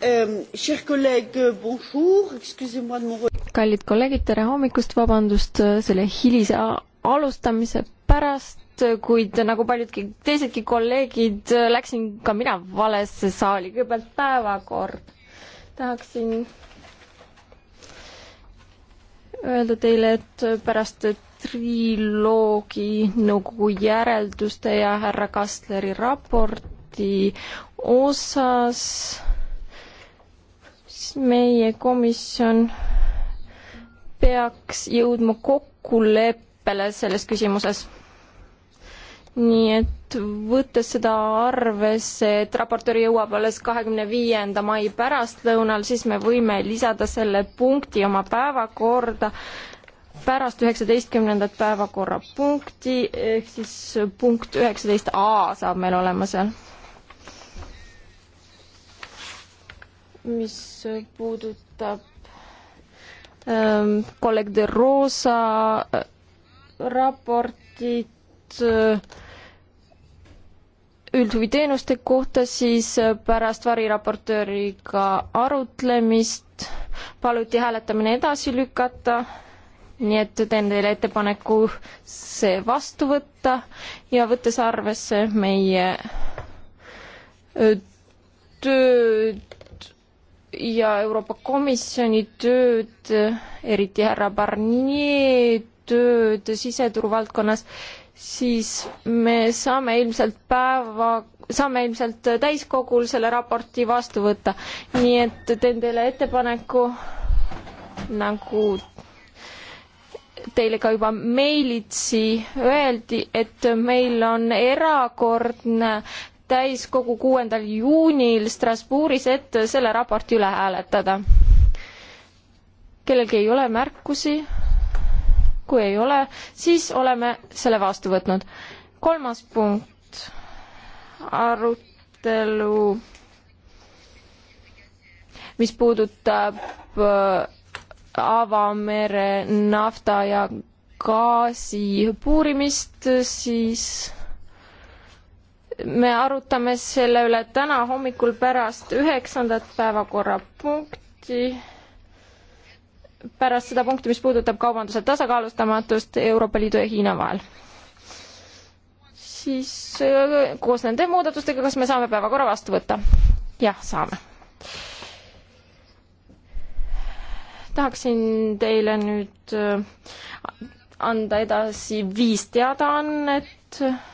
Euh, kallid kolleegid, tere hommikust, vabandust äh, selle hilise alustamise pärast, äh, kuid nagu paljudki teisedki kolleegid, äh, läksin ka mina valesse saali. kõigepealt päevakord. tahaksin öelda teile, et pärast triloogi nõukogu järelduste ja härra Kastleri raporti osas meie komisjon peaks jõudma kokkuleppele selles küsimuses nii et võttes seda arvesse, et raportöör jõuab alles kahekümne viienda mai pärastlõunal, siis me võime lisada selle punkti oma päevakorda pärast üheksateistkümnendat päevakorrapunkti, ehk siis punkt üheksateist A saab meil olema seal. mis puudutab ähm, kolleeg De Rosa äh, raportit äh,, üldhuviteenuste kohta, siis äh, pärast variraportööriga arutlemist paluti hääletamine edasi lükata, nii et teen teile ettepaneku see vastu võtta ja võttes arvesse meie äh, tööd ja Euroopa Komisjoni tööd, eriti härra Barnier tööd siseturu valdkonnas, siis me saame ilmselt päeva, saame ilmselt täiskogul selle raporti vastu võtta. nii et teen teile ettepaneku nagu teile ka juba meilitsi öeldi, et meil on erakordne täiskogu kuuendal juunil Strasbourgis, et selle raporti üle hääletada. kellelgi ei ole märkusi? kui ei ole, siis oleme selle vastu võtnud. kolmas punkt, arutelu, mis puudutab äh, avamere nafta ja gaasi puurimist, siis me arutame selle üle täna hommikul pärast üheksandat päevakorrapunkti pärast seda punkti, mis puudutab kaubanduse tasakaalustamatust Euroopa Liidu ja Hiina vahel. siis äh, koos nende muudatustega, kas me saame päevakorra vastu võtta? jah, saame. tahaksin teile nüüd äh, anda edasi viis teadaannet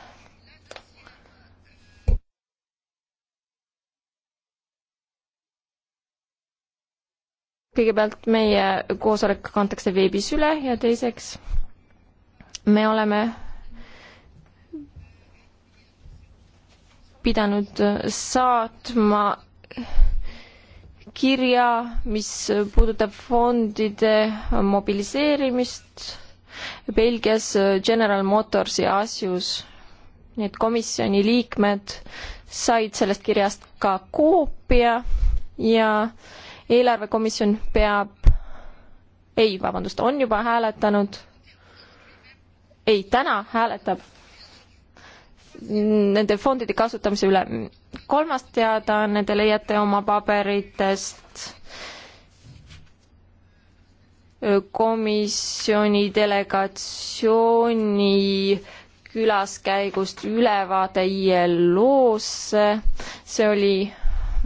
kõigepealt meie koosolek kantakse veebis üle ja teiseks me oleme pidanud saatma kirja, mis puudutab fondide mobiliseerimist Belgias General Motorsi asjus. nii et komisjoni liikmed said sellest kirjast ka koopia ja äh, eelarvekomisjon peab, ei, vabandust, on juba hääletanud, ei, täna hääletab nende fondide kasutamise üle. kolmas teadaanne te leiate oma paberitest komisjoni delegatsiooni külaskäigust ülevaade ILO-sse. see oli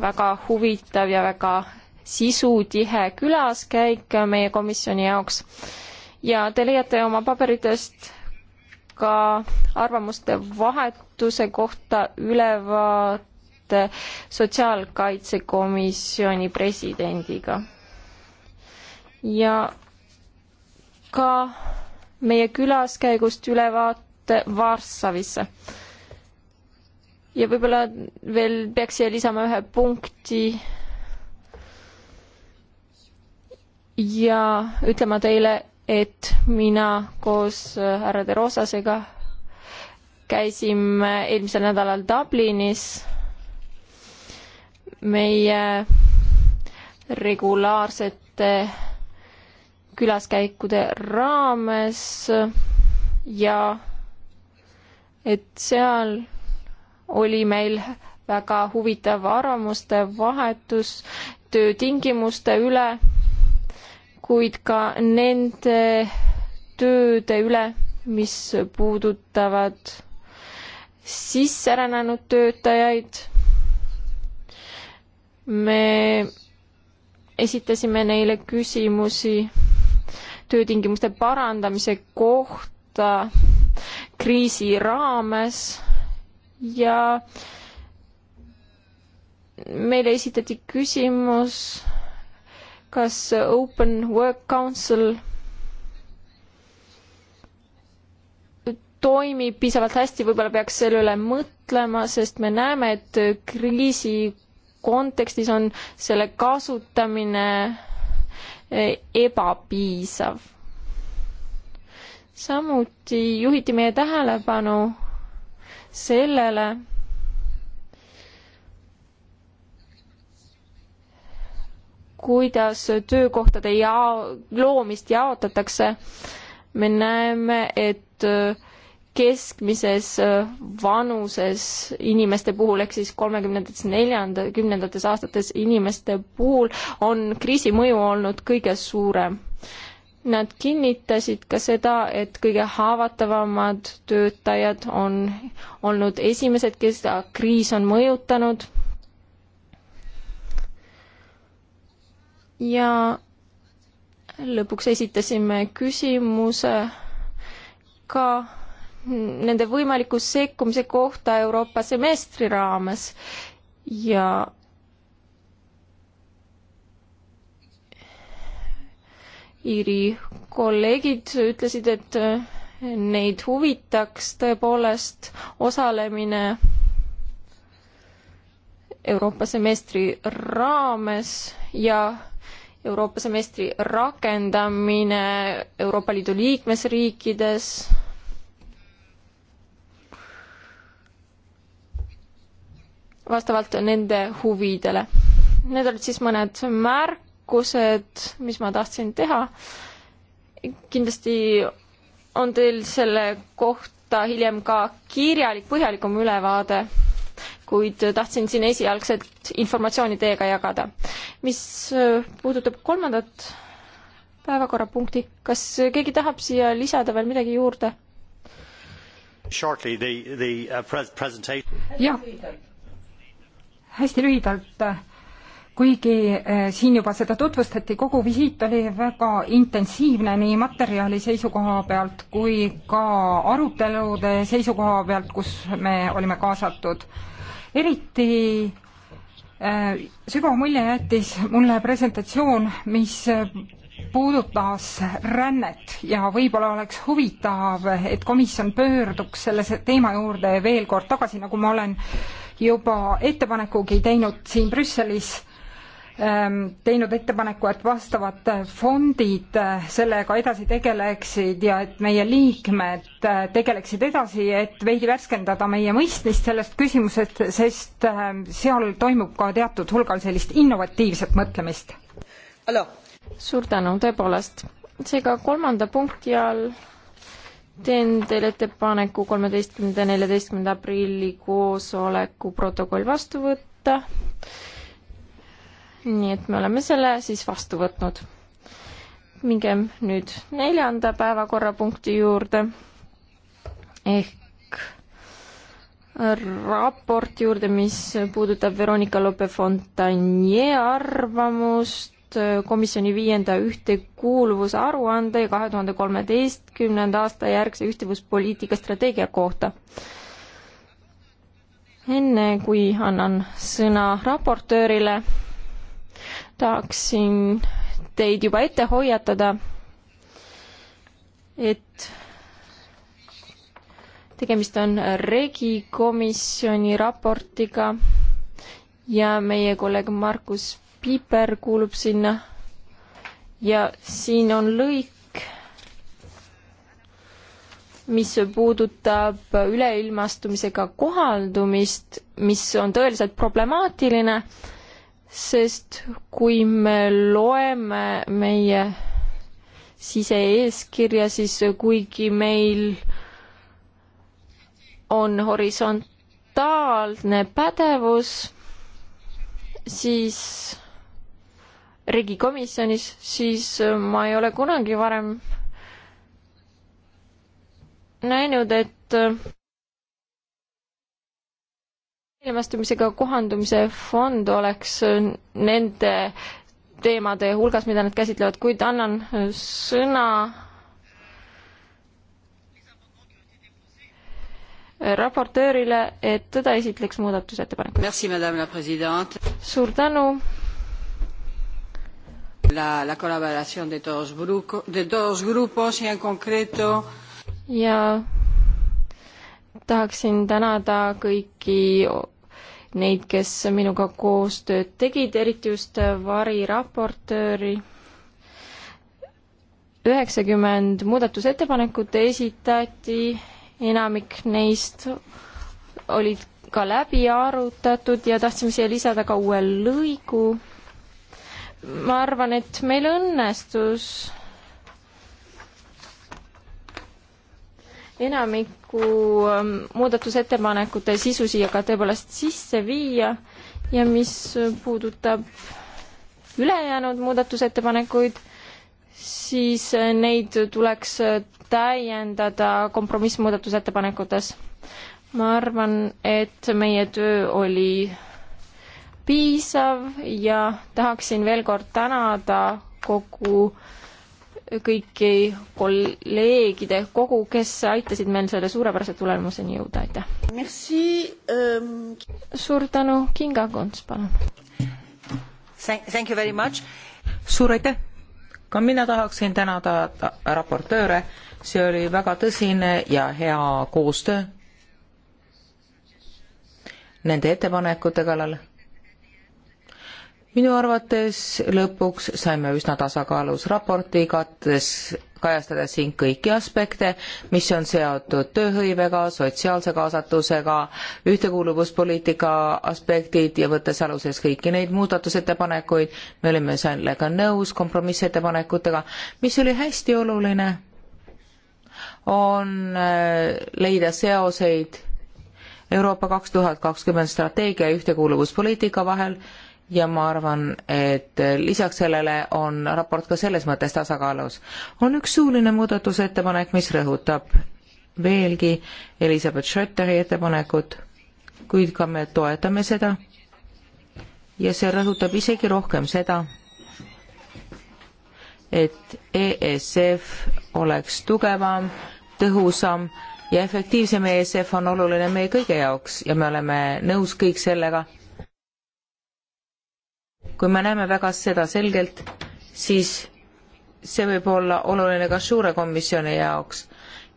väga huvitav ja väga sisutihe külaskäik meie komisjoni jaoks. ja te leiate oma paberitest ka arvamuste vahetuse kohta ülevaate sotsiaalkaitsekomisjoni presidendiga. ja ka meie külaskäigust ülevaate Varssavisse. ja võib-olla veel peaks siia lisama ühe punkti ja ütlema teile, et mina koos äh, härra De Rosasega käisime eelmisel nädalal Dublinis. meie regulaarsete külaskäikude raames ja et seal oli meil väga huvitav arvamuste vahetus töötingimuste üle kuid ka nende tööde üle, mis puudutavad sisserännanud töötajaid. me esitasime neile küsimusi töötingimuste parandamise kohta kriisi raames ja meile esitati küsimus kas Open Work Council toimib piisavalt hästi, võib-olla peaks selle üle mõtlema, sest me näeme, et kriisi kontekstis on selle kasutamine ebapiisav. samuti juhiti meie tähelepanu sellele, kuidas töökohtade jao-, loomist jaotatakse. me näeme, et äh, keskmises äh, vanuses inimeste puhul ehk siis kolmekümnendates, neljanda, kümnendates aastates inimeste puhul on kriisi mõju olnud kõige suurem. Nad kinnitasid ka seda, et kõige haavatavamad töötajad on olnud esimesed, kes kriis on mõjutanud ja lõpuks esitasime küsimuse ka nende võimaliku sekkumise kohta Euroopa semestri raames ja Iiri kolleegid ütlesid, et neid huvitaks tõepoolest osalemine Euroopa semestri raames ja Euroopa semestri rakendamine Euroopa Liidu liikmesriikides, vastavalt nende huvidele. Need olid siis mõned märkused, mis ma tahtsin teha. kindlasti on teil selle kohta hiljem ka kirjalik põhjalikum ülevaade kuid tahtsin siin esialgset informatsiooni teiega jagada. mis äh, puudutab kolmandat päevakorrapunkti, kas keegi tahab siia lisada veel midagi juurde? Uh, jah, hästi lühidalt kuigi äh, siin juba seda tutvustati, kogu visiit oli väga intensiivne nii materjali seisukoha pealt kui ka arutelude seisukoha pealt, kus me olime kaasatud eriti äh, sügava mulje jättis mulle presentatsioon, mis äh, puudutas rännet ja võib-olla oleks huvitav, et komisjon pöörduks selle teema juurde veel kord tagasi, nagu ma olen juba ettepanekugi teinud siin Brüsselis Ähm, teinud ettepaneku, et vastavad fondid äh, sellega edasi tegeleksid ja et meie liikmed äh, tegeleksid edasi, et veidi värskendada meie mõistmist sellest küsimusest, sest ähm, seal toimub ka teatud hulgal sellist innovatiivset mõtlemist. suur tänu, tõepoolest. seega kolmanda punkti all teen teile ettepaneku kolmeteistkümnenda, neljateistkümnenda aprilli koosoleku protokoll vastu võtta nii et me oleme selle siis vastu võtnud. mingem nüüd neljanda päevakorrapunkti juurde ehk raporti juurde, mis puudutab Veronika Lope-Fontanier arvamust komisjoni viienda ühtekuuluvuse aruande ja kahe tuhande kolmeteistkümnenda aasta järgse ühtekuuluvuspoliitika strateegia kohta enne kui annan sõna raportöörile, tahaksin teid juba ette hoiatada, et tegemist on Regi komisjoni raportiga ja meie kolleeg Markus Piiper kuulub sinna. ja siin on lõik, mis puudutab üleilmastumisega kohaldumist, mis on tõeliselt problemaatiline sest kui me loeme meie sise-eeskirja, siis kuigi meil on horisontaalne pädevus, siis riigikomisjonis, siis ma ei ole kunagi varem näinud, et ilmestumisega kohandumise fond oleks äh, nende teemade hulgas, mida nad käsitlevad, kuid annan äh, sõna äh, raportöörile, et teda esitleks muudatusettepanekuid. suur tänu. La, la colaboración de todos, grupo, de todos grupos y en concreto. ja tahaksin tänada kõiki neid, kes minuga koostööd tegid, eriti just variraportööri. üheksakümmend muudatusettepanekut esitati, enamik neist olid ka läbi arutatud ja tahtsime siia lisada ka uue lõigu. ma arvan, et meil õnnestus enamik paraku ähm, muudatusettepanekute sisu siia ka tõepoolest sisse viia ja mis puudutab ülejäänud muudatusettepanekuid, siis äh, neid tuleks äh, täiendada kompromissmuudatusettepanekutes. ma arvan, et meie töö oli piisav ja tahaksin veel kord tänada kogu äh, kõiki kolleegide kogu, kes aitasid meil selle suurepärase tulemuseni jõuda, aitäh! Um... suur tänu, Kinga Kons, palun! suur aitäh! ka mina tahaksin tänada raportööre, see oli väga tõsine ja hea koostöö nende ettepanekute kallal minu arvates lõpuks saime üsna tasakaalus raporti, kattes, kajastades siin kõiki aspekte, mis on seotud tööhõivega, sotsiaalse kaasatusega, ühtekuuluvuspoliitika aspektid ja võttes aluseks kõiki neid muudatusettepanekuid, me olime sellega nõus kompromissettepanekutega, mis oli hästi oluline, on äh, leida seoseid Euroopa kaks tuhat kakskümmend strateegia ja ühtekuuluvuspoliitika vahel ja ma arvan, et lisaks sellele on raport ka selles mõttes tasakaalus. on üks suuline muudatusettepanek, mis rõhutab veelgi Elizabeth Schröteri ettepanekut, kuid ka me toetame seda ja see rõhutab isegi rohkem seda, et ESF oleks tugevam, tõhusam ja efektiivsem ESF on oluline meie kõigi jaoks ja me oleme nõus kõik sellega kui me näeme väga seda selgelt, siis see võib olla oluline ka suure komisjoni jaoks,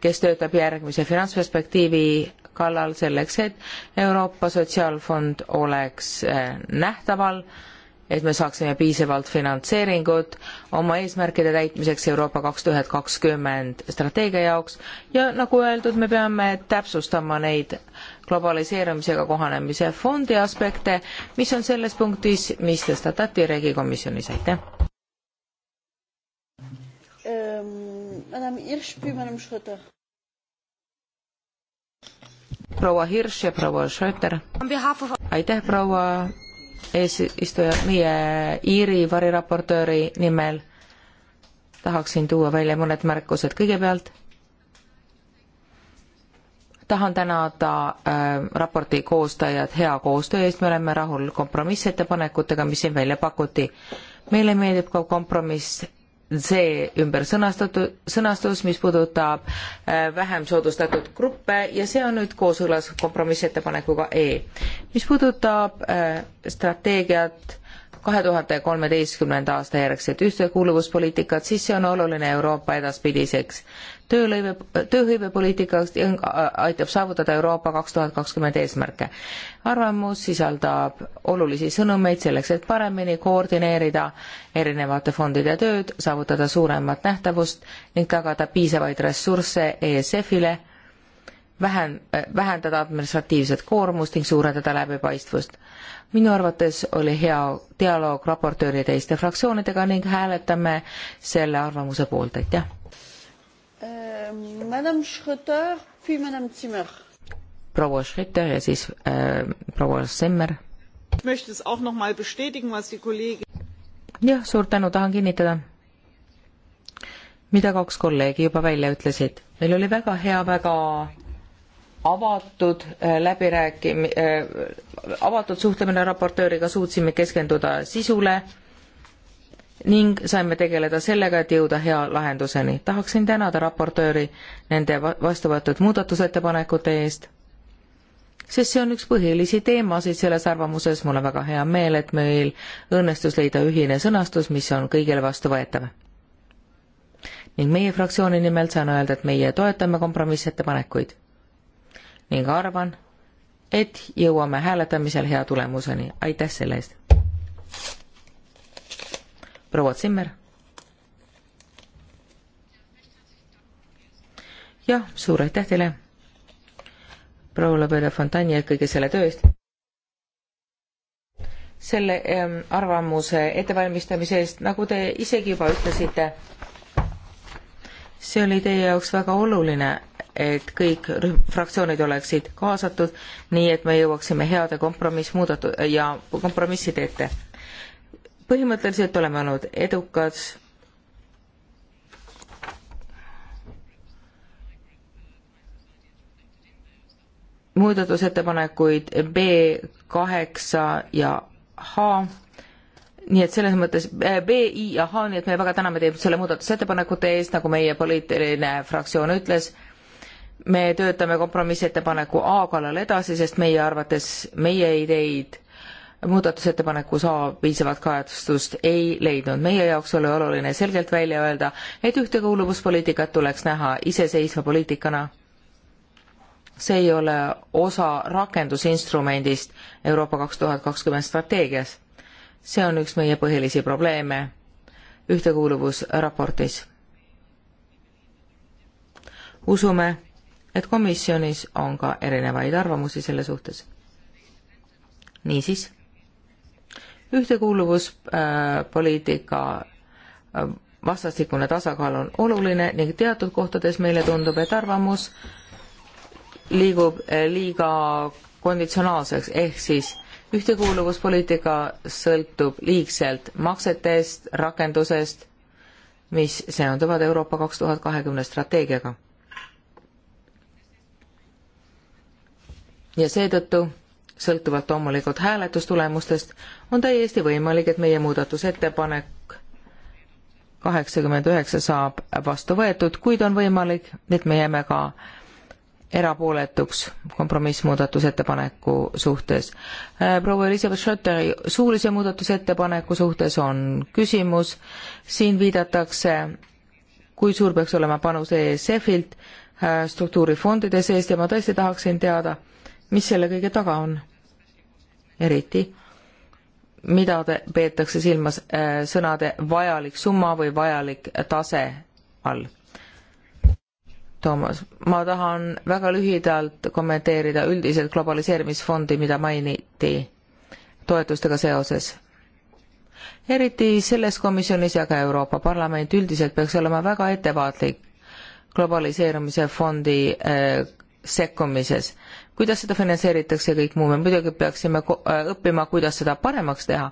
kes töötab järgmise finantsperspektiivi kallal selleks, et Euroopa Sotsiaalfond oleks äh, nähtaval, et me saaksime piisavalt finantseeringut oma eesmärkide täitmiseks Euroopa kaks tuhat kakskümmend strateegia jaoks ja nagu öeldud, me peame täpsustama neid globaliseerumisega kohanemise fondi aspekte, mis on selles punktis, mis tõstatati regikomisjonis, aitäh. Ähm, proua Hirš ja proua Schröter. aitäh, proua eesistuja, meie Iiri variraportööri nimel tahaksin tuua välja mõned märkused. kõigepealt tahan tänada äh, raporti koostajad hea koostöö eest, me oleme rahul kompromissettepanekutega, mis siin välja pakuti. meile meeldib ka kompromiss see ümber sõnastatud, sõnastus, mis puudutab äh, vähem soodustatud gruppe ja see on nüüd kooskõlas kompromissettepanekuga E. mis puudutab äh, strateegiat kahe tuhande kolmeteistkümnenda aasta järgset ühtekuuluvuspoliitikat, siis see on oluline Euroopa edaspidiseks töölõive, tööhõivepoliitika aitab saavutada Euroopa kaks tuhat kakskümmend eesmärke. arvamus sisaldab olulisi sõnumeid selleks, et paremini koordineerida erinevate fondide tööd, saavutada suuremat nähtavust ning tagada piisavaid ressursse ESF-ile, vähen-, vähendada administratiivset koormust ning suurendada läbipaistvust. minu arvates oli hea dialoog raportööri teiste fraktsioonidega ning hääletame selle arvamuse poolt, aitäh! Euh, Madame Schröter, puis Madame Zimmer. proua Schröter ja siis äh, proua Semmer. jah, suur tänu, tahan kinnitada, mida kaks kolleegi juba välja ütlesid. meil oli väga hea, väga avatud äh, läbirääkim- äh,, avatud suhtlemine raportööriga, suutsime keskenduda sisule äh,, ning saime tegeleda sellega, et jõuda hea lahenduseni. tahaksin tänada raportööri nende vastu võetud muudatusettepanekute eest, sest see on üks põhilisi teemasid selles arvamuses. mul on väga hea meel, et meil õnnestus leida ühine sõnastus, mis on kõigile vastuvõetav. ning meie fraktsiooni nimel saan öelda, et meie toetame kompromissettepanekuid ning arvan, et jõuame hääletamisel hea tulemuseni. aitäh selle eest! proua Zimmer. jah, suur aitäh teile, proua Lobeda Fontani, kõige selle töö eest. selle ähm, arvamuse ettevalmistamise eest, nagu te isegi juba ütlesite, see oli teie jaoks väga oluline, et kõik rühm, fraktsioonid oleksid kaasatud, nii et me jõuaksime heade kompromissmuudatu- ja kompromisside ette põhimõtteliselt oleme olnud edukad muudatusettepanekuid B kaheksa ja H, nii et selles mõttes äh, B, I ja H, nii et me väga täname teid selle muudatusettepanekute eest, nagu meie poliitiline fraktsioon ütles, me töötame kompromissettepaneku A kallal edasi, sest meie arvates meie ideid muudatusettepanekus A piisavat kajastust ei leidnud. meie jaoks oli oluline selgelt välja öelda, et ühtekuuluvuspoliitikat tuleks näha iseseisva poliitikana. see ei ole osa rakendusinstrumendist Euroopa kaks tuhat kakskümmend strateegias. see on üks meie põhilisi probleeme ühtekuuluvusraportis. usume, et komisjonis on ka erinevaid arvamusi selle suhtes. niisiis ühtekuuluvuspoliitika äh, vastastikune tasakaal on oluline ning teatud kohtades meile tundub, et arvamus liigub äh, liiga konditsionaalseks, ehk siis ühtekuuluvuspoliitika sõltub liigselt maksetest, rakendusest, mis seonduvad Euroopa kaks tuhat kahekümne strateegiaga. ja seetõttu sõltuvalt loomulikult hääletustulemustest, on täiesti võimalik, et meie muudatusettepanek kaheksakümmend üheksa saab vastu võetud, kuid on võimalik, et me jääme ka erapooletuks kompromissmuudatusettepaneku suhtes. Äh, proua Elizabeth Schröteri suulise muudatusettepaneku suhtes on küsimus, siin viidatakse, kui suur peaks olema panus ESF-ilt, äh, struktuurifondide seest ja ma tõesti tahaksin teada, mis selle kõige taga on. eriti, mida te peetakse silmas äh, sõnade vajalik summa või vajalik tase all? Toomas, ma tahan väga lühidalt kommenteerida üldiselt globaliseerimisfondi, mida mainiti toetustega seoses eriti selles komisjonis ja ka Euroopa Parlament üldiselt peaks olema väga ettevaatlik globaliseerumise fondi äh, sekkumises kuidas seda finantseeritakse ja kõik muu, me muidugi peaksime äh, õppima, kuidas seda paremaks teha,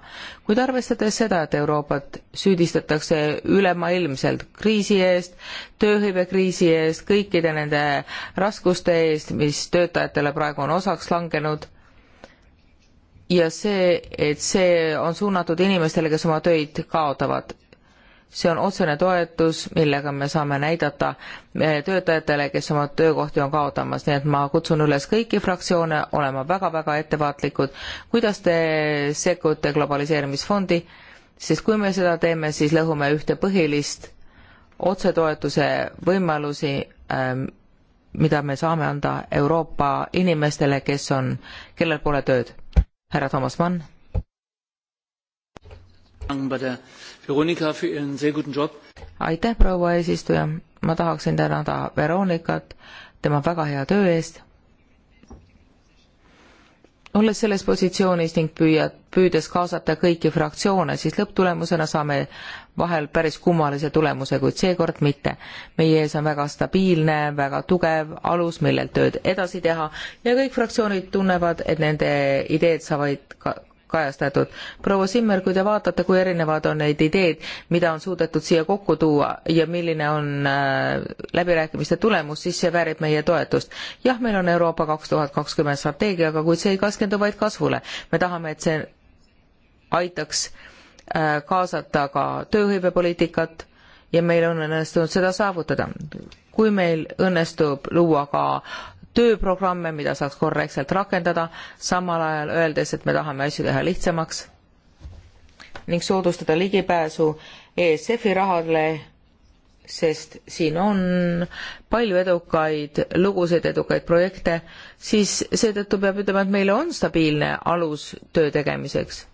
kuid arvestades seda, et Euroopat süüdistatakse ülemaailmselt kriisi eest, tööhõivekriisi eest, kõikide nende raskuste eest, mis töötajatele praegu on osaks langenud, ja see, et see on suunatud inimestele, kes oma töid kaotavad see on otsene toetus, millega me saame näidata eh, töötajatele, kes oma töökohti on kaotamas, nii et ma kutsun üles kõiki fraktsioone olema väga-väga ettevaatlikud, kuidas te sekkute globaliseerimisfondi, sest kui me seda teeme, siis lõhume ühte põhilist otsetoetuse võimalusi, ehm, mida me saame anda Euroopa inimestele, kes on, kellel pole tööd. härra Toomas Mann aitäh, proua eesistuja, ma tahaksin tänada Veronikat tema väga hea töö eest. olles selles positsioonis ning püüad, püüdes kaasata kõiki fraktsioone, siis lõpptulemusena saame vahel päris kummalise tulemuse, kuid seekord mitte. meie ees on väga stabiilne, väga tugev alus, millelt tööd edasi teha ja kõik fraktsioonid tunnevad, et nende ideed saavad ka kajastatud. proua Simmer, kui te vaatate, kui erinevad on need ideed, mida on suudetud siia kokku tuua ja milline on äh, läbirääkimiste tulemus, siis see väärib meie toetust. jah, meil on Euroopa kaks tuhat kakskümmend strateegia, aga kuid see ei keskendu vaid kasvule. me tahame, et see aitaks äh, kaasata ka tööhõivepoliitikat ja meil on õnnestunud seda saavutada. kui meil õnnestub luua ka tööprogramme, mida saaks korrektselt rakendada, samal ajal öeldes, et me tahame asju teha lihtsamaks ning soodustada ligipääsu ESF-i rahale, sest siin on palju edukaid lugusid, edukaid projekte, siis seetõttu peab ütlema, et meile on stabiilne alus töö tegemiseks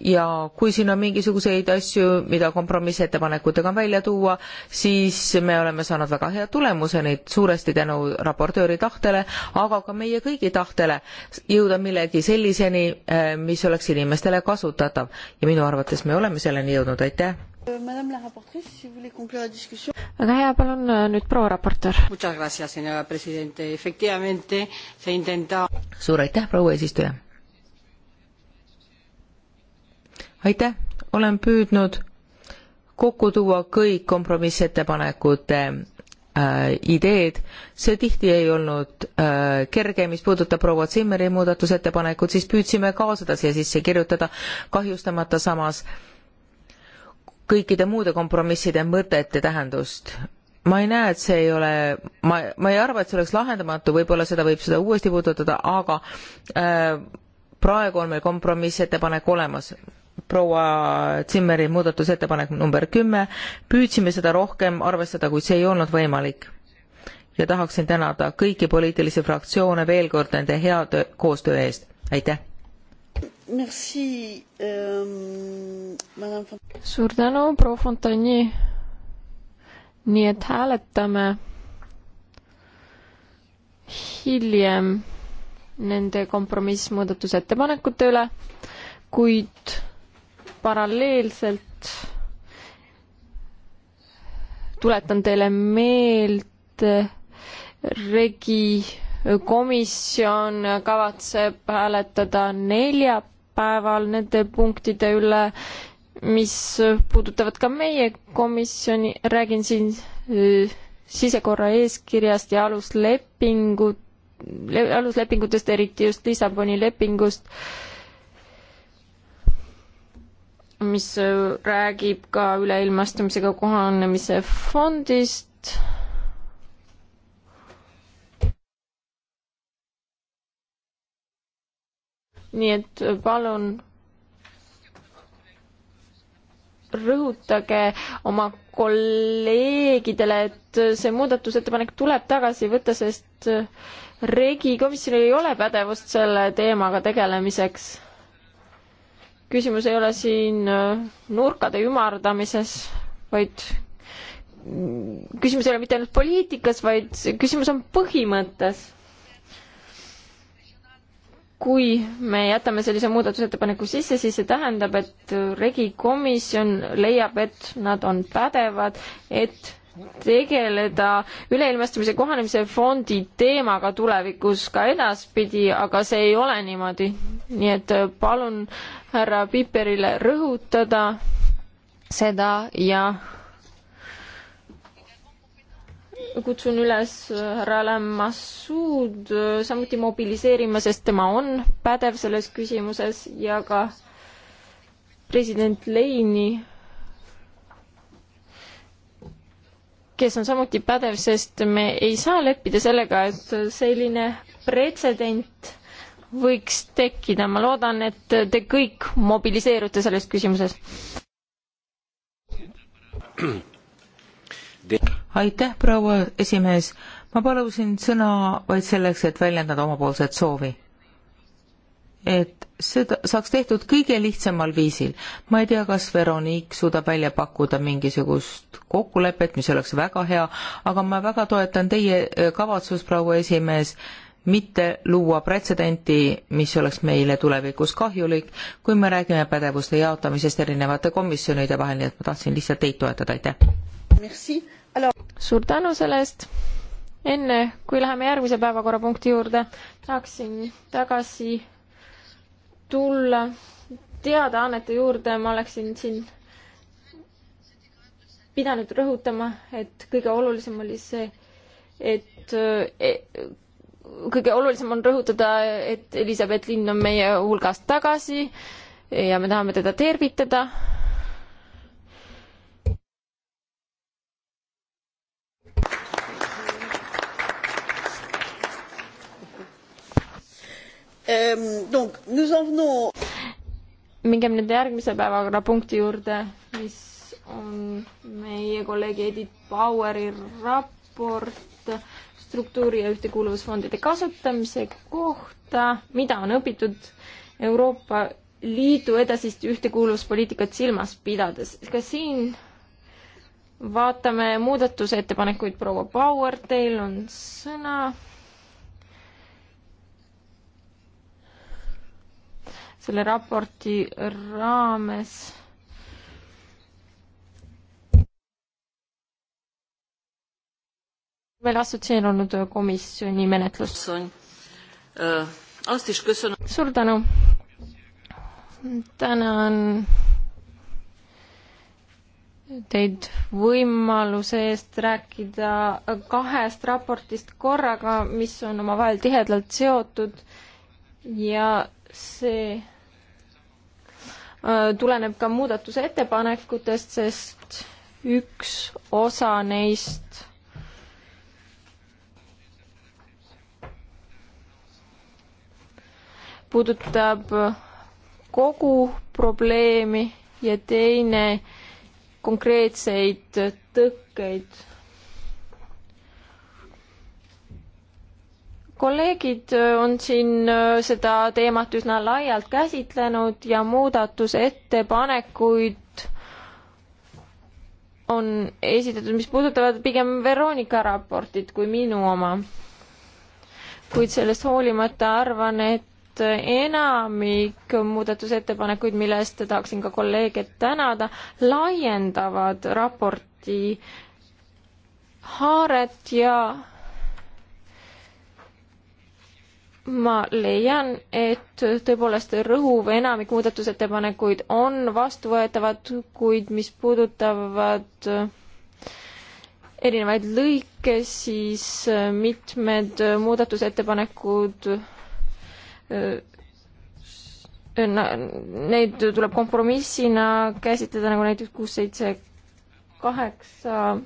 ja kui siin on mingisuguseid asju, mida kompromissettepanekutega on välja tuua, siis me oleme saanud väga hea tulemuse, neid suuresti tänu raportööri tahtele, aga ka meie kõigi tahtele jõuda millegi selliseni, eh, mis oleks inimestele kasutatav ja minu arvates me oleme selleni jõudnud, aitäh. väga hea, palun eh, nüüd proua raportöör. suur aitäh, proua eesistuja aitäh, olen püüdnud kokku tuua kõik kompromissettepanekute äh, ideed, see tihti ei olnud äh, kerge, mis puudutab proua Zimmeri muudatusettepanekut, siis püüdsime ka seda siia sisse kirjutada, kahjustamata samas kõikide muude kompromisside mõtet ja tähendust. ma ei näe, et see ei ole, ma, ma ei arva, et see oleks lahendamatu, võib-olla seda võib seda uuesti puudutada, aga äh, praegu on meil kompromissettepanek olemas proua Zimmeri muudatusettepanek number kümme, püüdsime seda rohkem arvestada, kuid see ei olnud võimalik. ja tahaksin tänada kõiki poliitilisi fraktsioone veel kord nende hea töö, koostöö eest, aitäh! Ähm, suur tänu, proua Fontani! nii et hääletame hiljem nende kompromissmuudatusettepanekute üle, kuid paralleelselt tuletan teile meelde, regi komisjon kavatseb hääletada neljapäeval nende punktide üle, mis puudutavad ka meie komisjoni, räägin siin äh, sisekorra eeskirjast ja aluslepingut, aluslepingutest, eriti just Lissaboni lepingust äh, mis äh, räägib ka üleilmastumisega kohanemise fondist. nii et äh, palun rõhutage oma kolleegidele, et äh, see muudatusettepanek tuleb tagasi võtta, sest regikomisjonil ei ole pädevust selle teemaga tegelemiseks küsimus ei ole siin äh, nurkade ümardamises, vaid mm, küsimus ei ole mitte ainult poliitikas, vaid küsimus on põhimõttes. kui me jätame sellise muudatusettepaneku sisse, siis see tähendab, et regikomisjon leiab, et nad on pädevad, et tegeleda üleilmastumise kohanemise fondi teemaga tulevikus ka edaspidi, aga see ei ole niimoodi. nii et äh, palun härra Piperile rõhutada seda ja kutsun üles äh, härra Lämmassuud äh, samuti mobiliseerima, sest tema on pädev selles küsimuses ja ka president Leini kes on samuti pädev, sest me ei saa leppida sellega, et selline pretsedent võiks tekkida. ma loodan, et te kõik mobiliseerute selles küsimuses. aitäh, proua esimees. ma palusin sõna vaid selleks, et väljendada omapoolset soovi et seda saaks tehtud kõige lihtsamal viisil. ma ei tea, kas Veronique suudab välja pakkuda mingisugust kokkulepet, mis oleks väga hea, aga ma väga toetan teie äh, kavatsust, proua esimees, mitte luua pretsedenti, mis oleks meile tulevikus kahjulik, kui me räägime pädevuste jaotamisest erinevate komisjonide vahel, nii et ma tahtsin lihtsalt teid toetada, aitäh! suur tänu selle eest! enne, kui läheme järgmise päevakorrapunkti juurde, tahaksin tagasi tulla teadaannete juurde, ma oleksin siin pidanud rõhutama, et kõige olulisem oli see, et e, kõige olulisem on rõhutada, et Elizabeth Linn on meie hulgast tagasi ja me tahame teda tervitada Ehm, mingem nüüd järgmise päevakorrapunkti juurde, mis on meie kolleegi Edith Baueri raport struktuuri- ja ühtekuuluvusfondide kasutamise kohta, mida on õpitud Euroopa Liidu edasist ühtekuuluvuspoliitikat silmas pidades. ka siin vaatame muudatusettepanekuid, proua Bauer, teil on sõna selle raporti raames veel assotsieerunud komisjoni menetlus. Äh, suur tänu. tänan teid võimaluse eest rääkida kahest raportist korraga, mis on omavahel tihedalt seotud ja see Äh, tuleneb ka muudatuse ettepanekutest, sest üks osa neist puudutab kogu probleemi ja teine konkreetseid tõkkeid kolleegid äh, on siin äh, seda teemat üsna laialt käsitlenud ja muudatusettepanekuid on esitatud, mis puudutavad pigem Veronika raportit kui minu oma. kuid sellest hoolimata arvan, et enamik muudatusettepanekuid, mille eest tahaksin ka kolleege tänada, laiendavad raporti haaret ja ma leian, et tõepoolest rõhuv enamik muudatusettepanekuid on vastuvõetavad, kuid mis puudutavad erinevaid lõike, siis mitmed muudatusettepanekud, äh, neid tuleb kompromissina käsitleda, nagu näiteks kuus, seitse, kaheksa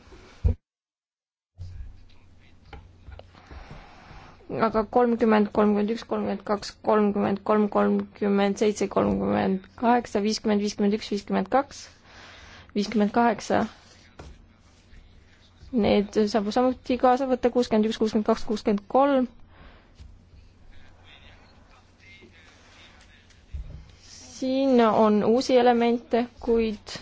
aga kolmkümmend, kolmkümmend üks, kolmkümmend kaks, kolmkümmend kolm, kolmkümmend seitse, kolmkümmend kaheksa, viiskümmend, viiskümmend üks, viiskümmend kaks, viiskümmend kaheksa. Need saab samuti kaasa võtta, kuuskümmend üks, kuuskümmend kaks, kuuskümmend kolm. siin on uusi elemente, kuid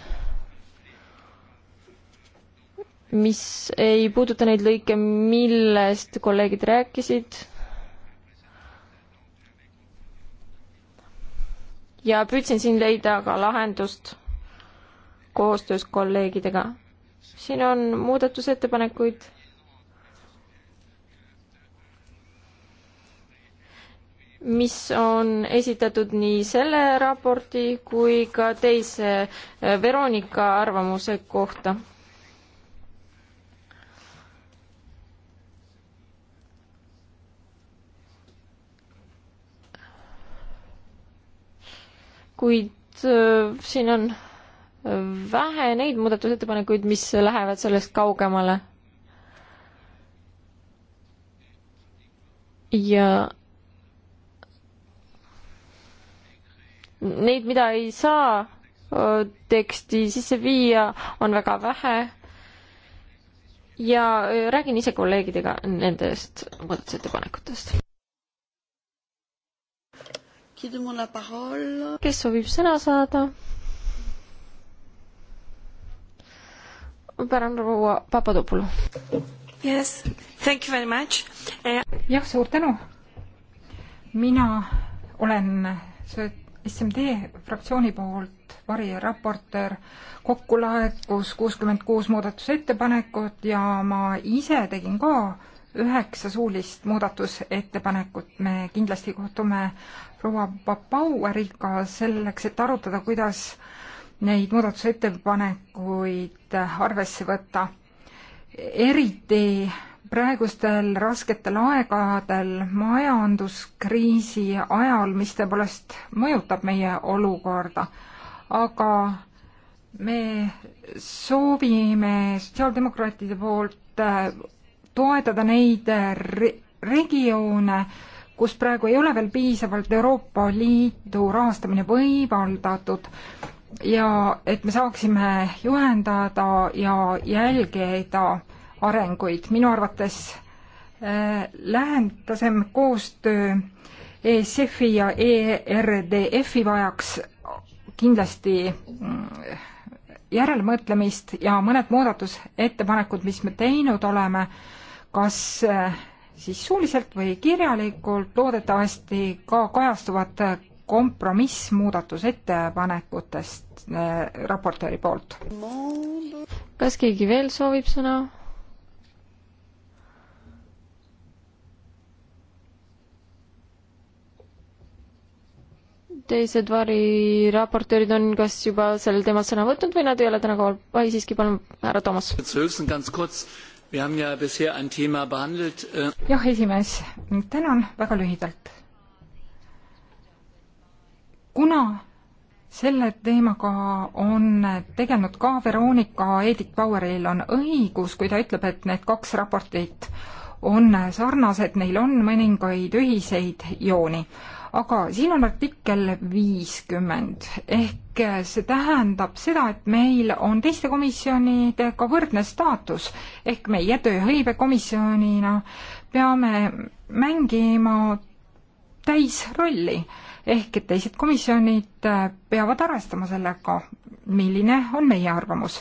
mis ei puuduta neid lõike, millest kolleegid rääkisid. ja püüdsin siin leida ka lahendust koostöös kolleegidega. siin on muudatusettepanekuid. mis on esitatud nii selle raporti kui ka teise Veronika arvamuse kohta kuid äh, siin on äh, vähe neid muudatusettepanekuid, mis lähevad sellest kaugemale. ja neid, mida ei saa äh, teksti sisse viia, on väga vähe. ja räägin ise kolleegidega nendest muudatusettepanekutest kes soovib sõna saada? päran proua Papadopoulou yes,. Eh, jah, suur tänu. mina olen SMD fraktsiooni poolt variraportöör. kokku laekus kuuskümmend kuus muudatusettepanekut ja ma ise tegin ka üheksa suulist muudatusettepanekut. me kindlasti kohtume proua Papaueriga selleks, et arutada, kuidas neid muudatusettepanekuid arvesse võtta. eriti praegustel rasketel aegadel, majanduskriisi ajal, mis tõepoolest mõjutab meie olukorda, aga me soovime sotsiaaldemokraatide poolt toetada neid äh, regioone, kus praegu ei ole veel piisavalt Euroopa Liidu rahastamine võimaldatud ja et me saaksime juhendada ja jälgida arenguid. minu arvates äh, lähendasem koostöö ESF-i ja ERDF-i vajaks kindlasti mm, järelmõtlemist ja mõned muudatusettepanekud, mis me teinud oleme äh,, kas äh, siis suuliselt või kirjalikult loodetavasti ka kajastuvad kompromissmuudatusettepanekutest äh, raportööri poolt. kas keegi veel soovib sõna? teised variraportöörid on kas juba sellel teemal sõna võtnud või nad ei ole täna kohal? ai, siiski, palun, härra Toomas. Äh, jah, esimees, tänan väga lühidalt. kuna selle teemaga on tegelenud ka Veronika Edith Baueril on õigus, kui ta ütleb, et need kaks raportit on sarnased, neil on mõningaid ühiseid jooni aga siin on artikkel viiskümmend ehk see tähendab seda, et meil on teiste komisjonidega võrdne staatus ehk meie tööhõivekomisjonina peame mängima täisrolli ehk et teised komisjonid peavad arvestama sellega, milline on meie arvamus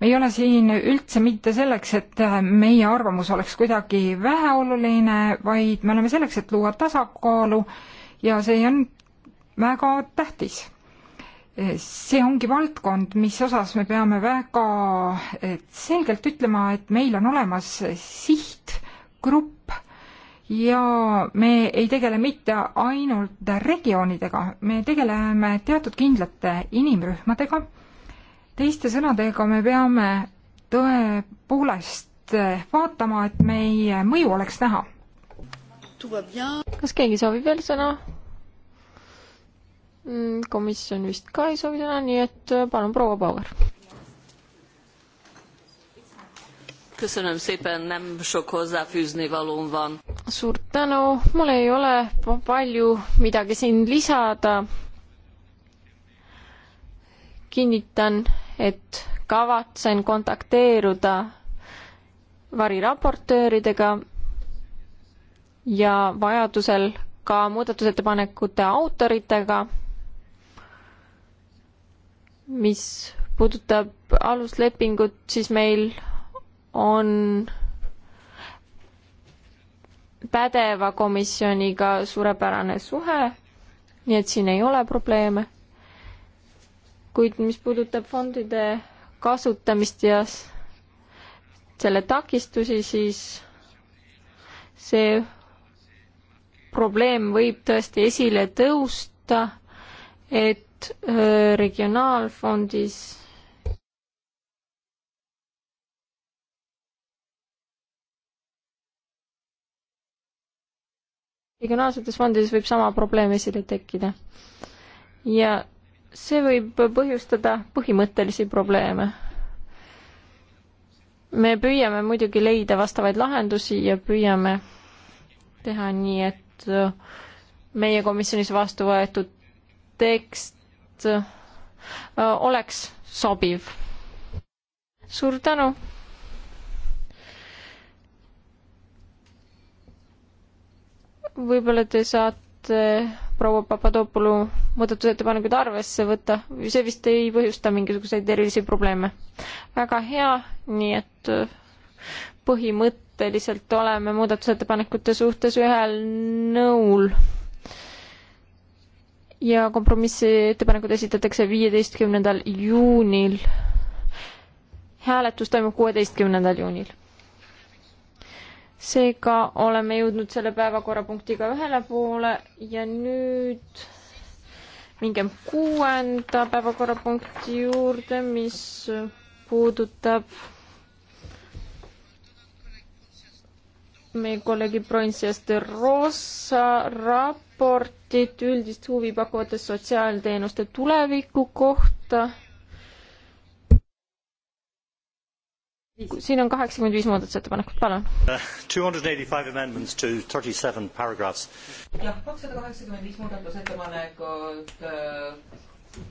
me ei ole siin üldse mitte selleks, et meie arvamus oleks kuidagi väheoluline, vaid me oleme selleks, et luua tasakaalu ja see on väga tähtis. see ongi valdkond, mis osas me peame väga eh, selgelt ütlema, et meil on olemas sihtgrupp ja me ei tegele mitte ainult regioonidega, me tegeleme teatud kindlate inimrühmadega. teiste sõnadega, me peame tõepoolest vaatama, et meie mõju oleks näha kas keegi soovib veel sõna? Mm, komisjon vist ka ei soovi sõna, nii et äh, palun, proua Bauer. köszönöm szépen, nem sok hozzáfűzni valóm van. suur tänu, mul ei ole palju midagi siin lisada. kinnitan, et kavatsen kontakteeruda variraportööridega ja vajadusel ka muudatusettepanekute autoritega, mis puudutab aluslepingut, siis meil on pädeva komisjoniga suurepärane suhe, nii et siin ei ole probleeme. kuid mis puudutab fondide kasutamist ja selle takistusi, siis see probleem võib tõesti esile tõusta, et regionaalfondis regionaalsetes fondides võib sama probleem esile tekkida. ja see võib põhjustada põhimõttelisi probleeme. me püüame muidugi leida vastavaid lahendusi ja püüame teha nii, et et äh, meie komisjonis vastu võetud tekst äh, oleks sobiv. suur tänu. võib-olla te saate proua Papadopoulou muudatusettepanekuid arvesse võtta, see vist ei põhjusta mingisuguseid erilisi probleeme. väga hea, nii et äh, põhimõte põhimõtteliselt oleme muudatusettepanekute suhtes ühel nõul. ja kompromissettepanekud esitatakse viieteistkümnendal juunil. hääletus toimub kuueteistkümnendal juunil. seega oleme jõudnud selle päevakorrapunktiga ühele poole ja nüüd mingem kuuenda päevakorrapunkti juurde, mis puudutab meie kolleegi Pronsias de Rosa raportit üldist huvi pakkuvate sotsiaalteenuste tuleviku kohta. siin on kaheksakümmend viis muudatusettepanekut, palun. Uh, jah, kakssada kaheksakümmend viis muudatusettepanekut uh,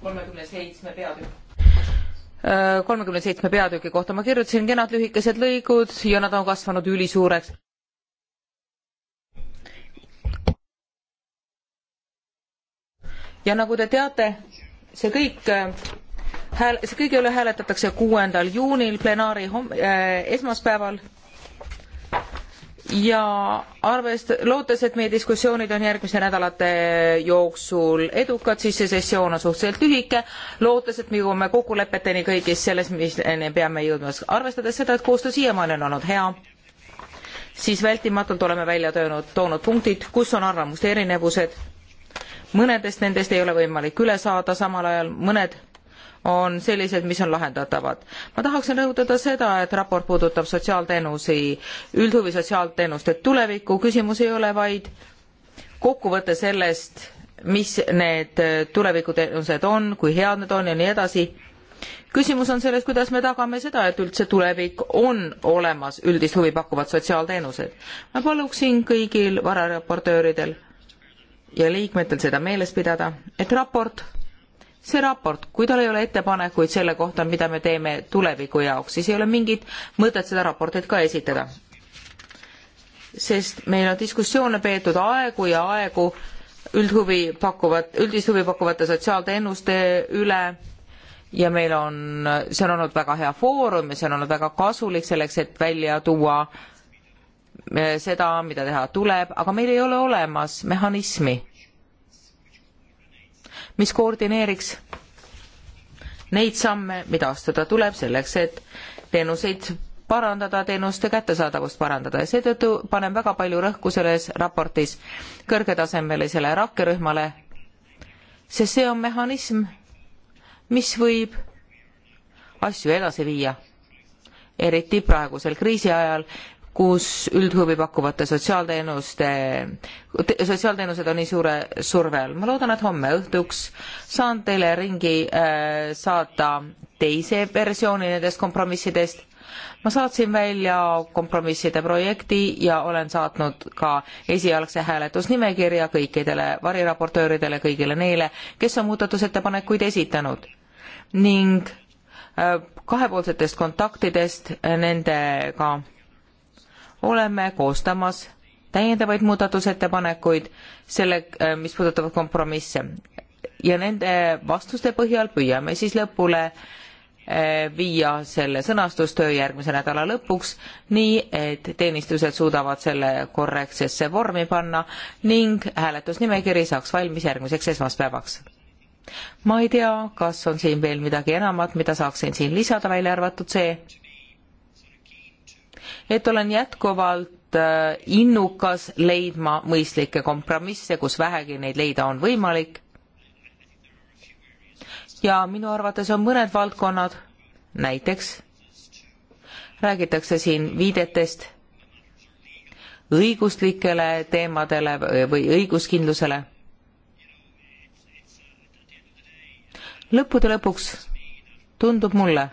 kolmekümne seitsme peatükk uh, kolmekümne seitsme peatüki kohta ma kirjutasin kenad lühikesed lõigud ja nad on kasvanud ülisuureks ja nagu te teate, see kõik äh, hääl-, see kõige üle hääletatakse kuuendal juunil plenaari hom- äh,, esmaspäeval ja arvest-, lootes, et meie diskussioonid on järgmiste nädalate jooksul edukad, siis see sessioon on suhteliselt lühike, lootes, et me jõuame kokkulepeteni kõigis selles, mis peame jõudma, arvestades seda, et koostöö siiamaani on olnud hea, siis vältimatult oleme välja töönud, toonud punktid, kus on arvamuste erinevused mõnedest nendest ei ole võimalik üle saada samal ajal mõned on sellised, mis on lahendatavad. ma tahaksin rõhutada seda, et raport puudutab sotsiaalteenusi, üldhuvi sotsiaalteenuste tulevikku, küsimus ei ole vaid kokkuvõte sellest, mis need tulevikuteenused on, kui head need on ja nii edasi. küsimus on selles, kuidas me tagame seda, et üldse tulevik on olemas üldist huvi pakkuvad sotsiaalteenused. ma paluksin kõigil vararaportööridel ja liikmetel seda meeles pidada, et raport, see raport, kui tal ei ole ettepanekuid selle kohta, mida me teeme tuleviku jaoks, siis ei ole mingit mõtet seda raportit ka esitada. sest meil on diskussioone peetud aegu ja aegu üldhuvi pakkuvat, üldist huvi pakkuvate sotsiaalteenuste üle ja meil on, see on olnud väga hea foorum ja see on olnud väga kasulik selleks, et välja tuua äh, seda, mida teha tuleb, aga meil ei ole olemas mehhanismi, mis koordineeriks neid samme, mida astuda tuleb selleks, et teenuseid parandada, teenuste kättesaadavust parandada ja seetõttu panen väga palju rõhku selles raportis kõrgetasemelisele rakkerühmale, sest see on mehhanism, mis võib asju edasi viia, eriti praegusel kriisi ajal, kus üldhuvi pakkuvate sotsiaalteenuste, sotsiaalteenused on nii suure surve all. ma loodan, et homme õhtuks saan teile ringi äh, saata teise versiooni nendest kompromissidest. ma saatsin välja kompromisside projekti ja olen saatnud ka esialgse hääletusnimekirja kõikidele variraportööridele, kõigile neile, kes on muudatusettepanekuid esitanud ning äh, kahepoolsetest kontaktidest nendega ka oleme koostamas täiendavaid muudatusettepanekuid selle, äh, mis puudutavad kompromisse. ja nende vastuste põhjal püüame siis lõpule äh, viia selle sõnastustöö järgmise nädala lõpuks, nii et teenistused suudavad selle korrektsesse vormi panna ning hääletusnimekiri saaks valmis järgmiseks esmaspäevaks. ma ei tea, kas on siin veel midagi enamat, mida saaksin siin lisada, välja arvatud see, et olen jätkuvalt äh, innukas leidma mõistlikke kompromisse, kus vähegi neid leida on võimalik. ja minu arvates on mõned valdkonnad, näiteks räägitakse siin viidetest õiguslikele teemadele või õiguskindlusele. lõppude lõpuks tundub mulle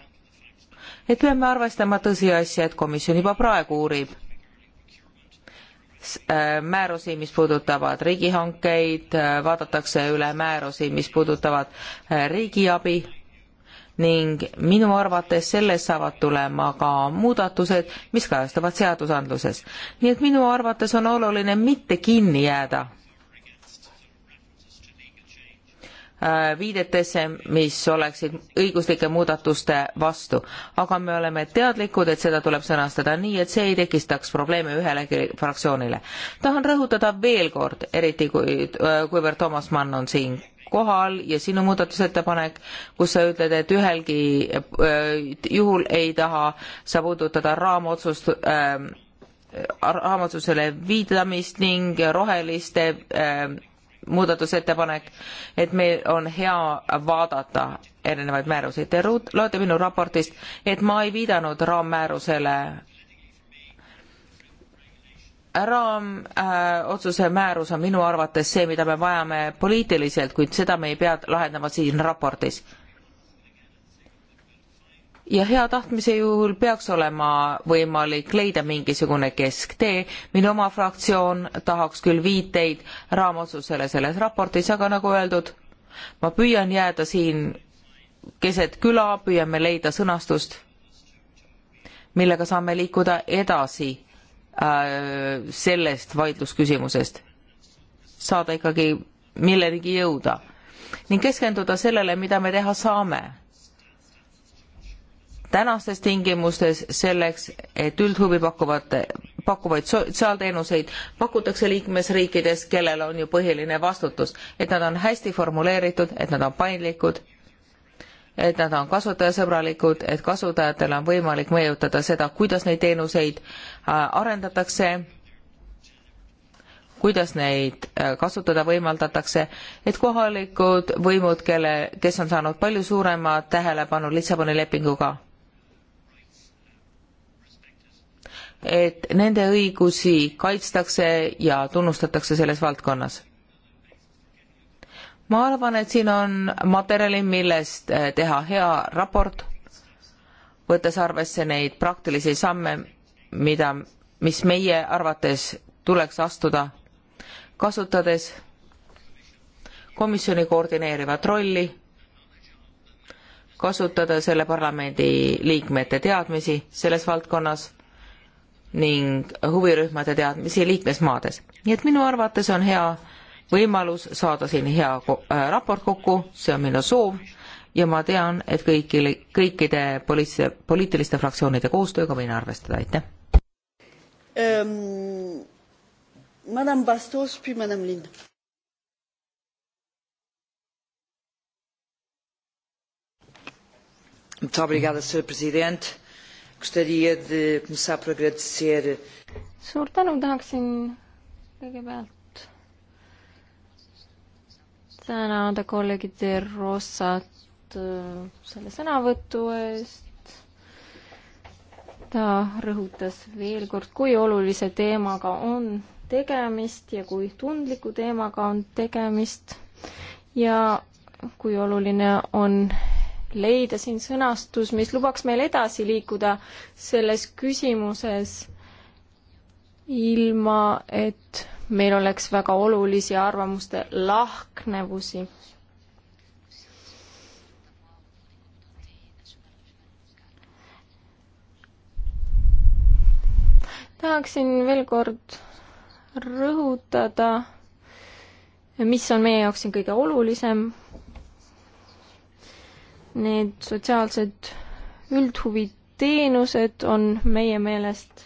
et peame arvestama tõsiasja, et komisjon juba praegu uurib äh, määrusi, mis puudutavad riigihankeid, äh, vaadatakse üle määrusi, mis puudutavad äh, riigiabi ning minu arvates sellest saavad tulema ka muudatused, mis kajastavad seadusandluses. nii et minu arvates on oluline mitte kinni jääda Äh, viidetesse, mis oleksid õiguslike muudatuste vastu. aga me oleme teadlikud, et seda tuleb sõnastada nii, et see ei tekitaks probleeme ühelegi fraktsioonile. tahan rõhutada veel kord, eriti kui, äh, kuivõrd Toomas Mann on siin kohal ja sinu muudatusettepanek, kus sa ütled, et ühelgi äh, juhul ei taha sa puudutada raamotsust äh, raamotsusele viidamist ning roheliste äh, muudatusettepanek, et meil on hea vaadata erinevaid määruseid. Te loete minu raportist, et ma ei viidanud raammäärusele raamotsuse äh, määrus on minu arvates see, mida me vajame poliitiliselt, kuid seda me ei pea lahendama siin raportis ja hea tahtmise juhul peaks olema võimalik leida mingisugune kesktee. minu oma fraktsioon tahaks küll viiteid raamotsusele selles raportis, aga nagu öeldud, ma püüan jääda siin keset küla, püüame leida sõnastust, millega saame liikuda edasi äh, sellest vaidlusküsimusest, saada ikkagi millenigi jõuda ning keskenduda sellele, mida me teha saame tänastes tingimustes selleks, et üldhuvi pakkuvate, pakkuvaid sotsiaalteenuseid pakutakse liikmesriikides, kellel on ju põhiline vastutus, et nad on hästi formuleeritud, et nad on paindlikud, et nad on kasutajasõbralikud, et kasutajatel on võimalik mõjutada seda, kuidas neid teenuseid äh, arendatakse, kuidas neid äh, kasutada võimaldatakse, et kohalikud võimud, kelle, kes on saanud palju suurema tähelepanu Lissaboni lepinguga, et nende õigusi kaitstakse ja tunnustatakse selles valdkonnas. ma arvan, et siin on materjali, millest äh, teha hea raport, võttes arvesse neid praktilisi samme, mida, mis meie arvates tuleks astuda, kasutades komisjoni koordineerivat rolli, kasutada selle parlamendi liikmete teadmisi selles valdkonnas ning huvirühmade teadmisi liikmesmaades. nii et minu arvates on hea võimalus saada siin hea äh, raport kokku, see on minu soov ja ma tean, et kõikide, kõikide poliitiliste, poliitiliste fraktsioonide koostööga võin arvestada, aitäh ähm,. Madame Bastos, puis Madame Linn. Muito obrigada, Sr. Presidente. Gostaria de começar por agradecer. suur tänu, tahaksin kõigepealt tänada kolleegid Rossat äh, selle sõnavõtu eest. ta rõhutas veel kord, kui olulise teemaga on tegemist ja kui tundliku teemaga on tegemist ja kui oluline on leida siin sõnastus, mis lubaks meil edasi liikuda selles küsimuses, ilma et meil oleks väga olulisi arvamuste lahknevusi. tahaksin veel kord rõhutada, mis on meie jaoks siin kõige olulisem Need sotsiaalsed üldhuviteenused on meie meelest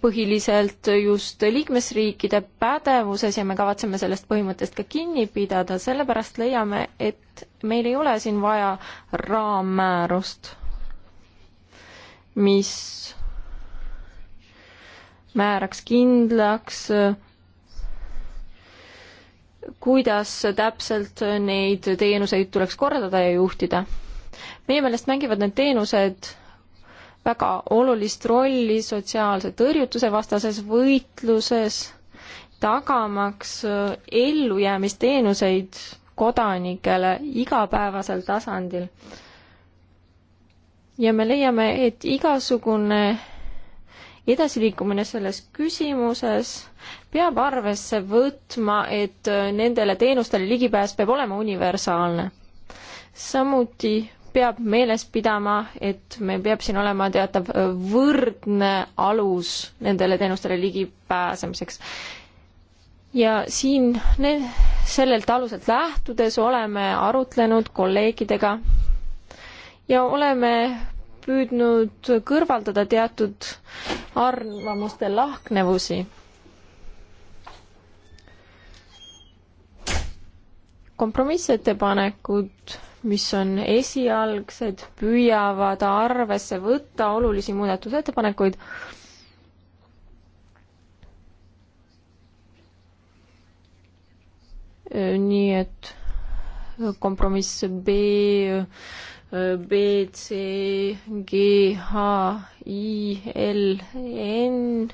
põhiliselt just liikmesriikide pädevuses ja me kavatseme sellest põhimõttest ka kinni pidada, sellepärast leiame, et meil ei ole siin vaja raammäärust, mis määraks kindlaks, kuidas täpselt neid teenuseid tuleks korraldada ja juhtida. meie meelest mängivad need teenused väga olulist rolli sotsiaalse tõrjutuse vastases võitluses, tagamaks ellujäämisteenuseid kodanikele igapäevasel tasandil. ja me leiame, et igasugune edasiliikumine selles küsimuses peab arvesse võtma, et äh, nendele teenustele ligipääs peab olema universaalne. samuti peab meeles pidama, et meil peab siin olema teatav äh, võrdne alus nendele teenustele ligipääsemiseks. ja siin ne, sellelt aluselt lähtudes oleme arutlenud kolleegidega ja oleme püüdnud kõrvaldada teatud arvamuste lahknevusi. kompromissettepanekud, mis on esialgsed, püüavad arvesse võtta olulisi muudatusettepanekuid nii et kompromiss B B, C, G, H, I, L, N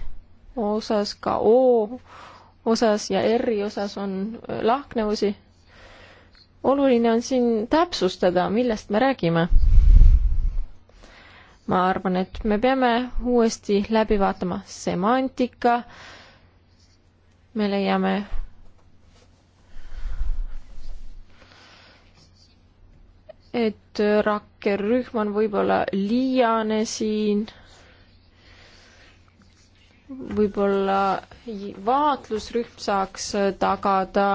osas, ka O osas ja R-i osas on lahknevusi. oluline on siin täpsustada, millest me räägime. ma arvan, et me peame uuesti läbi vaatama semantika, me leiame et rakkerühm on võib-olla liiane siin, võib-olla vaatlusrühm saaks tagada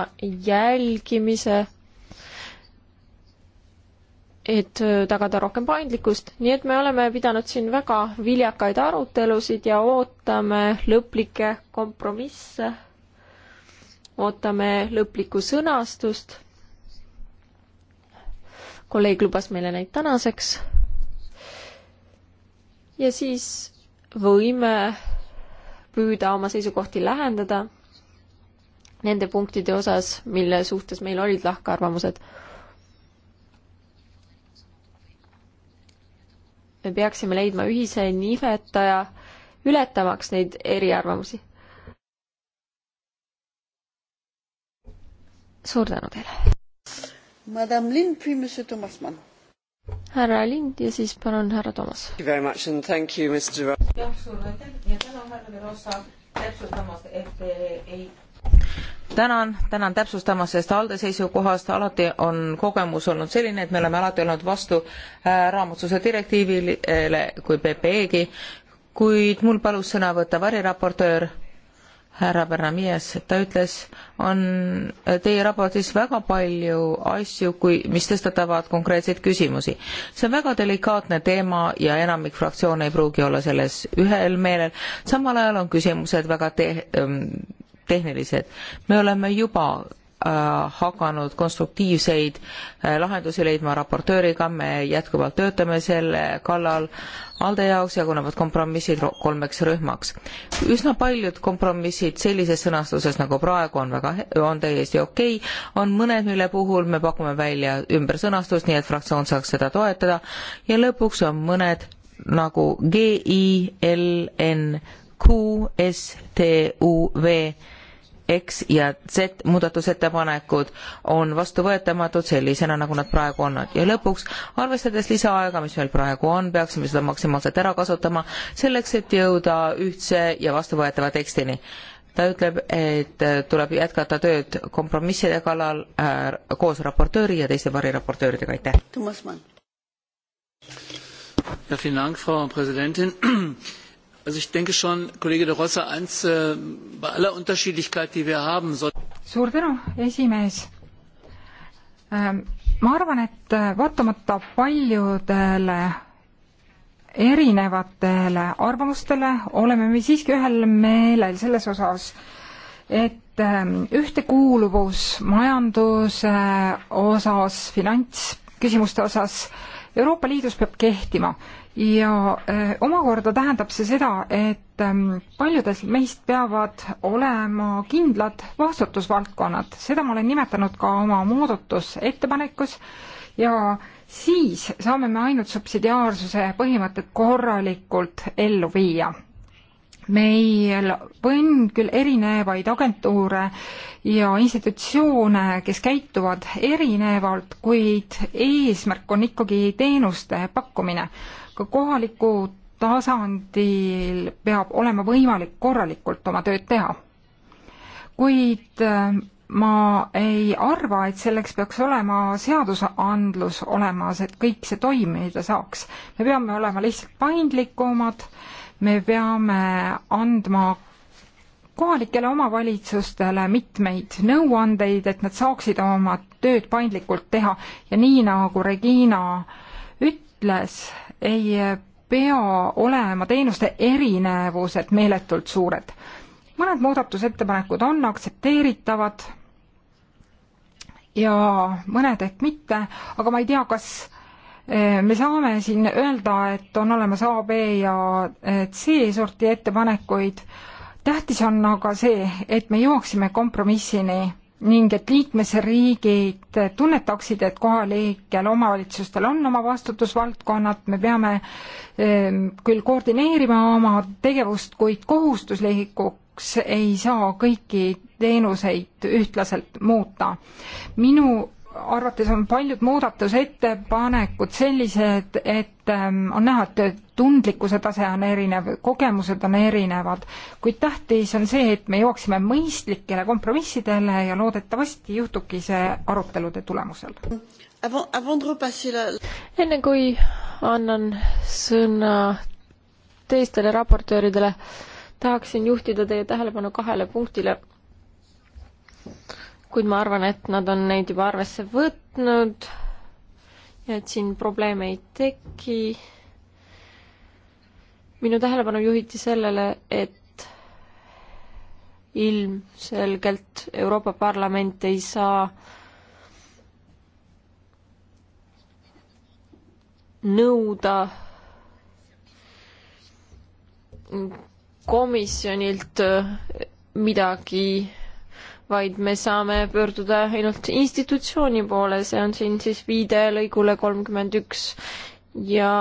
jälgimise, et tagada rohkem paindlikkust, nii et me oleme pidanud siin väga viljakaid arutelusid ja ootame lõplikke kompromisse, ootame lõplikku sõnastust kolleeg lubas meile neid tänaseks. ja siis võime püüda oma seisukohti lähendada nende punktide osas, mille suhtes meil olid lahkarvamused. me peaksime leidma ühise nimetaja, ületamaks neid eriarvamusi. suur tänu teile! Madame Lind, puis Monsieur Thomasmann. härra Lind ja siis palun härra Toomas. jah, suur aitäh ja tänan härra Verosa täpsustamast, et ei tänan, tänan täpsustamast, sest ALDE seisukohast alati on kogemus olnud selline, et me oleme alati olnud vastu äh, raamatuse direktiivile kui PPE-gi, kuid mul palus sõna võtta variraportöör härra Bernamias, ta ütles, on teie raportis väga palju asju, kui, mis tõstatavad konkreetseid küsimusi. see on väga delikaatne teema ja enamik fraktsioone ei pruugi olla selles ühel meelel, samal ajal on küsimused väga te-, ähm, tehnilised. me oleme juba Äh, hakanud konstruktiivseid äh, lahendusi leidma raportööriga, me jätkuvalt töötame selle kallal ALDE jaoks jagunevad kompromissid kolmeks rühmaks. üsna paljud kompromissid sellises sõnastuses nagu praegu on väga, on täiesti okei okay., on mõned, mille puhul me pakume välja ümbersõnastust, nii et fraktsioon saaks seda toetada ja lõpuks on mõned nagu G I L N Q S T U V X ja Z muudatusettepanekud on vastuvõetamatud sellisena, nagu nad praegu on. ja lõpuks, arvestades lisaaega, mis meil praegu on, peaksime seda maksimaalselt ära kasutama selleks, et jõuda ühtse ja vastuvõetava tekstini. ta ütleb, et tuleb jätkata tööd kompromisside kallal äh, koos raportööri ja teiste variraportööridega, aitäh! Thomas Mann. Ja, vielen Dank, Frau Präsidentin. Also ich denke schon, kolleeg De Rossa, eins äh, bei aller Unterschiedlichkeit, die wir haben, soll... suur tänu, esimees ähm,. ma arvan, et äh, vaatamata paljudele erinevatele arvamustele oleme me siiski ühel meelel selles osas, et ähm, ühtekuuluvus majanduse osas, finantsküsimuste osas Euroopa Liidus peab kehtima äh, ja eh, omakorda tähendab see seda, et ehm, paljudes meist peavad olema kindlad vastutusvaldkonnad, seda ma olen nimetanud ka oma muudatusettepanekus ja siis saame me ainult subsidiaarsuse põhimõtet korralikult ellu viia. meil on küll erinevaid agentuure ja institutsioone, kes käituvad erinevalt, kuid eesmärk on ikkagi teenuste pakkumine ka kohaliku tasandil peab olema võimalik korralikult oma tööd teha. kuid äh, ma ei arva, et selleks peaks olema seadusandlus olemas, et kõik see toimida saaks. me peame olema lihtsalt paindlikumad, me peame andma kohalikele omavalitsustele mitmeid nõuandeid, et nad saaksid oma tööd paindlikult teha ja nii, nagu Regina ütles, ei pea olema teenuste erinevused meeletult suured. mõned muudatusettepanekud on aktsepteeritavad ja mõned ehk mitte, aga ma ei tea, kas eh, me saame siin öelda, et on olemas A, B ja eh, C sorti ettepanekuid, tähtis on aga see, et me jõuaksime kompromissini ning et liikmesriigid tunnetaksid, et kohalikel omavalitsustel on oma vastutusvaldkonnad, me peame ehm, küll koordineerima oma tegevust, kuid kohustuslikuks ei saa kõiki teenuseid ühtlaselt muuta. minu arvates on paljud muudatusettepanekud sellised, et ähm, on näha, et tundlikkuse tase on erinev, kogemused on erinevad, kuid tähtis on see, et me jõuaksime mõistlikele kompromissidele ja loodetavasti juhtubki see arutelude tulemusel. enne kui annan sõna teistele raportööridele, tahaksin juhtida teie tähelepanu kahele punktile kuid ma arvan, et nad on neid juba arvesse võtnud ja et siin probleeme ei teki. minu tähelepanu juhiti sellele, et ilmselgelt Euroopa Parlament ei saa nõuda komisjonilt midagi vaid me saame pöörduda ainult institutsiooni poole, see on siin siis viide lõigule kolmkümmend üks ja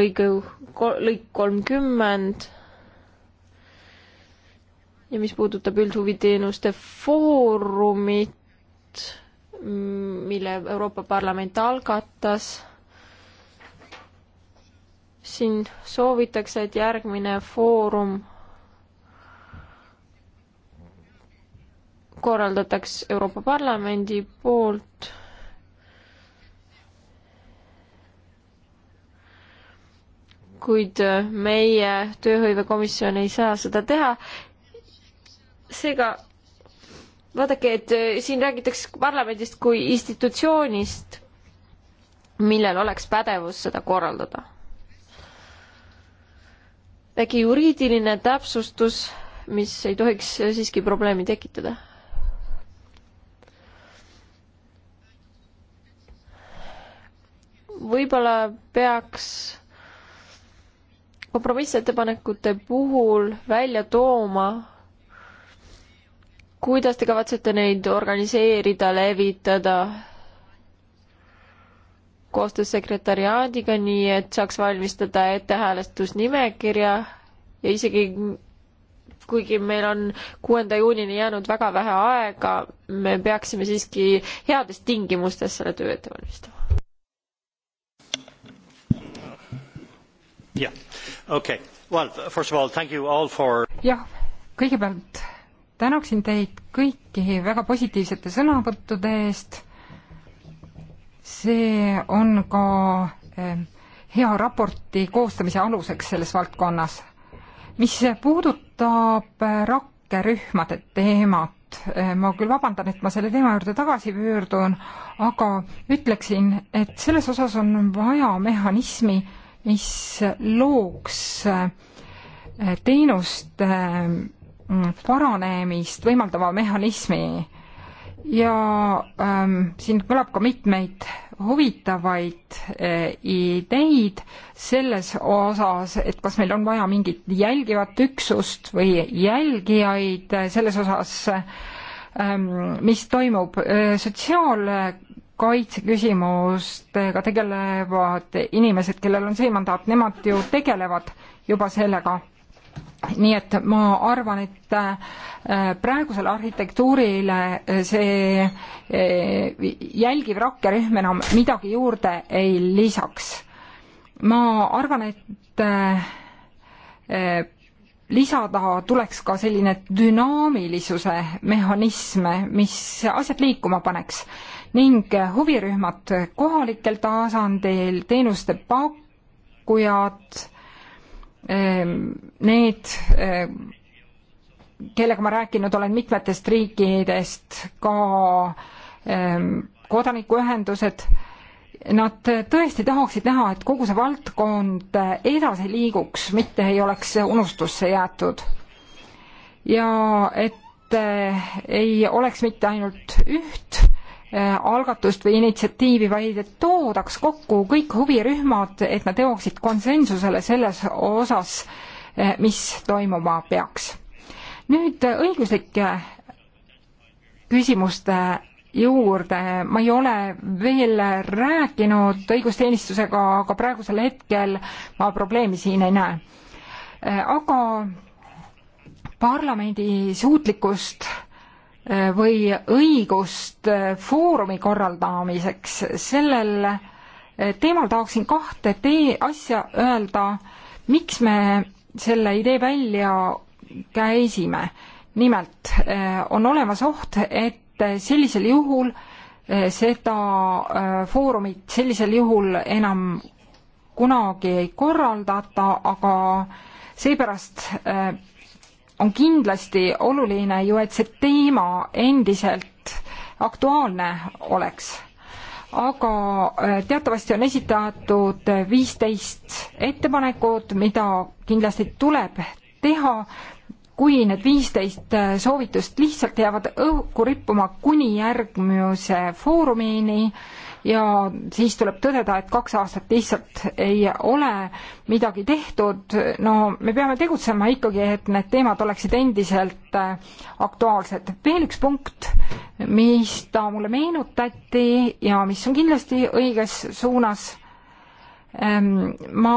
lõigu, lõik kolmkümmend. ja mis puudutab üldhuviteenuste foorumit, mille Euroopa Parlament algatas siin soovitakse, et järgmine foorum korraldataks Euroopa Parlamendi poolt kuid äh, meie tööhõivekomisjon ei saa seda teha. seega vaadake, et äh, siin räägitakse parlamendist kui institutsioonist, millel oleks pädevus seda korraldada. äkki juriidiline täpsustus, mis ei tohiks äh, siiski probleemi tekitada võib-olla peaks kompromissettepanekute puhul välja tooma, kuidas te kavatsete neid organiseerida, levitada koostöös sekretariaadiga, nii et saaks valmistada ette hääletusnimekirja ja isegi kuigi meil on kuuenda juunini jäänud väga vähe aega, me peaksime siiski heades tingimustes selle töö ette valmistama. jah yeah., okei okay., well first of all thank you all for jah, kõigepealt tänaksin teid kõiki väga positiivsete sõnavõttude eest, see on ka eh, hea raporti koostamise aluseks selles valdkonnas. mis puudutab eh, rakkerühmade teemat, eh, ma küll vabandan, et ma selle teema juurde tagasi pöördun, aga ütleksin, et selles osas on vaja mehhanismi, mis looks äh, teenuste äh, mm, paranemist võimaldava mehhanismi ja ähm, siin kõlab ka mitmeid huvitavaid äh, ideid selles osas, et kas meil on vaja mingit jälgivat üksust või jälgijaid äh, selles osas äh,, ähm, mis toimub äh, sotsiaal- kaitseküsimustega tegelevad inimesed, kellel on see mandaat, nemad ju tegelevad juba sellega. nii et ma arvan, et äh, praegusele arhitektuurile äh, see äh, jälgiv rakkerühm enam midagi juurde ei lisaks. ma arvan, et lisada tuleks ka selline dünaamilisuse mehhanism, mis asjad liikuma paneks ning huvirühmad kohalikel tasandil, teenuste pakkujad, ehm, need, ehm, kellega ma rääkinud olen mitmetest riikidest, ka ehm, kodanikuühendused, nad tõesti tahaksid näha, et kogu see valdkond edasi liiguks, mitte ei oleks unustusse jäetud. ja et eh, ei oleks mitte ainult üht Äh, algatust või initsiatiivi, vaid et toodaks kokku kõik huvirühmad, et nad jõuaksid konsensusele selles osas, äh, mis toimuma peaks. nüüd õiguslike küsimuste juurde, ma ei ole veel rääkinud õigusteenistusega, aga praegusel hetkel ma probleemi siin ei näe. Äh, aga parlamendi suutlikkust või õigust foorumi korraldamiseks, sellel teemal tahaksin kahte tee-, asja öelda, miks me selle idee välja käisime. nimelt eh, on olemas oht, et sellisel juhul eh, seda eh, foorumit sellisel juhul enam kunagi ei korraldata, aga seepärast on kindlasti oluline ju, et see teema endiselt aktuaalne oleks. aga äh, teatavasti on esitatud viisteist ettepanekut, mida kindlasti tuleb teha, kui need viisteist äh, soovitust lihtsalt jäävad õhku rippuma kuni järgmise foorumini, ja siis tuleb tõdeda, et kaks aastat lihtsalt ei ole midagi tehtud, no me peame tegutsema ikkagi, et need teemad oleksid endiselt äh, aktuaalsed. veel üks punkt, mis ta mulle meenutati ja mis on kindlasti õiges suunas ähm, ma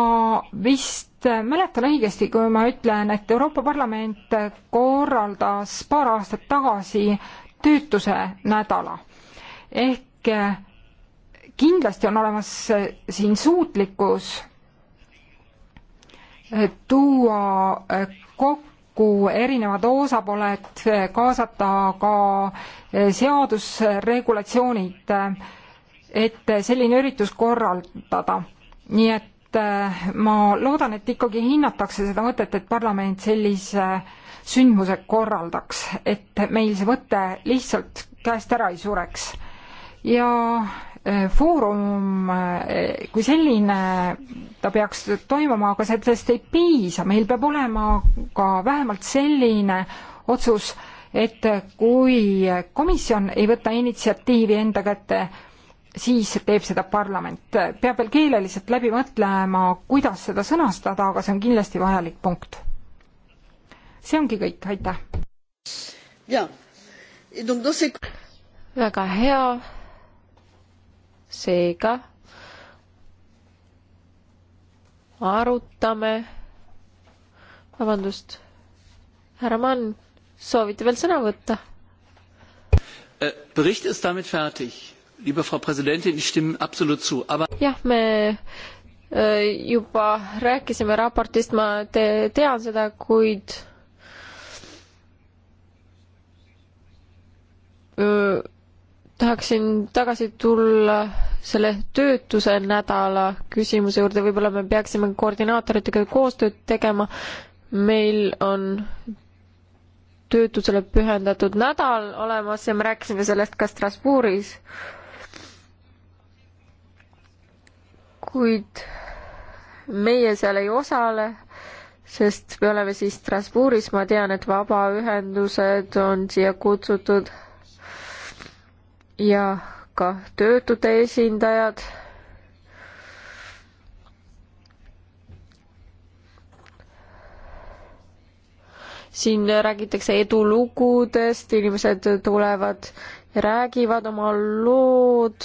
vist äh, mäletan õigesti, kui ma ütlen, et Euroopa Parlament korraldas paar aastat tagasi töötuse nädala ehk äh, kindlasti on olemas siin suutlikkus tuua kokku erinevad osapooled, kaasata ka seadusregulatsioonid, et selline üritus korraldada. nii et äh, ma loodan, et ikkagi hinnatakse seda mõtet, et parlament sellise sündmuse korraldaks, et meil see mõte lihtsalt käest ära ei sureks. ja Äh, foorum äh, kui selline, ta peaks toimuma, aga sellest ei piisa, meil peab olema ka vähemalt selline otsus, et kui komisjon ei võta initsiatiivi enda kätte, siis teeb seda parlament. peab veel keeleliselt läbi mõtlema, kuidas seda sõnastada, aga see on kindlasti vajalik punkt. see ongi kõik, aitäh! Noh, väga hea seega arutame, vabandust, härra Mann, soovite veel sõna võtta? Äh, Bericht ist damit fertig. Liebe Frau Präsidentin, ich stimme absolut zu, aber jah, me äh, juba rääkisime raportist, ma te tean seda, kuid öö, äh, tahaksin tagasi tulla selle töötuse nädala küsimuse juurde, võib-olla me peaksime koordinaatoritega koostööd tegema. meil on töötusele pühendatud nädal olemas ja me rääkisime sellest ka Strasbourgis. kuid meie seal ei osale, sest me oleme siis Strasbourgis, ma tean, et vabaühendused on siia kutsutud ja ka töötute esindajad. siin räägitakse edulugudest, inimesed tulevad ja räägivad oma lood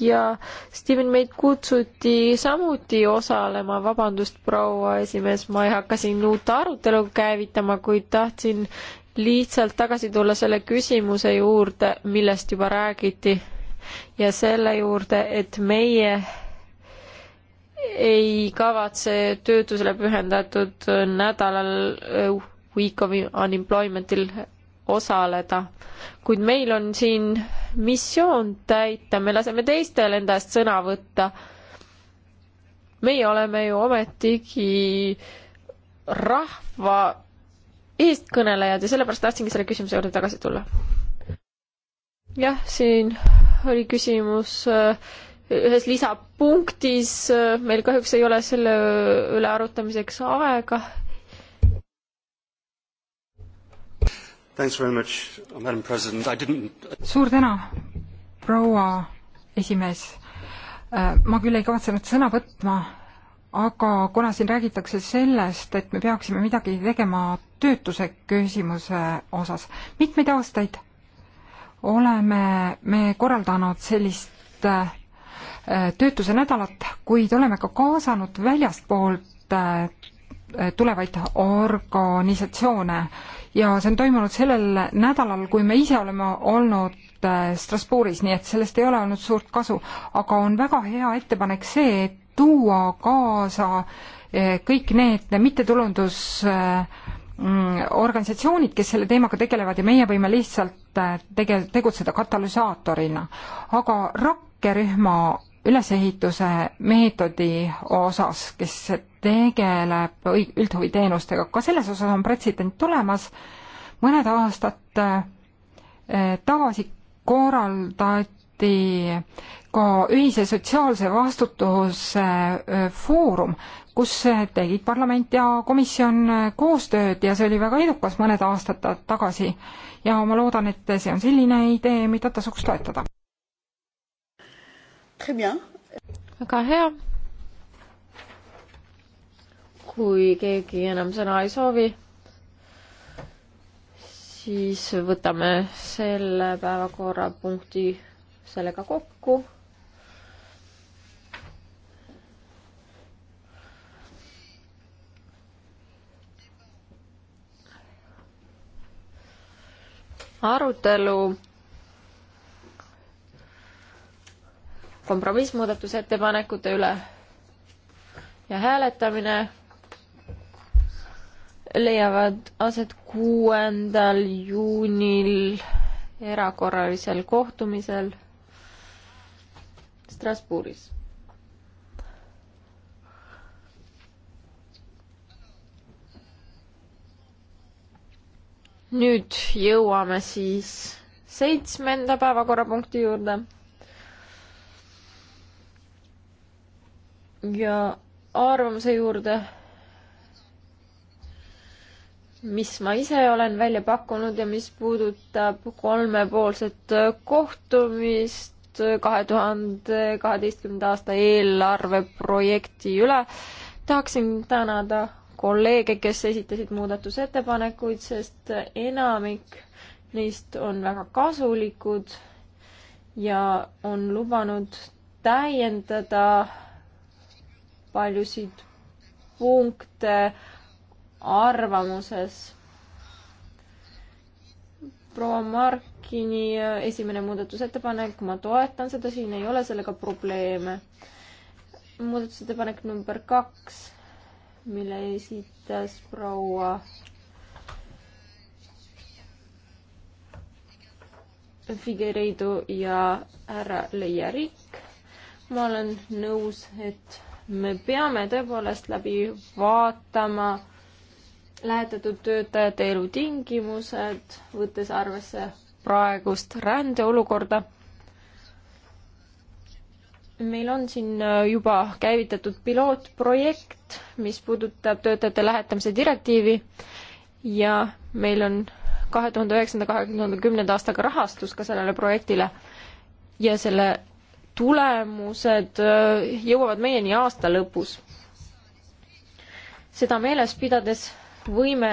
ja Steven meid kutsuti samuti osalema, vabandust, proua esimees, ma ei hakka siin uut arutelu käivitama, kuid tahtsin lihtsalt tagasi tulla selle küsimuse juurde, millest juba räägiti ja selle juurde, et meie ei kavatse töötusele pühendatud nädalal äh, Week of Unemploymentil osaleda, kuid meil on siin missioon täita, me laseme teistel enda eest sõna võtta. meie oleme ju ometigi rahva eestkõnelejad ja sellepärast tahtsingi selle küsimuse juurde tagasi tulla. jah, siin oli küsimus äh, ühes lisapunktis, äh, meil kahjuks ei ole selle üle arutamiseks aega. suur tänu, proua esimees. Äh, ma küll ei kavatsenud sõna võtma, aga kuna siin räägitakse sellest, et me peaksime midagi tegema töötuse küsimuse osas. mitmeid aastaid oleme me korraldanud sellist äh, töötuse nädalat, kuid oleme ka kaasanud väljastpoolt äh, tulevaid organisatsioone ja see on toimunud sellel nädalal, kui me ise oleme olnud äh, Strasbourgis, nii et sellest ei ole olnud suurt kasu, aga on väga hea ettepanek see, et tuua kaasa kõik need mittetulundus äh, Mm, organisatsioonid, kes selle teemaga tegelevad ja meie võime lihtsalt äh, tege-, tegutseda katalüsaatorina. aga rakkerühma ülesehituse meetodi osas, kes tegeleb üldhuviteenustega, ka selles osas on pretsedent olemas, mõned aastad äh, tagasi korraldati ka ühise sotsiaalse vastutuse äh, foorum, kus tegid parlament ja komisjon koostööd ja see oli väga edukas mõned aastad tagasi. ja ma loodan, et see on selline idee, mida tasuks toetada. väga hea. kui keegi enam sõna ei soovi, siis võtame selle päevakorrapunkti sellega kokku arutelu kompromissmuudatusettepanekute üle ja hääletamine leiavad aset kuuendal juunil erakorralisel kohtumisel Strasbourgis nüüd jõuame siis seitsmenda päevakorrapunkti juurde. ja arvamuse juurde, mis ma ise olen välja pakkunud ja mis puudutab kolmepoolset kohtumist kahe tuhande kaheteistkümnenda aasta eelarveprojekti üle, tahaksin tänada kolleege, kes esitasid muudatusettepanekuid, sest enamik neist on väga kasulikud ja on lubanud täiendada paljusid punkte arvamuses. proua Markini esimene muudatusettepanek, ma toetan seda, siin ei ole sellega probleeme. muudatusettepanek number kaks mille esitas proua Figueiredu ja härra Leia Rikk. ma olen nõus, et me peame tõepoolest läbi vaatama lähetatud töötajate elutingimused, võttes arvesse praegust rändeolukorda meil on siin äh, juba käivitatud pilootprojekt, mis puudutab töötajate lähetamise direktiivi ja meil on kahe tuhande üheksanda, kahe tuhande kümnenda aastaga rahastus ka sellele projektile ja selle tulemused äh, jõuavad meieni aasta lõpus. seda meeles pidades võime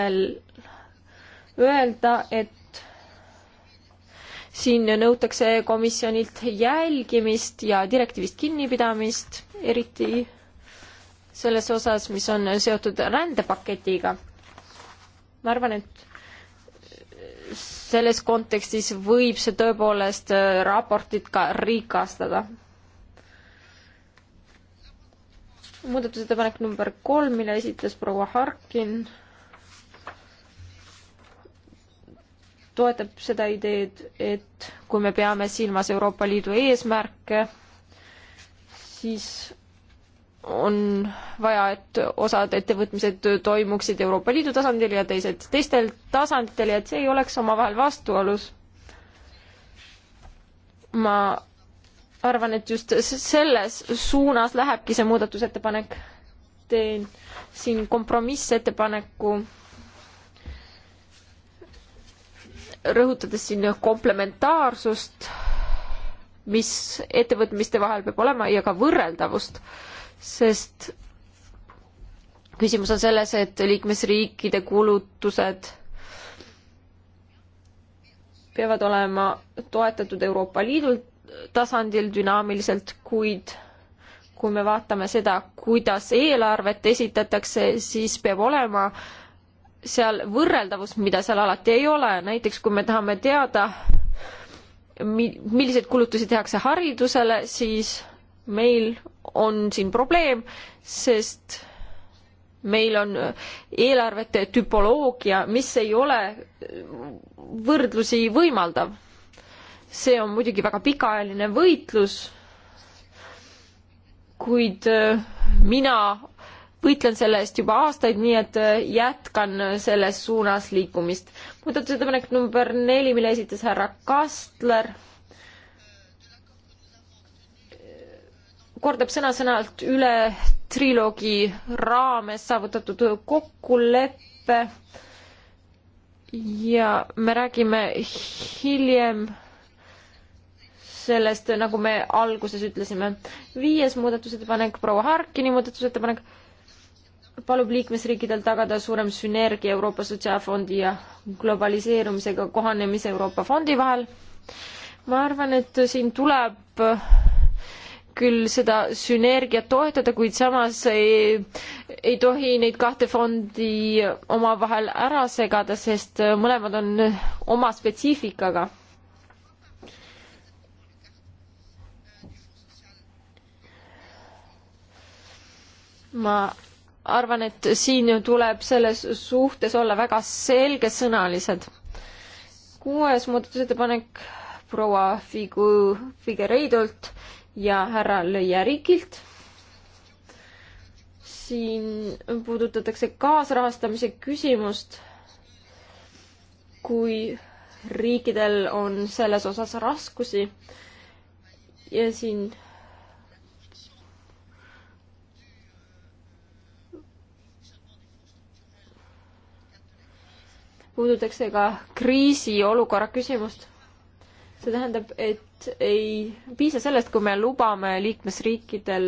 öelda, et siin nõutakse komisjonilt jälgimist ja direktiivist kinnipidamist, eriti selles osas, mis on seotud rändepaketiga. ma arvan, et selles kontekstis võib see tõepoolest raportit ka rikastada. muudatusettepanek number kolm, mille esitas proua Harkin toetab seda ideed, et kui me peame silmas Euroopa Liidu eesmärke, siis on vaja, et osad ettevõtmised toimuksid Euroopa Liidu tasandil ja teised teistel tasanditel ja et see ei oleks omavahel vastuolus. ma arvan, et just selles suunas lähebki see muudatusettepanek. teen siin kompromissettepaneku rõhutades siin komplementaarsust, mis ettevõtmiste vahel peab olema ja ka võrreldavust, sest küsimus on selles, et liikmesriikide kulutused peavad olema toetatud Euroopa Liidu tasandil dünaamiliselt, kuid kui me vaatame seda, kuidas eelarvet esitatakse, siis peab olema äh, seal võrreldavust, mida seal alati ei ole, näiteks kui me tahame teada, mi-, milliseid kulutusi tehakse haridusele, siis meil on siin probleem, sest meil on eelarvete tüpoloogia, mis ei ole võrdlusi võimaldav. see on muidugi väga pikaajaline võitlus, kuid äh, mina võitlen selle eest juba aastaid, nii et äh, jätkan selles suunas liikumist. muudatusettepanek number neli, mille esitas härra Kastler, kordab sõna-sõnalt üle triloogi raames saavutatud kokkuleppe ja me räägime hiljem sellest, nagu me alguses ütlesime. viies muudatusettepanek, proua Harkini muudatusettepanek palub liikmesriikidel tagada suurem sünergia Euroopa Sotsiaalfondi ja globaliseerumisega kohanemise Euroopa Fondi vahel. ma arvan, et siin tuleb küll seda sünergiat toetada, kuid samas ei, ei tohi neid kahte fondi omavahel ära segada, sest mõlemad on oma spetsiifikaga ma arvan, et siin ju tuleb selles suhtes olla väga selgesõnalised. kuues muudatusettepanek proua Figu Figueiredolt ja härra Lõierikilt. siin puudutatakse kaasrahastamise küsimust. kui riikidel on selles osas raskusi ja siin puudutakse ka kriisiolukorra küsimust. see tähendab, et ei piisa sellest, kui me lubame liikmesriikidel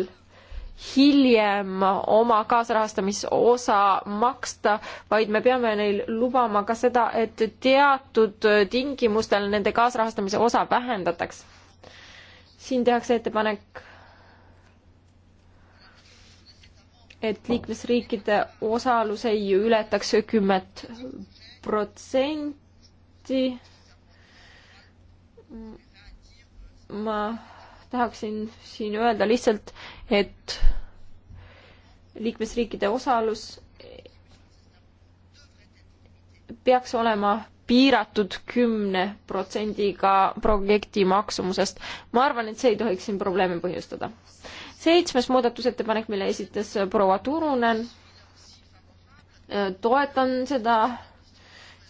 hiljem oma kaasrahastamisosa maksta, vaid me peame neil lubama ka seda, et teatud tingimustel nende kaasrahastamise osa vähendataks. siin tehakse ettepanek, et liikmesriikide osalus ei ületaks kümmet protsenti. ma tahaksin siin öelda lihtsalt, et liikmesriikide osalus peaks olema piiratud kümne protsendiga projekti maksumusest. ma arvan, et see ei tohiks siin probleeme põhjustada. seitsmes muudatusettepanek, mille esitas proua Turunen, toetan seda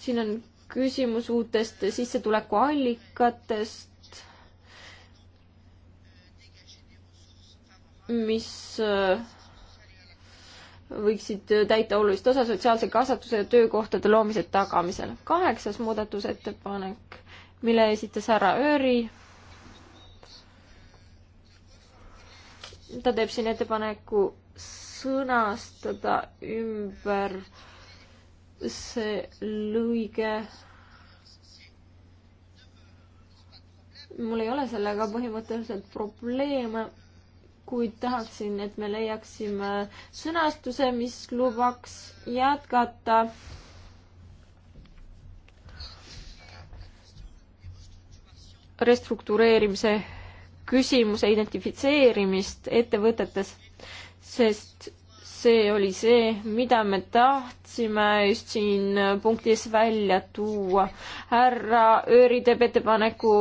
siin on küsimus uutest sissetulekuallikatest, mis äh, võiksid täita olulist osa sotsiaalse kasvatuse ja töökohtade loomise tagamisel. kaheksas muudatusettepanek, mille esitas härra Ööri. ta teeb siin ettepaneku sõnastada ümber äh, see lõige mul ei ole sellega põhimõtteliselt probleeme, kuid tahaksin, et me leiaksime sõnastuse, mis lubaks jätkata restruktureerimise küsimuse identifitseerimist ettevõtetes, sest see oli see, mida me tahtsime just siin punktis välja tuua. härra Ööri teeb ettepaneku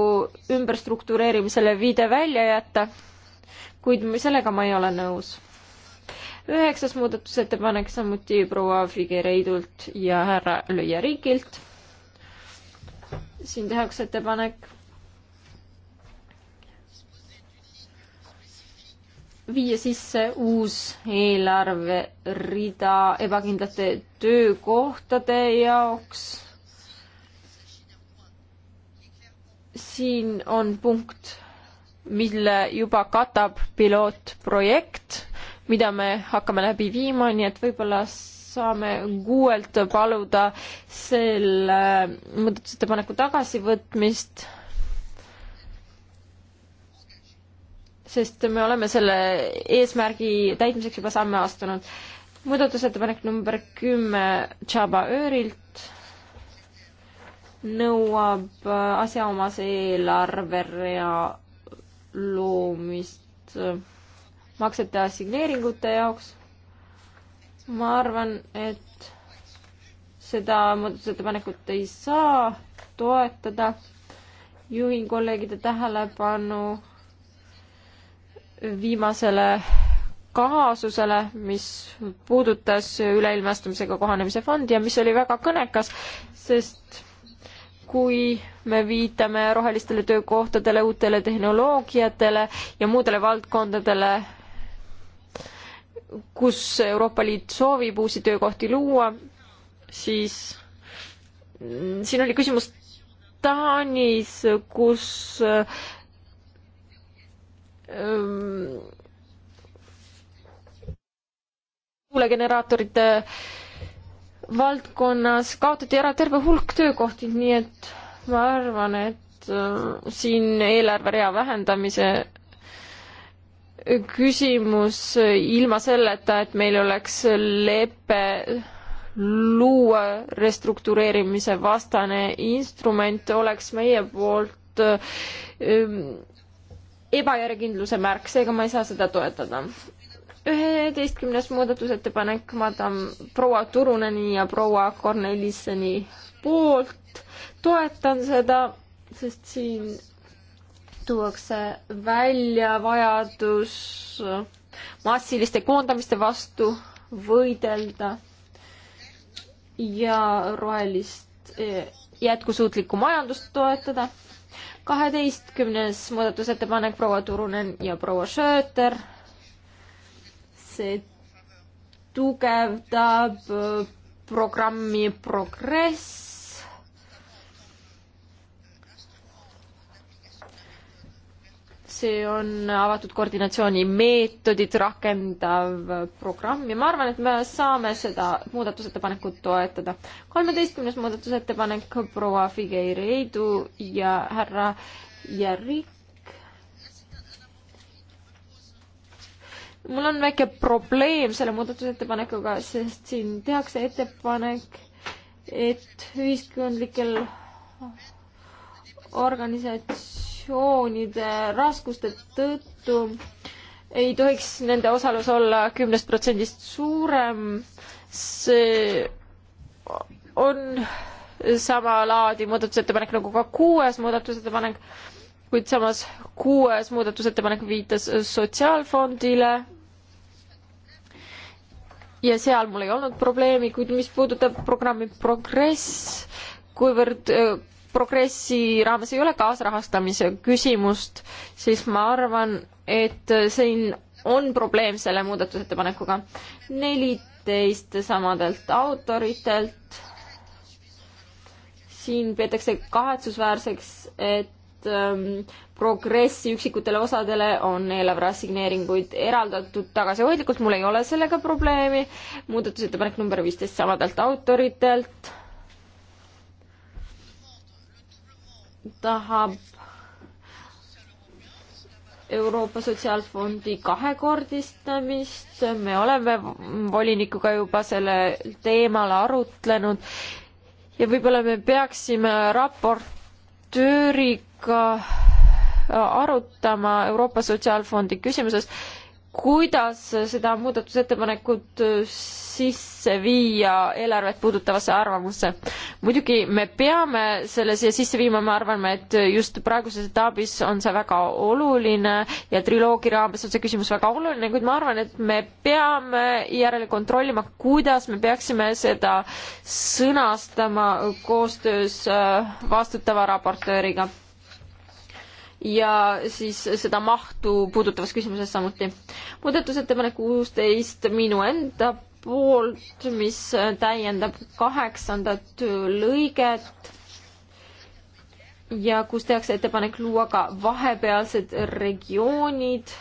ümberstruktureerimisele viide välja jätta, kuid sellega ma ei ole nõus. üheksas muudatusettepanek samuti proua Figuereidult ja härra Lüüariigilt. siin tehakse ettepanek viia sisse uus eelarverida ebakindlate töökohtade jaoks. siin on punkt, mille juba katab pilootprojekt, mida me hakkame läbi viima, nii et võib-olla saame kuuelt paluda selle muudatusettepaneku tagasivõtmist sest me oleme selle eesmärgi täitmiseks juba samme astunud. muudatusettepanek number kümme Tšaba Öörilt nõuab asjaomase eelarverea loomist maksete assigneeringute jaoks. ma arvan, et seda muudatusettepanekut ei saa toetada. juhin kolleegide tähelepanu viimasele kaasusele, mis puudutas üleilmastumisega kohanemise fondi ja mis oli väga kõnekas, sest kui me viitame rohelistele töökohtadele, uutele tehnoloogiatele ja muudele valdkondadele, kus Euroopa Liit soovib uusi töökohti luua, siis siin oli küsimus Taanis, kus tuulegeneraatorite valdkonnas kaotati ära terve hulk töökohti, nii et ma arvan, et siin eelarverea vähendamise küsimus ilma selleta, et meil oleks lepe luua restruktureerimise vastane instrument, oleks meie poolt ebajärjekindluse märk, seega ma ei saa seda toetada. üheteistkümnes muudatusettepanek madam proua Turuneni ja proua Kornelisseni poolt. toetan seda, sest siin tuuakse välja vajadus massiliste koondamiste vastu võidelda ja rohelist jätkusuutlikku majandust toetada kaheteistkümnes muudatusettepanek proua Turunen ja proua Schöter. see tugevdab äh, programmi progress see on avatud koordinatsioonimeetodit rakendav programm ja ma arvan, et me saame seda muudatusettepanekut toetada. kolmeteistkümnes muudatusettepanek proua Figueiredu ja härra Järik. mul on väike probleem selle muudatusettepanekuga, sest siin tehakse ettepanek, et ühiskondlikel organisatsioonidel organisatsioonide raskuste tõttu ei tohiks nende osalus olla kümnest protsendist suurem. see on sama laadi muudatusettepanek nagu ka kuues muudatusettepanek, kuid samas kuues muudatusettepanek viitas sotsiaalfondile. ja seal mul ei olnud probleemi, kuid mis puudutab programmi Progress, kuivõrd äh, progressi raames ei ole kaasrahastamise küsimust, siis ma arvan, et siin on probleem selle muudatusettepanekuga. neliteist samadelt autoritelt. siin peetakse kahetsusväärseks, et ähm, progressi üksikutele osadele on eelarve assigneeringuid eraldatud tagasihoidlikult, mul ei ole sellega probleemi. muudatusettepanek number viisteist samadelt autoritelt tahab Euroopa Sotsiaalfondi kahekordistamist, me oleme volinikuga juba sellel teemal arutlenud ja võib-olla me peaksime raportööriga arutama Euroopa Sotsiaalfondi küsimuses kuidas seda muudatusettepanekut äh, sisse viia eelarvet puudutavasse arvamusse. muidugi me peame selle siia sisse viima, me arvame, et just praeguses etapis on see väga oluline ja triloogi raames on see küsimus väga oluline, kuid ma arvan, et me peame järele kontrollima, kuidas me peaksime seda sõnastama koostöös äh, vastutava raportööriga ja siis seda mahtu puudutavas küsimuses samuti. muudatusettepanek kuusteist minu enda poolt, mis täiendab kaheksandat lõiget ja kus tehakse ettepanek luua ka vahepealsed regioonid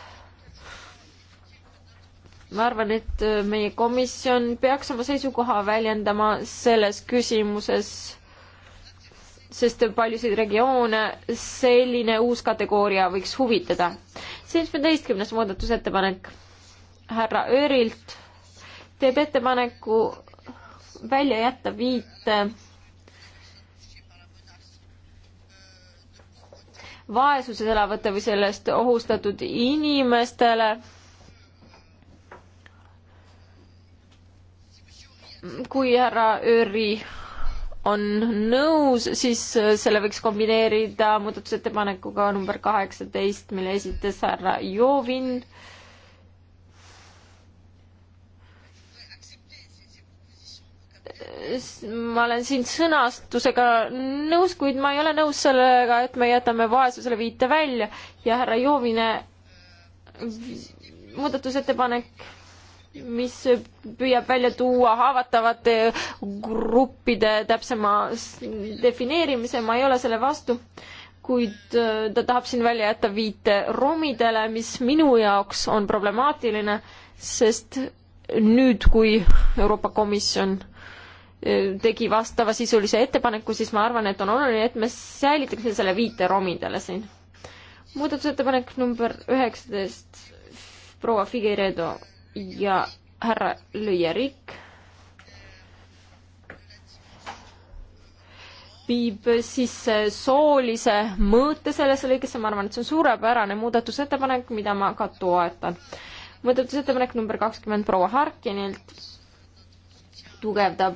ma arvan, et meie komisjon peaks oma seisukoha väljendama selles küsimuses sest paljusid regioone selline uus kategooria võiks huvitada. seitsmeteistkümnes muudatusettepanek härra Öörilt teeb ettepaneku välja jätta viite äh, vaesuses elavate või sellest ohustatud inimestele. kui härra Ööri on nõus, siis äh, selle võiks kombineerida muudatusettepanekuga number kaheksateist, mille esitas härra Jovin. ma olen siin sõnastusega nõus, kuid ma ei ole nõus sellega, et me jätame vaesusele viite välja ja härra Jovine muudatusettepanek mis püüab välja tuua haavatavate gruppide täpsema defineerimise, ma ei ole selle vastu, kuid äh, ta tahab siin välja jätta viite romidele, mis minu jaoks on problemaatiline, sest nüüd, kui Euroopa Komisjon äh, tegi vastavasisulise ettepaneku, siis ma arvan, et on oluline, et me säilitaksime selle viite romidele siin. muudatusettepanek number üheksateist, proua Figueredo ja härra Lüjerik viib sisse soolise mõõte sellesse lõikesse, ma arvan, et see on suurepärane muudatusettepanek, mida ma ka toetan. muudatusettepanek number kakskümmend proua Harkinilt tugevdab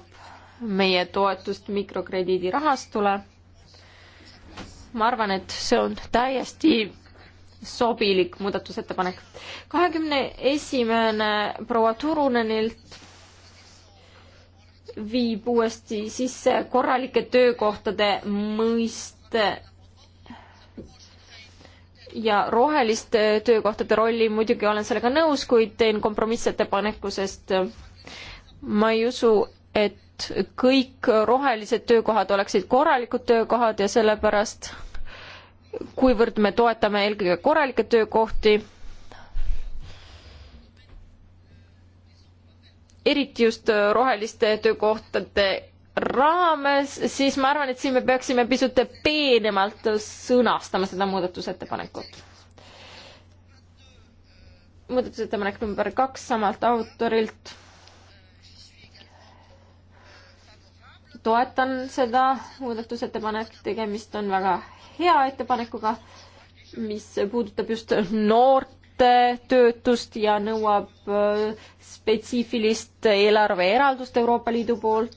meie toetust mikrokrediidirahastule. ma arvan, et see on täiesti sobilik muudatusettepanek. kahekümne esimene proua Turunenilt viib uuesti sisse korralike töökohtade mõiste ja roheliste töökohtade rolli, muidugi olen sellega nõus, kuid teen kompromissettepaneku, sest ma ei usu, et kõik rohelised töökohad oleksid korralikud töökohad ja sellepärast kuivõrd me toetame eelkõige korralikke töökohti, eriti just roheliste töökohtade raames, siis ma arvan, et siin me peaksime pisut peenemalt sõnastama seda muudatusettepanekut. muudatusettepanek number kaks samalt autorilt. toetan seda muudatusettepanek, tegemist on väga hea ettepanekuga, mis puudutab just noorte töötust ja nõuab äh, spetsiifilist eelarveeraldust Euroopa Liidu poolt.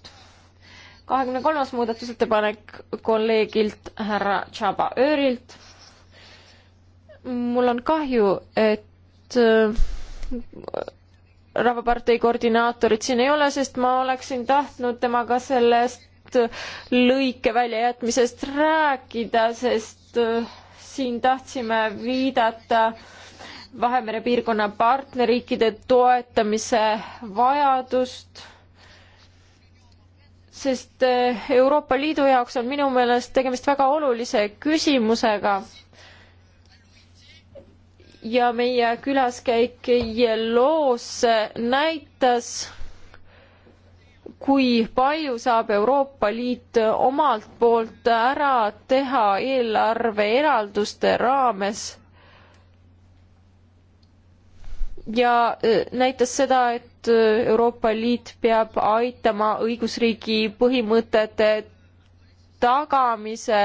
kahekümne kolmas muudatusettepanek kolleegilt härra Tšaba Öörilt. mul on kahju, et äh, Rahvapartei koordinaatorit siin ei ole, sest ma oleksin tahtnud temaga sellest lõike väljajätmisest rääkida, sest äh, siin tahtsime viidata Vahemere piirkonna partnerriikide toetamise vajadust, sest äh, Euroopa Liidu jaoks on minu meelest tegemist väga olulise küsimusega ja meie külaskäik ILO-sse näitas, kui palju saab Euroopa Liit omalt poolt ära teha eelarve eralduste raames. ja e, näitas seda, et e, Euroopa Liit peab aitama õigusriigi põhimõtete tagamise,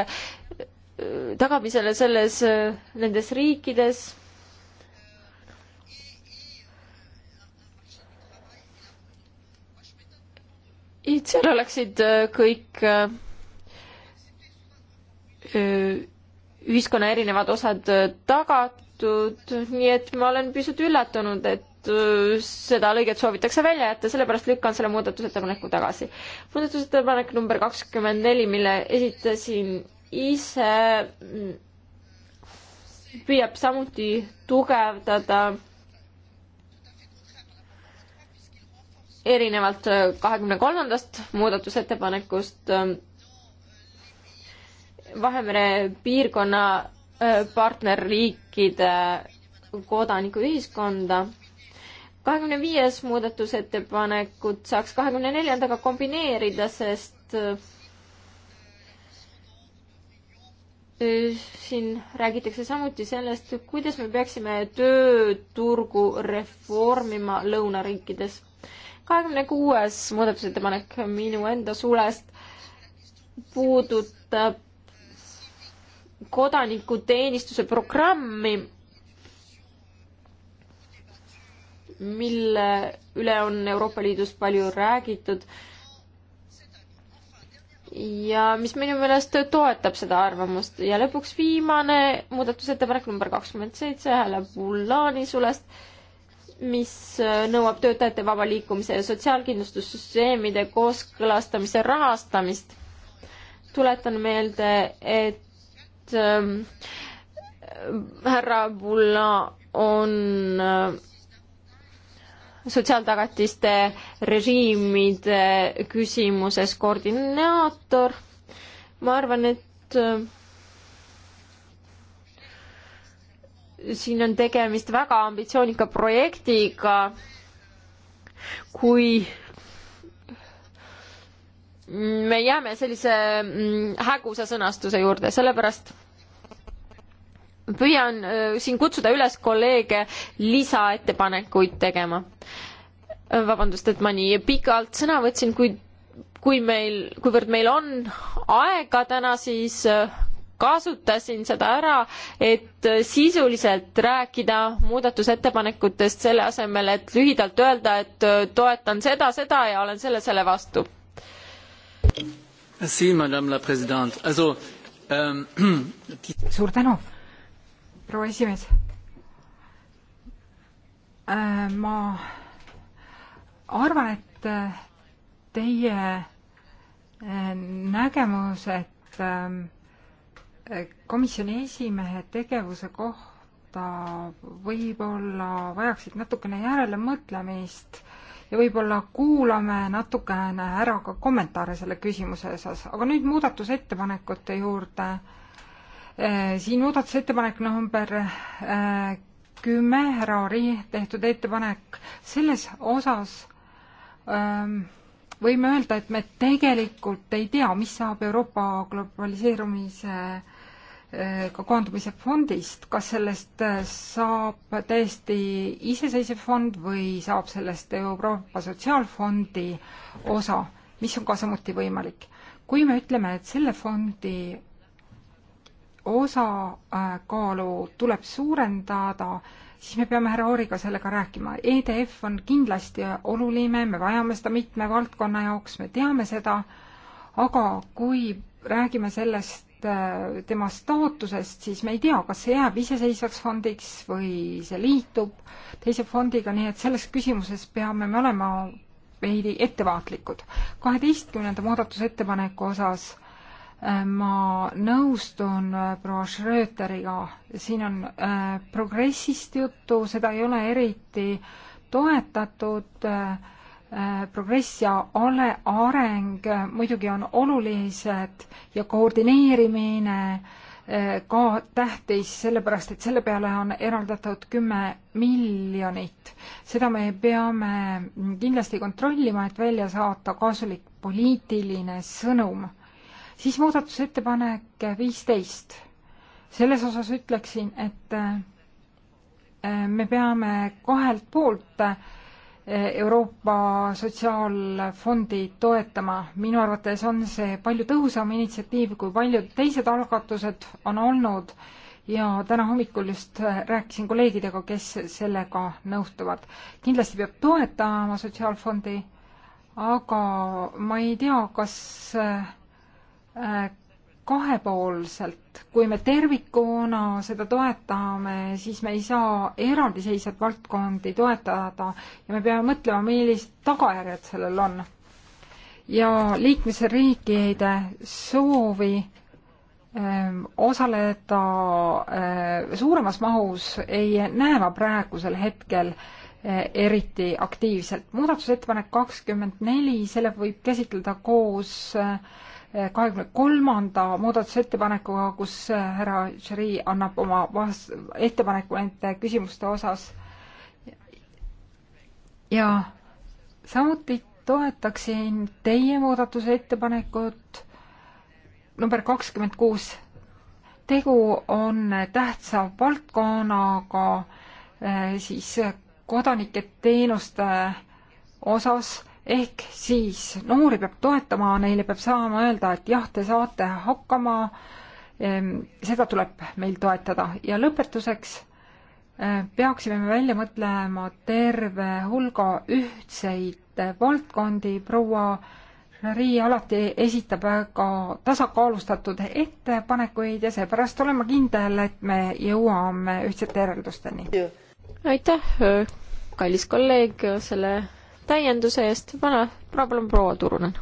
e, tagamisele selles, nendes riikides seal oleksid äh, kõik äh, äh, ühiskonna erinevad osad tagatud, nii et ma olen pisut üllatunud, et seda lõiget soovitakse välja jätta, sellepärast lükkan selle muudatusettepaneku tagasi. muudatusettepanek number kakskümmend neli, mille esitasin ise, mm, püüab samuti tugevdada erinevalt äh, kahekümne kolmandast muudatusettepanekust äh, Vahemere piirkonna äh, partnerriikide kodanikuühiskonda. kahekümne viies muudatusettepanekut saaks kahekümne neljandaga kombineerida, sest siin räägitakse samuti sellest, kuidas me peaksime tööturgu reformima lõunariikides kahekümne kuues muudatusettepanek minu enda sulest puudutab kodanikuteenistuse programmi, mille üle on Euroopa Liidus palju räägitud ja mis minu meelest toetab seda arvamust ja lõpuks viimane muudatusettepanek number kakskümmend seitse hääle Bulani sulest mis äh, nõuab töötajate vaba liikumise ja sotsiaalkindlustussüsteemide kooskõlastamise rahastamist. tuletan meelde, et ähm, härra Bulla on äh, sotsiaaltagatiste režiimide küsimuses koordinaator. ma arvan, et äh, siin on tegemist väga ambitsioonika projektiga, kui me jääme sellise mm, häguse sõnastuse juurde, sellepärast püüan äh, siin kutsuda üles kolleege lisaettepanekuid tegema. vabandust, et ma nii pikalt sõna võtsin, kuid kui meil, kuivõrd meil on aega täna, siis äh, kasutasin seda ära, et sisuliselt rääkida muudatusettepanekutest selle asemel, et lühidalt öelda, et äh, toetan seda, seda ja olen selle, selle vastu. Ähm, suur tänu, proua esimees. Äh, ma arvan, et äh, teie nägemused ähm, komisjoni esimehe tegevuse kohta võib-olla vajaksid natukene järelemõtlemist ja võib-olla kuulame natukene ära ka kommentaare selle küsimuse osas, aga nüüd muudatusettepanekute juurde. siin muudatusettepanek number kümme, härra Ori tehtud ettepanek, selles osas öö, ähm, võime öelda, et me tegelikult ei tea, mis saab Euroopa globaliseerumise Äh, ka koondumise fondist, kas sellest äh, saab täiesti iseseisev fond või saab sellest Euroopa Sotsiaalfondi osa, mis on ka samuti võimalik. kui me ütleme, et selle fondi osakaalu äh, tuleb suurendada, siis me peame härra Ooriga sellega rääkima. EDF on kindlasti oluline, me vajame seda mitme valdkonna jaoks, me teame seda, aga kui räägime sellest Äh, tema staatusest, siis me ei tea, kas see jääb iseseisvaks fondiks või see liitub teise fondiga, nii et selles küsimuses peame me olema veidi ettevaatlikud. kaheteistkümnenda muudatusettepaneku osas äh, ma nõustun äh, proua Schröteriga, siin on progressist juttu, seda ei ole eriti toetatud äh, Äh, progress ja ale areng äh, muidugi on olulised ja koordineerimine äh, ka tähtis, sellepärast et selle peale on eraldatud kümme miljonit. seda me peame kindlasti kontrollima, et välja saata kasulik poliitiline sõnum. siis muudatusettepanek viisteist. selles osas ütleksin, et me peame kahelt poolt äh, Euroopa Sotsiaalfondi toetama. minu arvates on see palju tõhusam initsiatiiv, kui paljud teised algatused on olnud ja täna hommikul just rääkisin kolleegidega, kes sellega nõustuvad. kindlasti peab toetama Sotsiaalfondi, aga ma ei tea, kas äh, kahepoolselt. kui me tervikuna seda toetame, siis me ei saa eraldiseisvat valdkondi toetada ja me peame mõtlema, millised tagajärjed sellel on. ja liikmesriikide soovi öö, ähm, osaleda öö, äh, suuremas mahus ei näe ma praegusel hetkel öö, äh, eriti aktiivselt. muudatusettepanek kakskümmend neli, selle võib käsitleda koos öö, äh, kahekümne kolmanda muudatusettepanekuga, kus äh, härra Žiri annab oma vas-, ettepaneku nende küsimuste osas. ja samuti toetaksin teie muudatusettepanekut number kakskümmend kuus. tegu on tähtsa valdkonnaga äh, siis kodanike teenuste osas ehk siis noori peab toetama, neile peab saama öelda, et jah, te saate hakkama, ehm, seda tuleb meil toetada ja lõpetuseks ehm, peaksime me välja mõtlema terve hulga ühtseid valdkondi, proua Rii alati esitab väga tasakaalustatud ettepanekuid ja seepärast olen ma kindel, et me jõuame ühtsete järeldusteni. aitäh, kallis kolleeg, selle täienduse eest, pane problem proua Turunen.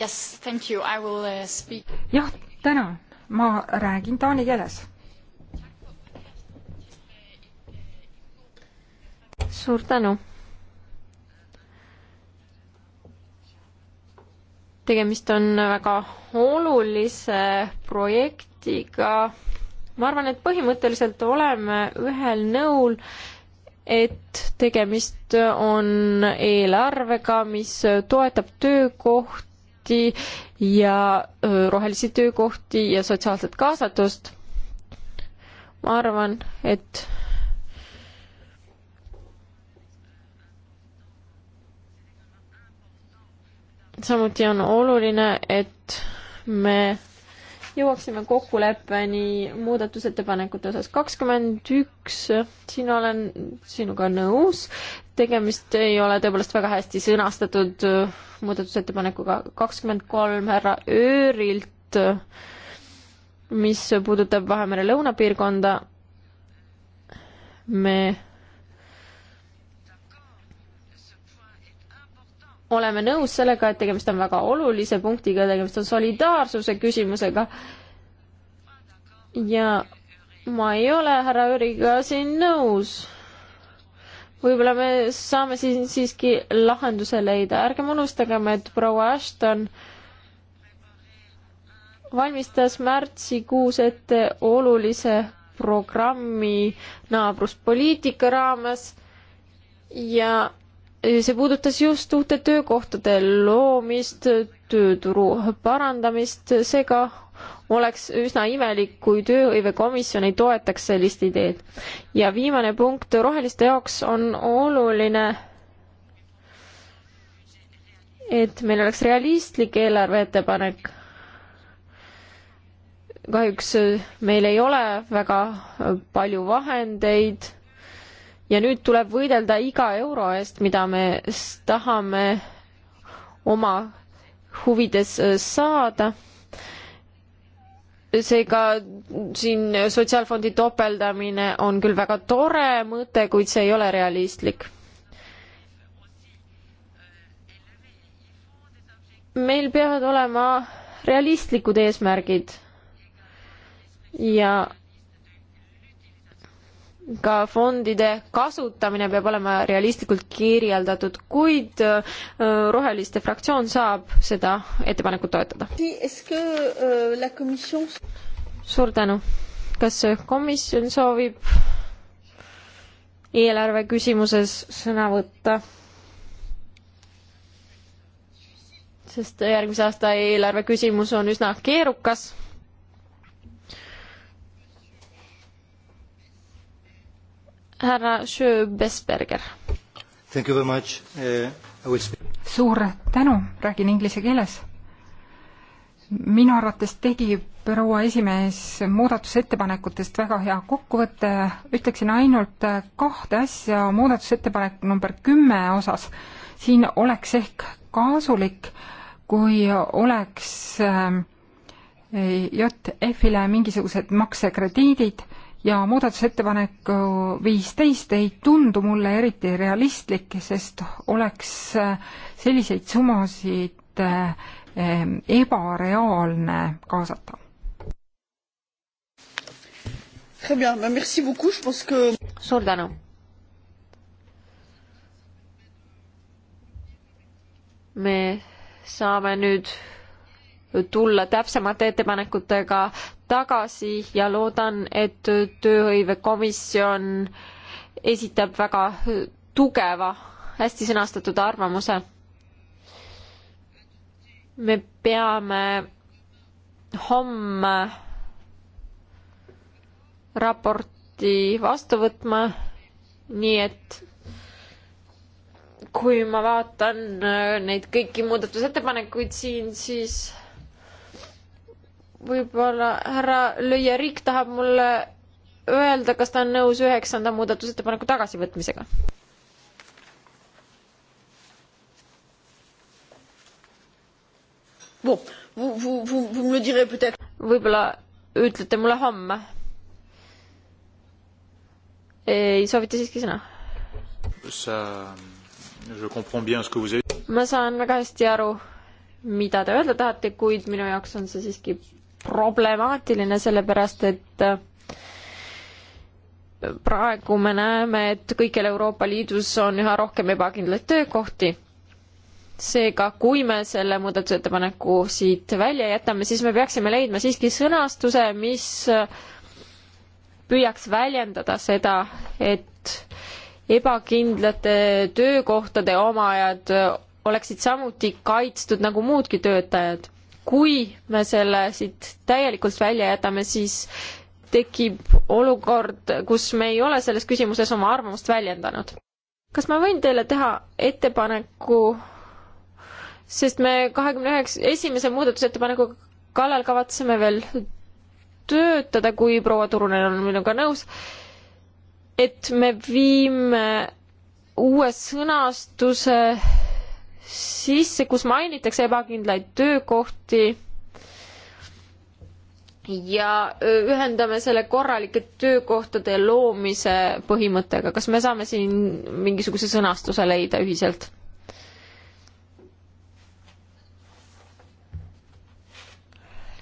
Yes, thank you, I will uh, speak. jah, tänan, ma räägin taani keeles. suur tänu. tegemist on väga olulise projektiga. ma arvan, et põhimõtteliselt oleme ühel nõul et tegemist on eelarvega, mis toetab töökohti ja rohelisi töökohti ja sotsiaalset kaasatust. ma arvan, et samuti on oluline, et me jõuaksime kokkuleppeni muudatusettepanekute osas. kakskümmend üks, siin olen sinuga nõus, tegemist ei ole tõepoolest väga hästi sõnastatud äh, muudatusettepanekuga. kakskümmend kolm härra Öörilt, mis puudutab Vahemere lõunapiirkonda, me oleme nõus sellega, et tegemist on väga olulise punktiga, tegemist on solidaarsuse küsimusega. ja ma ei ole härra Ööriga siin nõus. võib-olla me saame siin siiski lahenduse leida, ärgem unustagem, et proua Ashton valmistas märtsikuus ette olulise programmi naabruspoliitika raames ja see puudutas just uute töökohtade loomist, tööturu parandamist, seega oleks üsna imelik, kui tööhõivekomisjon ei toetaks sellist ideed. ja viimane punkt, roheliste jaoks on oluline, et meil oleks realistlik eelarveettepanek. kahjuks meil ei ole väga palju vahendeid ja nüüd tuleb võidelda iga euro eest, mida me tahame oma huvides äh, saada. seega siin sotsiaalfondi topeldamine on küll väga tore mõte, kuid see ei ole realistlik. meil peavad olema realistlikud eesmärgid ja ka fondide kasutamine peab olema realistlikult kirjeldatud, kuid Roheliste fraktsioon saab seda ettepanekut toetada. suur tänu. kas komisjon soovib eelarve küsimuses sõna võtta? sest järgmise aasta eelarve küsimus on üsna keerukas härra Schöbesberger. Thank you very much uh,, I will speak. suur tänu, räägin inglise keeles. minu arvates tegi proua esimees muudatusettepanekutest väga hea kokkuvõte, ütleksin ainult kahte asja muudatusettepanek number kümme osas. siin oleks ehk kasulik, kui oleks äh, JF-ile mingisugused maksekrediidid ja muudatusettepanek viisteist ei tundu mulle eriti realistlik, sest oleks selliseid summasid ehm, ebareaalne kaasata. suur tänu. me saame nüüd tulla täpsemate ettepanekutega tagasi ja loodan, et tööhõivekomisjon esitab väga tugeva, hästi sõnastatud arvamuse. me peame homme raporti vastu võtma, nii et kui ma vaatan äh, neid kõiki muudatusettepanekuid siin, siis võib-olla härra Lüüa-Riik tahab mulle öelda, kas ta on nõus üheksanda muudatusettepaneku tagasivõtmisega? võib-olla ütlete mulle homme. ei, soovite siiski sõna? ma saan väga hästi aru, mida te öelda tahate, kuid minu jaoks on see siiski problemaatiline, sellepärast et äh, praegu me näeme, et kõikjal Euroopa Liidus on üha rohkem ebakindlaid töökohti. seega, kui me selle muudatusettepaneku siit välja jätame, siis me peaksime leidma siiski sõnastuse, mis äh, püüaks väljendada seda, et ebakindlate töökohtade omajad äh, oleksid samuti kaitstud nagu muudki töötajad kui me selle siit täielikult välja jätame, siis tekib olukord, kus me ei ole selles küsimuses oma arvamust väljendanud. kas ma võin teile teha ettepaneku, sest me kahekümne üheksa, esimese muudatusettepaneku kallal kavatseme veel töötada, kui proua Turunen on minuga nõus, et me viime uue sõnastuse sisse, kus mainitakse ebakindlaid töökohti ja ühendame selle korralike töökohtade loomise põhimõttega. kas me saame siin mingisuguse sõnastuse leida ühiselt?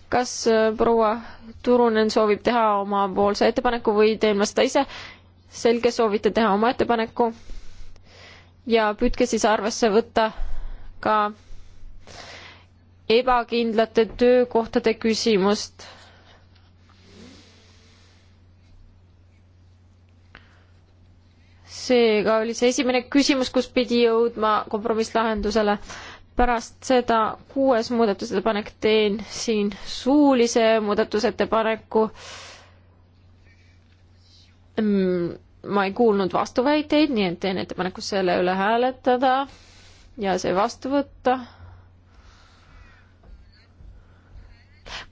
kas proua Turunen soovib teha omapoolse ettepaneku või teen ma seda ise? selge, soovite teha oma ettepaneku ja püüdke siis arvesse võtta ka ebakindlate töökohtade küsimust. seega oli see esimene küsimus, kus pidi jõudma kompromisslahendusele. pärast seda kuues muudatusettepanek teen siin suulise muudatusettepaneku. Mm, ma ei kuulnud vastuväiteid, nii et teen ettepaneku selle üle hääletada ja see vastu võtta.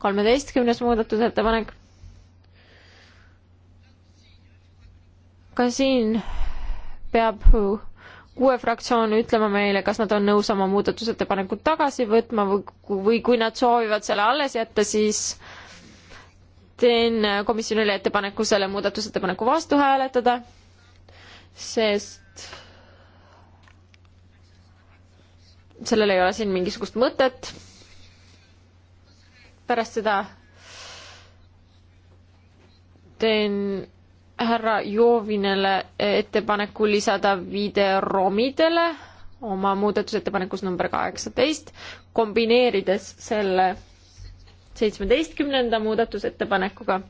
kolmeteistkümnes muudatusettepanek. ka siin peab kuue fraktsioon ütlema meile, kas nad on nõus oma muudatusettepanekud tagasi võtma või, või kui nad soovivad selle alles jätta, siis teen komisjonile ettepaneku selle muudatusettepaneku vastu hääletada, sest sellel ei ole siin mingisugust mõtet. pärast seda teen härra Joovinele ettepaneku lisada viide romidele oma muudatusettepanekus number kaheksateist, kombineerides selle seitsmeteistkümnenda muudatusettepanekuga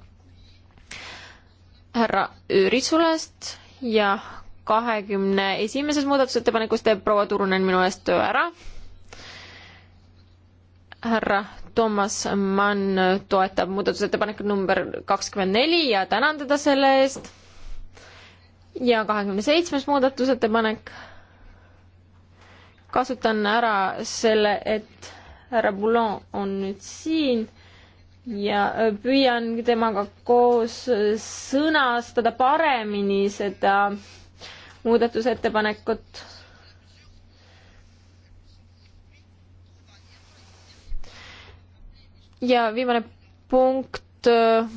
härra Üürisulest ja kahekümne esimeses muudatusettepanekus teeb proua Turunen minu eest töö ära. härra Toomas Mann toetab muudatusettepanekut number kakskümmend neli ja tänan teda selle eest. ja kahekümne seitsmes muudatusettepanek. kasutan ära selle, et härra Boulon on nüüd siin ja püüan temaga koos sõnastada paremini seda äh, muudatusettepanekut. ja viimane punkt,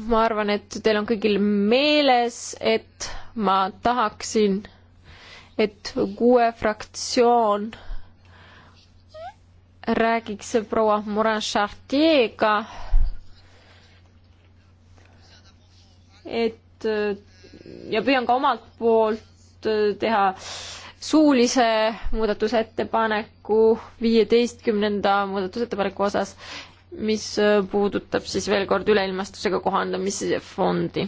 ma arvan, et teil on kõigil meeles, et ma tahaksin, et kuue fraktsioon räägiks proua Morin Chartier'ga, et ja püüan ka omalt poolt Äh, teha suulise muudatusettepaneku viieteistkümnenda muudatusettepaneku osas, mis äh, puudutab siis veel kord üleilmastusega kohandamise fondi.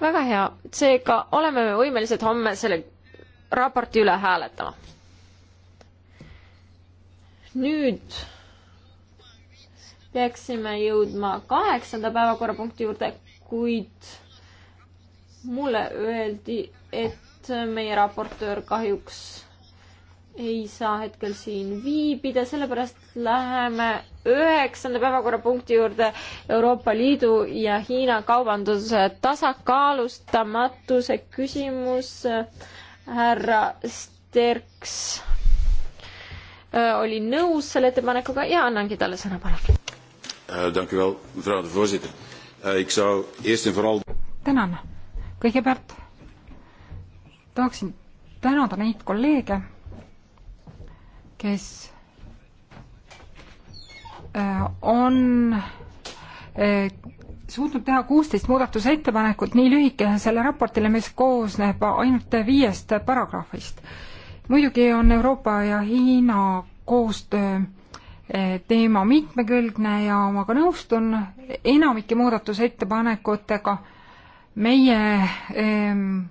väga hea, seega oleme me võimelised homme selle raporti üle hääletama. nüüd peaksime jõudma kaheksanda päevakorrapunkti juurde, kuid mulle öeldi, et et meie raportöör kahjuks ei saa hetkel siin viibida, sellepärast läheme üheksanda päevakorrapunkti juurde Euroopa Liidu ja Hiina kaubanduse tasakaalustamatuse küsimus. härra Sterks äh, oli nõus selle ettepanekuga ja annangi talle sõna, palun. Äh, äh, tänan, kõigepealt tahaksin tänada neid kolleege, kes äh, on äh, suutnud teha kuusteist muudatusettepanekut nii lühikesele raportile, mis koosneb ainult viiest paragrahvist. muidugi on Euroopa ja Hiina koostöö äh, teema mitmekülgne ja ma ka nõustun enamike muudatusettepanekutega. meie ähm,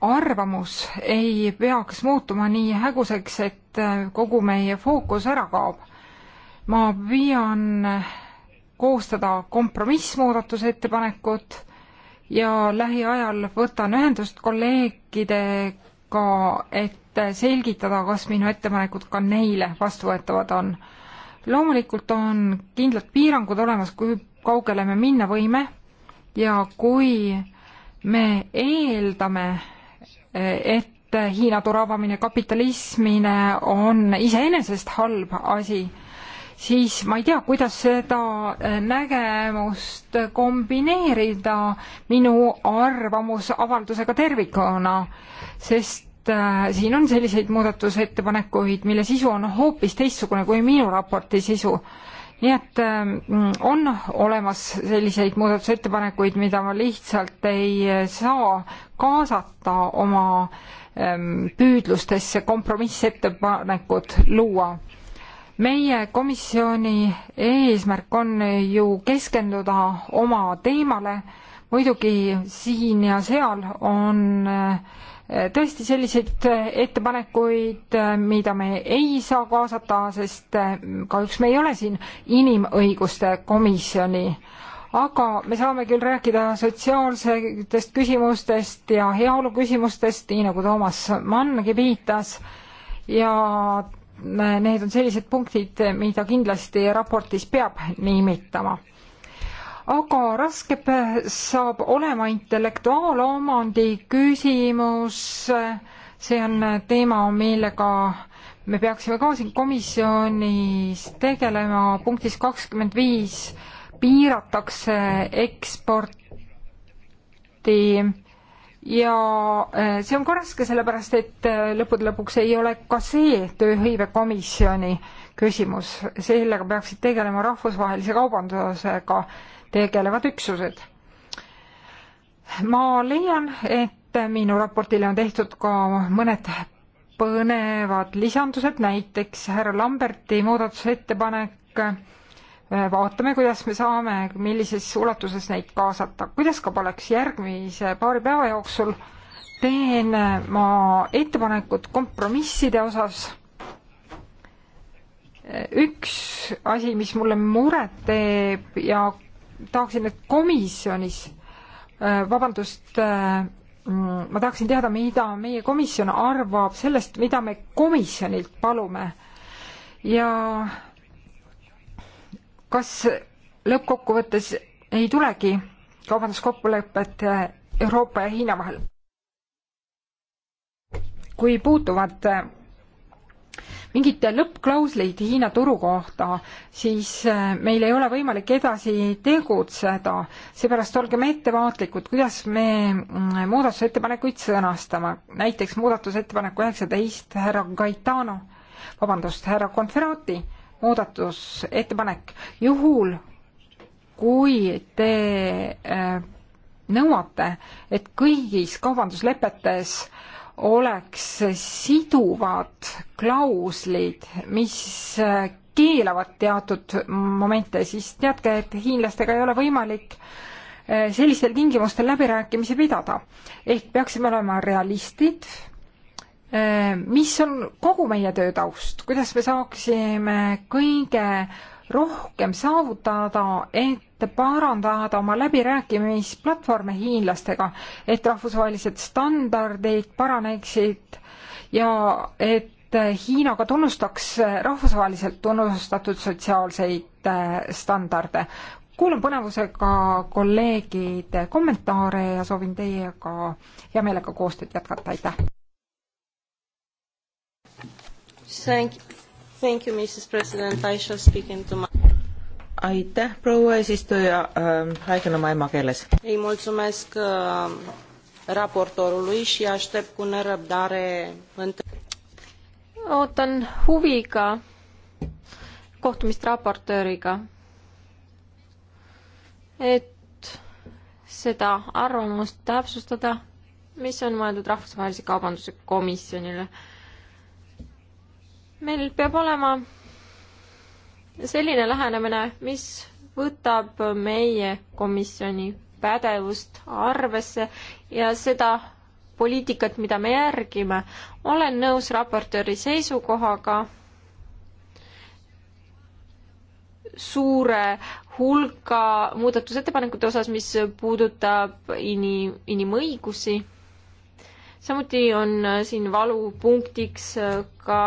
arvamus ei peaks muutuma nii häguseks, et äh, kogu meie fookus ära kaob. ma püüan äh, koostada kompromissmuudatusettepanekut ja lähiajal võtan ühendust kolleegidega, et äh, selgitada, kas minu ettepanekud ka neile vastuvõetavad on. loomulikult on kindlad piirangud olemas, kui kaugele me minna võime ja kui me eeldame et Hiina turavamine, kapitalismine on iseenesest halb asi, siis ma ei tea, kuidas seda äh, nägemust kombineerida minu arvamusavaldusega tervikuna, sest äh, siin on selliseid muudatusettepanekuid, mille sisu on hoopis teistsugune kui minu raporti sisu nii et ähm, on olemas selliseid muudatusettepanekuid, mida ma lihtsalt ei äh, saa kaasata oma ähm, püüdlustesse kompromissettepanekud luua. meie komisjoni eesmärk on ju keskenduda oma teemale, muidugi siin ja seal on äh, tõesti selliseid ettepanekuid, mida me ei saa kaasata, sest eh, kahjuks me ei ole siin inimõiguste komisjoni, aga me saame küll rääkida sotsiaalsetest küsimustest ja heaolu küsimustest, nii nagu Toomas Manngi viitas, ja eh, need on sellised punktid, mida kindlasti raportis peab nimetama aga raske saab olema intellektuaalomandi küsimus. see on teema, millega me peaksime ka siin komisjonis tegelema. punktis kakskümmend viis piiratakse eksporti ja eh, see on ka raske, sellepärast et eh, lõppude lõpuks ei ole ka see tööhõivekomisjoni küsimus, sellega peaksid tegelema rahvusvahelise kaubandusega tegelevad üksused. ma leian, et minu raportile on tehtud ka mõned põnevad lisandused, näiteks härra Lamberti muudatusettepanek, vaatame, kuidas me saame, millises ulatuses neid kaasata, kuidas ka poleks järgmise paari päeva jooksul, teen ma ettepanekud kompromisside osas. üks asi, mis mulle muret teeb ja tahaksin, et komisjonis, äh, vabandust, äh, mm, ma tahaksin teada, mida meie komisjon arvab sellest, mida me komisjonilt palume ja kas lõppkokkuvõttes ei tulegi kaubanduskokkulepet äh, Euroopa ja Hiina vahel? kui puutuvad mingit lõppklausleid Hiina turu kohta, siis äh, meil ei ole võimalik edasi tegutseda. seepärast olgem ettevaatlikud, kuidas me mm, muudatusettepanekuid sõnastame. näiteks muudatusettepanek üheksateist, härra Gaetano, vabandust, härra Conferati muudatusettepanek, juhul kui te äh, nõuate, et kõigis kaubanduslepetes äh, oleks siduvad klauslid, mis keelavad teatud momente, siis teadke, et hiinlastega ei ole võimalik eh, sellistel tingimustel läbirääkimisi pidada. ehk peaksime olema realistid, eh, mis on kogu meie töö taust, kuidas me saaksime kõige rohkem saavutada, et parandada oma läbirääkimisplatvorme hiinlastega, et rahvusvahelised standardid paraneksid ja et Hiina ka tunnustaks rahvusvaheliselt tunnustatud sotsiaalseid eh, standarde. kuulan põnevusega kolleegide kommentaare ja soovin teiega hea meelega koostööd jätkata, aitäh! Thank you, Mrs President, I shall speak into my aitäh, proua eesistuja äh,, räägin oma emakeeles. ei, mulțumesc äh, raportorului și aștept cu nerăbdare ootan huviga kohtumist raportööriga, et seda arvamust täpsustada, mis on mõeldud Rahvusvahelise Kaubanduse Komisjonile äh, meil peab olema selline lähenemine, mis võtab meie komisjoni pädevust arvesse ja seda poliitikat, mida me järgime. olen nõus raportööri seisukohaga suure hulga muudatusettepanekute osas, mis puudutab inim, inimõigusi. samuti on siin valupunktiks ka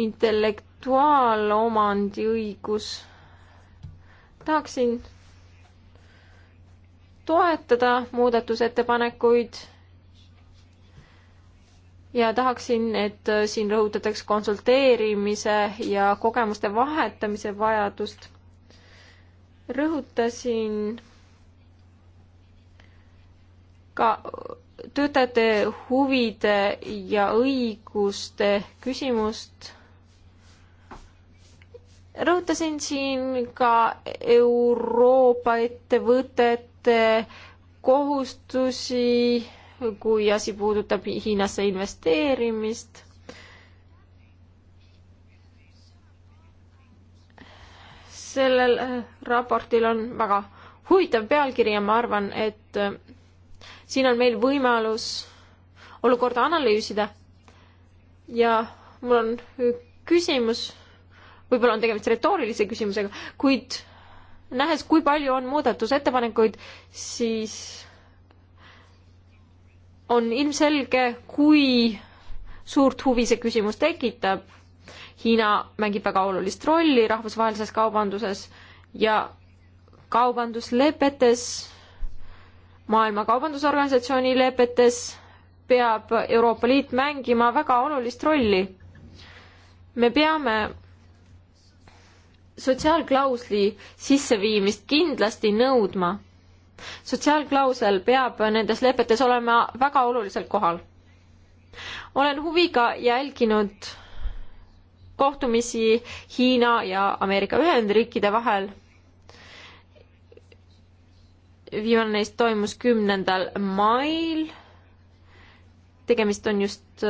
intellektuaalomandi õigus. tahaksin toetada muudatusettepanekuid ja tahaksin, et äh, siin rõhutataks konsulteerimise ja kogemuste vahetamise vajadust. rõhutasin ka äh, töötajate huvide ja õiguste küsimust rõhutasin siin ka Euroopa ettevõtete kohustusi, kui asi puudutab Hiinasse investeerimist. sellel äh, raportil on väga huvitav pealkiri ja ma arvan, et äh, siin on meil võimalus olukorda analüüsida. ja mul on äh, küsimus võib-olla on tegemist retoorilise küsimusega, kuid nähes, kui palju on muudatusettepanekuid, siis on ilmselge, kui suurt huvi see küsimus tekitab. Hiina mängib väga olulist rolli rahvusvahelises kaubanduses ja kaubanduslepetes, Maailma Kaubandusorganisatsiooni lepetes peab Euroopa Liit mängima väga olulist rolli. me peame sotsiaalklausli sisseviimist kindlasti nõudma. sotsiaalklausel peab nendes lepetes olema väga olulisel kohal. olen huviga jälginud kohtumisi Hiina ja Ameerika Ühendriikide vahel. viimane neist toimus kümnendal mail. tegemist on just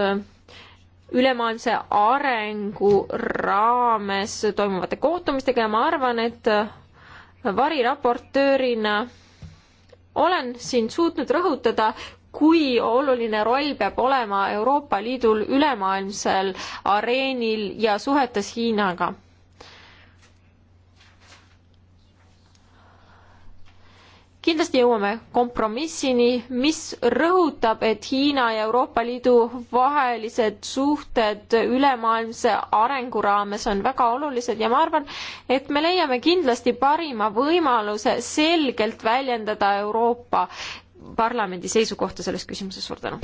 ülemaailmse arengu raames toimuvate kohtumistega ja ma arvan, et variraportöörina olen siin suutnud rõhutada, kui oluline roll peab olema Euroopa Liidul ülemaailmsel areenil ja suhetes Hiinaga kindlasti jõuame kompromissini, mis rõhutab, et Hiina ja Euroopa Liidu vahelised suhted ülemaailmse arengu raames on väga olulised ja ma arvan, et me leiame kindlasti parima võimaluse selgelt väljendada Euroopa parlamendi seisukohta selles küsimuses, suur tänu.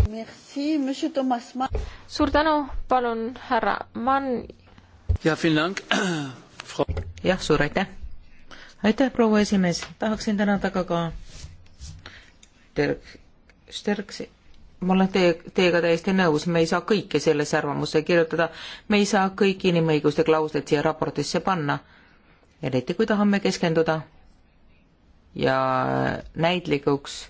suur tänu, palun härra Mann. jah, suur aitäh aitäh, proua esimees, tahaksin tänada ka ka Dirk Sterksi. ma olen teie, teiega täiesti nõus, me ei saa kõike sellesse arvamusse kirjutada, me ei saa kõiki inimõiguste klausleid siia raportisse panna, eriti kui tahame keskenduda ja näitlikuks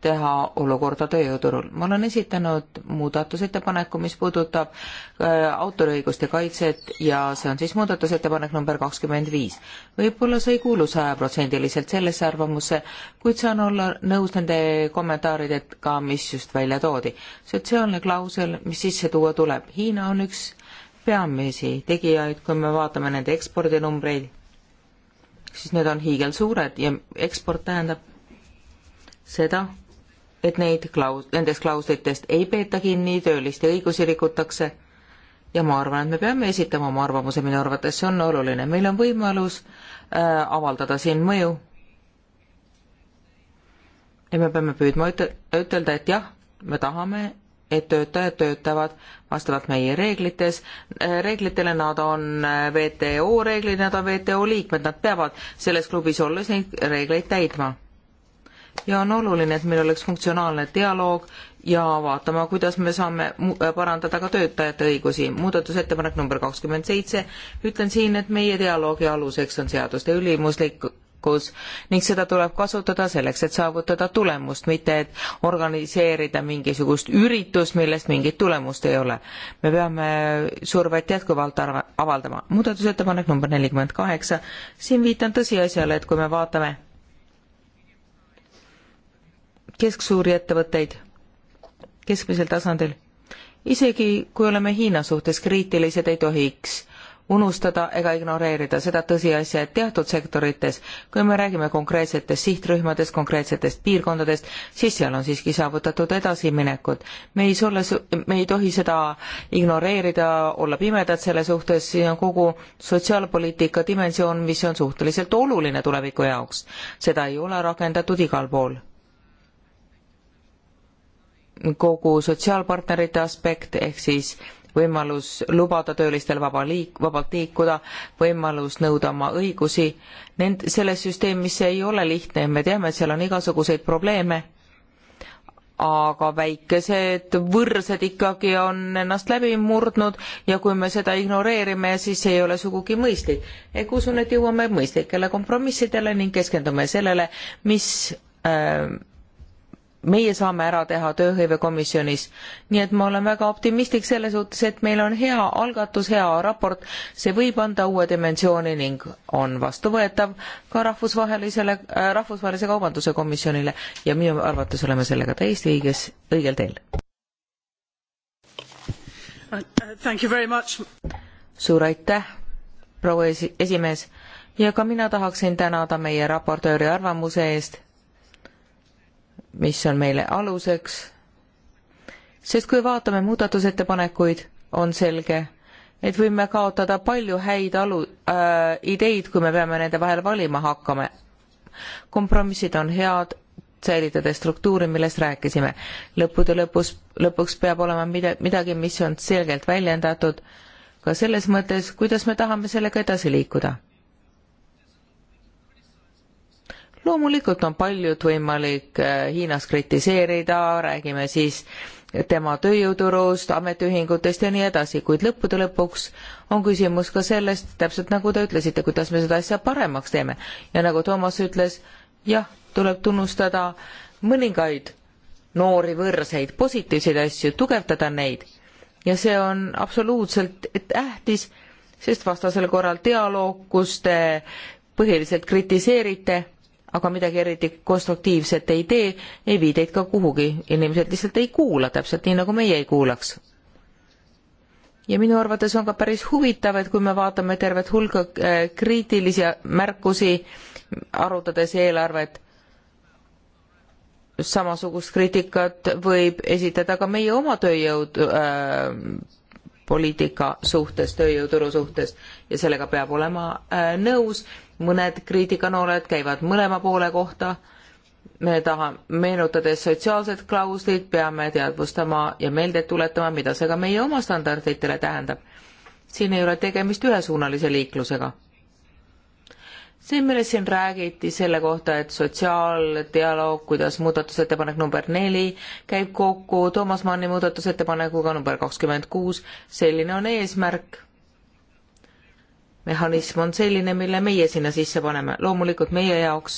teha olukorda tööjõuturul. ma olen esitanud muudatusettepaneku, mis puudutab äh, autoriõiguste kaitset ja see on siis muudatusettepanek number kakskümmend viis. võib-olla see ei kuulu sajaprotsendiliselt sellesse arvamusse, kuid saan olla nõus nende kommentaaridega, mis just välja toodi. sotsiaalne klausel, mis sisse tuua tuleb, Hiina on üks peamisi tegijaid, kui me vaatame nende ekspordinumbreid, siis need on hiigelsuured ja eksport tähendab seda, et neid klaus-, nendest klauslitest ei peeta kinni, tööliste õigusi rikutakse ja ma arvan, et me peame esitama oma arvamuse, minu arvates see on oluline, meil on võimalus äh, avaldada siin mõju. ja me peame püüdma üt-, ütelda, et jah, me tahame, et töötajad töötavad vastavalt meie reeglites, äh, reeglitele, nad on äh, WTO reeglid, nad on WTO liikmed, nad peavad selles klubis olles neid reegleid täitma ja on oluline, et meil oleks funktsionaalne dialoog ja vaatama, kuidas me saame äh, parandada ka töötajate õigusi. muudatusettepanek number kakskümmend seitse, ütlen siin, et meie dialoogi aluseks on seaduste ülimuslikkus ning seda tuleb kasutada selleks, et saavutada tulemust, mitte et organiseerida mingisugust üritust, millest mingit tulemust ei ole. me peame survet jätkuvalt arva, avaldama. muudatusettepanek number nelikümmend kaheksa, siin viitan tõsiasjale, et kui me vaatame kesksuuri ettevõtteid keskmisel tasandil. isegi kui oleme Hiina suhtes kriitilised, ei tohiks unustada ega ignoreerida seda tõsiasja, et teatud sektorites, kui me räägime konkreetsetest sihtrühmadest, konkreetsetest piirkondadest, siis seal on siiski saavutatud edasiminekud. me ei ole, me ei tohi seda ignoreerida, olla pimedad selle suhtes, siin on kogu sotsiaalpoliitika dimensioon, mis on suhteliselt oluline tuleviku jaoks. seda ei ole rakendatud igal pool kogu sotsiaalpartnerite aspekt ehk siis võimalus lubada töölistel vaba liik-, vabalt liikuda, võimalus nõuda oma õigusi, nend-, selles süsteemis see ei ole lihtne, me teame, et seal on igasuguseid probleeme, aga väikesed võrsed ikkagi on ennast läbi murdnud ja kui me seda ignoreerime, siis see ei ole sugugi mõistlik. ehk usun, et jõuame mõistlikele kompromissidele ning keskendume sellele, mis äh, meie saame ära teha tööhõivekomisjonis. nii et ma olen väga optimistlik selles suhtes, et meil on hea algatus, hea raport, see võib anda uue dimensiooni ning on vastuvõetav ka rahvusvahelisele äh,, Rahvusvahelise Kaubanduse Komisjonile ja minu arvates oleme sellega täiesti õiges, õigel teel. suur aitäh, proua esi-, esimees ja ka mina tahaksin tänada meie raportööri arvamuse eest mis on meile aluseks, sest kui vaatame muudatusettepanekuid, on selge, et võime kaotada palju häid alu- äh,, ideid, kui me peame nende vahel valima hakkame. kompromissid on head, säilitada struktuuri, millest rääkisime. lõppude lõpus, lõpuks peab olema mida-, midagi, mis on selgelt väljendatud ka selles mõttes, kuidas me tahame sellega edasi liikuda loomulikult on paljud võimalik äh, Hiinas kritiseerida, räägime siis tema tööjõuturust, ametiühingutest ja nii edasi, kuid lõppude lõpuks on küsimus ka sellest, täpselt nagu te ütlesite, kuidas me seda asja paremaks teeme. ja nagu Toomas ütles, jah, tuleb tunnustada mõningaid noori võõrseid positiivseid asju, tugevdada neid. ja see on absoluutselt tähtis, sest vastasel korral dialoog, kus te põhiliselt kritiseerite, aga midagi eriti konstruktiivset ei tee, ei vii teid ka kuhugi. inimesed lihtsalt ei kuula, täpselt nii, nagu meie ei kuulaks. ja minu arvates on ka päris huvitav, et kui me vaatame tervet hulka äh, kriitilisi märkusi, arutades eelarvet, samasugust kriitikat võib esitada ka meie oma tööjõud äh, poliitika suhtes, tööjõuturu suhtes ja sellega peab olema äh, nõus mõned kriitikanooled käivad mõlema poole kohta, me tahame, meenutades sotsiaalset klauslit, peame teadvustama ja meelde tuletama, mida see ka meie oma standarditele tähendab. siin ei ole tegemist ühesuunalise liiklusega. see, millest siin räägiti selle kohta, et sotsiaaldialoog, kuidas muudatusettepanek number neli käib kokku Toomas Manni muudatusettepanekuga number kakskümmend kuus, selline on eesmärk mehhanism on selline, mille meie sinna sisse paneme, loomulikult meie jaoks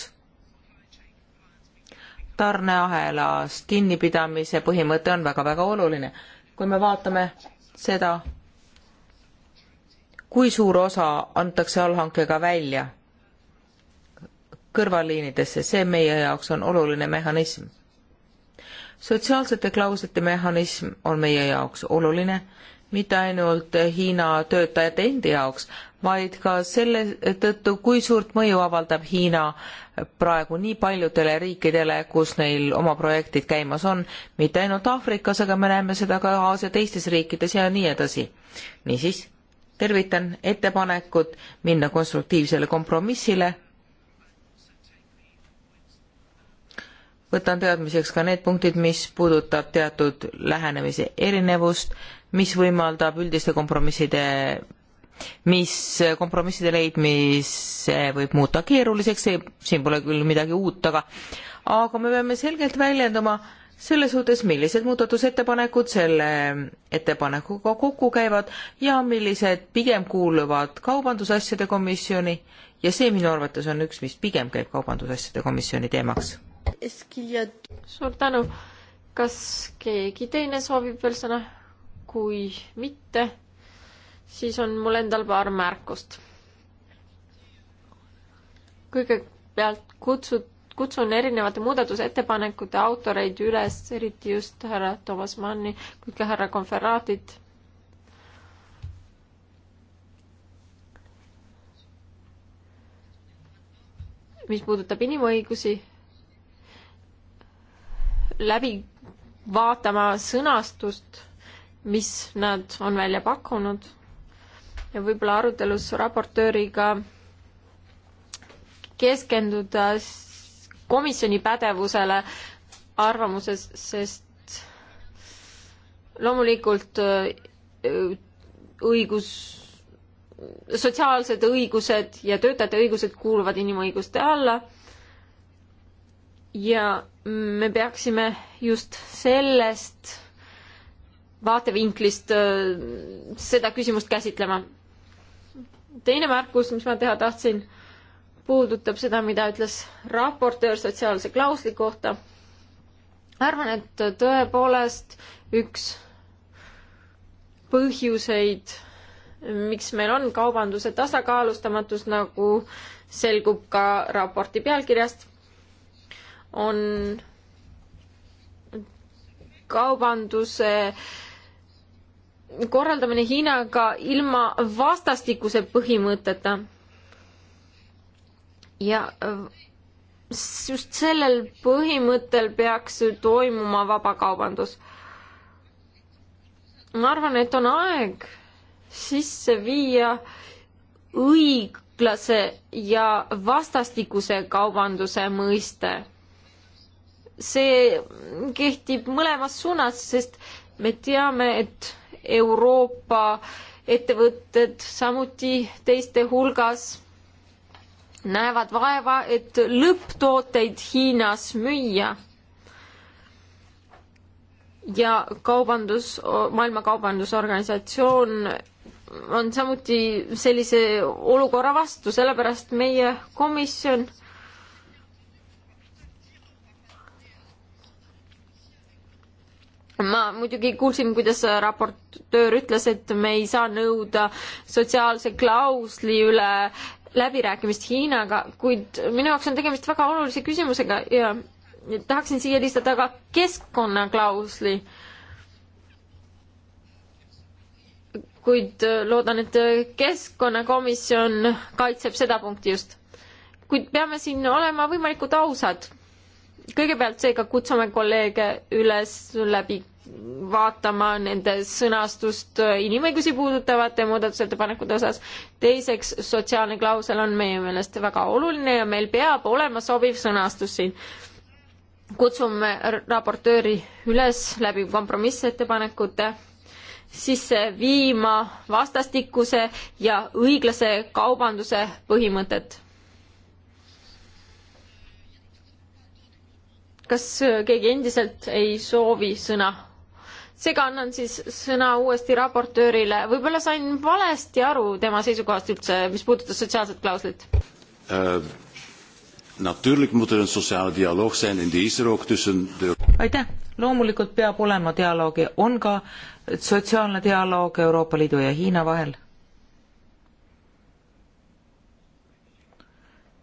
tarneahelas kinnipidamise põhimõte on väga-väga oluline. kui me vaatame seda, kui suur osa antakse allhankega välja kõrvalliinidesse, see meie jaoks on oluline mehhanism. sotsiaalsete klauslite mehhanism on meie jaoks oluline, mitte ainult Hiina töötajate endi jaoks, vaid ka selle tõttu, kui suurt mõju avaldab Hiina praegu nii paljudele riikidele, kus neil oma projektid käimas on, mitte ainult Aafrikas, aga me näeme seda ka Aasia teistes riikides ja nii edasi. niisiis, tervitan ettepanekut minna konstruktiivsele kompromissile. võtan teadmiseks ka need punktid, mis puudutab teatud lähenemise erinevust, mis võimaldab üldiste kompromisside mis kompromisside leidmise võib muuta keeruliseks, siin pole küll midagi uut, aga aga me peame selgelt väljenduma selles suhtes, millised muudatusettepanekud selle ettepanekuga kokku käivad ja millised pigem kuuluvad Kaubandusasjade Komisjoni ja see minu arvates on üks, mis pigem käib Kaubandusasjade Komisjoni teemaks. suur tänu. kas keegi teine soovib veel sõna? kui mitte siis on mul endal paar märkust. kõigepealt kutsud, kutsun erinevate muudatusettepanekute autoreid üles, eriti just härra Toomas Manni, kuid ka härra Konferatit mis puudutab inimõigusi, läbi vaatama sõnastust, mis nad on välja pakkunud ja võib-olla arutelus raportööriga keskenduda komisjoni pädevusele arvamuses, sest loomulikult äh, õigus, sotsiaalsed õigused ja töötajate õigused kuuluvad inimõiguste alla ja me peaksime just sellest vaatevinklist äh, seda küsimust käsitlema teine märkus, mis ma teha tahtsin, puudutab seda, mida ütles raportöör sotsiaalse klausli kohta. arvan, et tõepoolest üks põhjuseid, miks meil on kaubanduse tasakaalustamatus, nagu selgub ka raporti pealkirjast, on kaubanduse äh, korraldamine Hiinaga ilma vastastikuse põhimõteta. ja äh, just sellel põhimõttel peaks toimuma vabakaubandus. ma arvan, et on aeg sisse viia õiglase ja vastastikuse kaubanduse mõiste. see kehtib mõlemas suunas, sest me teame, et Euroopa ettevõtted samuti teiste hulgas näevad vaeva, et lõpptooteid Hiinas müüa. ja kaubandus, Maailma Kaubandusorganisatsioon on samuti sellise olukorra vastu, sellepärast meie komisjon ma muidugi kuulsin, kuidas raportöör ütles, et me ei saa nõuda sotsiaalse klausli üle läbirääkimist Hiinaga, kuid minu jaoks on tegemist väga olulise küsimusega ja tahaksin siia lisada ka keskkonnaklausli. kuid loodan, et keskkonnakomisjon kaitseb seda punkti just. kuid peame siin olema võimalikult ausad kõigepealt seega kutsume kolleege üles läbi vaatama nende sõnastust äh, inimõigusi puudutavate muudatusettepanekute osas. teiseks, sotsiaalne klausel on meie meelest väga oluline ja meil peab olema sobiv sõnastus siin. kutsume raportööri üles läbi kompromissettepanekute sisse viima vastastikuse ja õiglase kaubanduse põhimõtet. kas äh, keegi endiselt ei soovi sõna? seega annan siis sõna uuesti raportöörile, võib-olla sain valesti aru tema seisukohast üldse, mis puudutas sotsiaalset klauslit uh,? Äh, Natuurlijk moet er een sociale dialoog zijn en die is er ook tussen de... aitäh, loomulikult peab olema dialoogi, on ka sotsiaalne dialoog Euroopa Liidu ja Hiina vahel.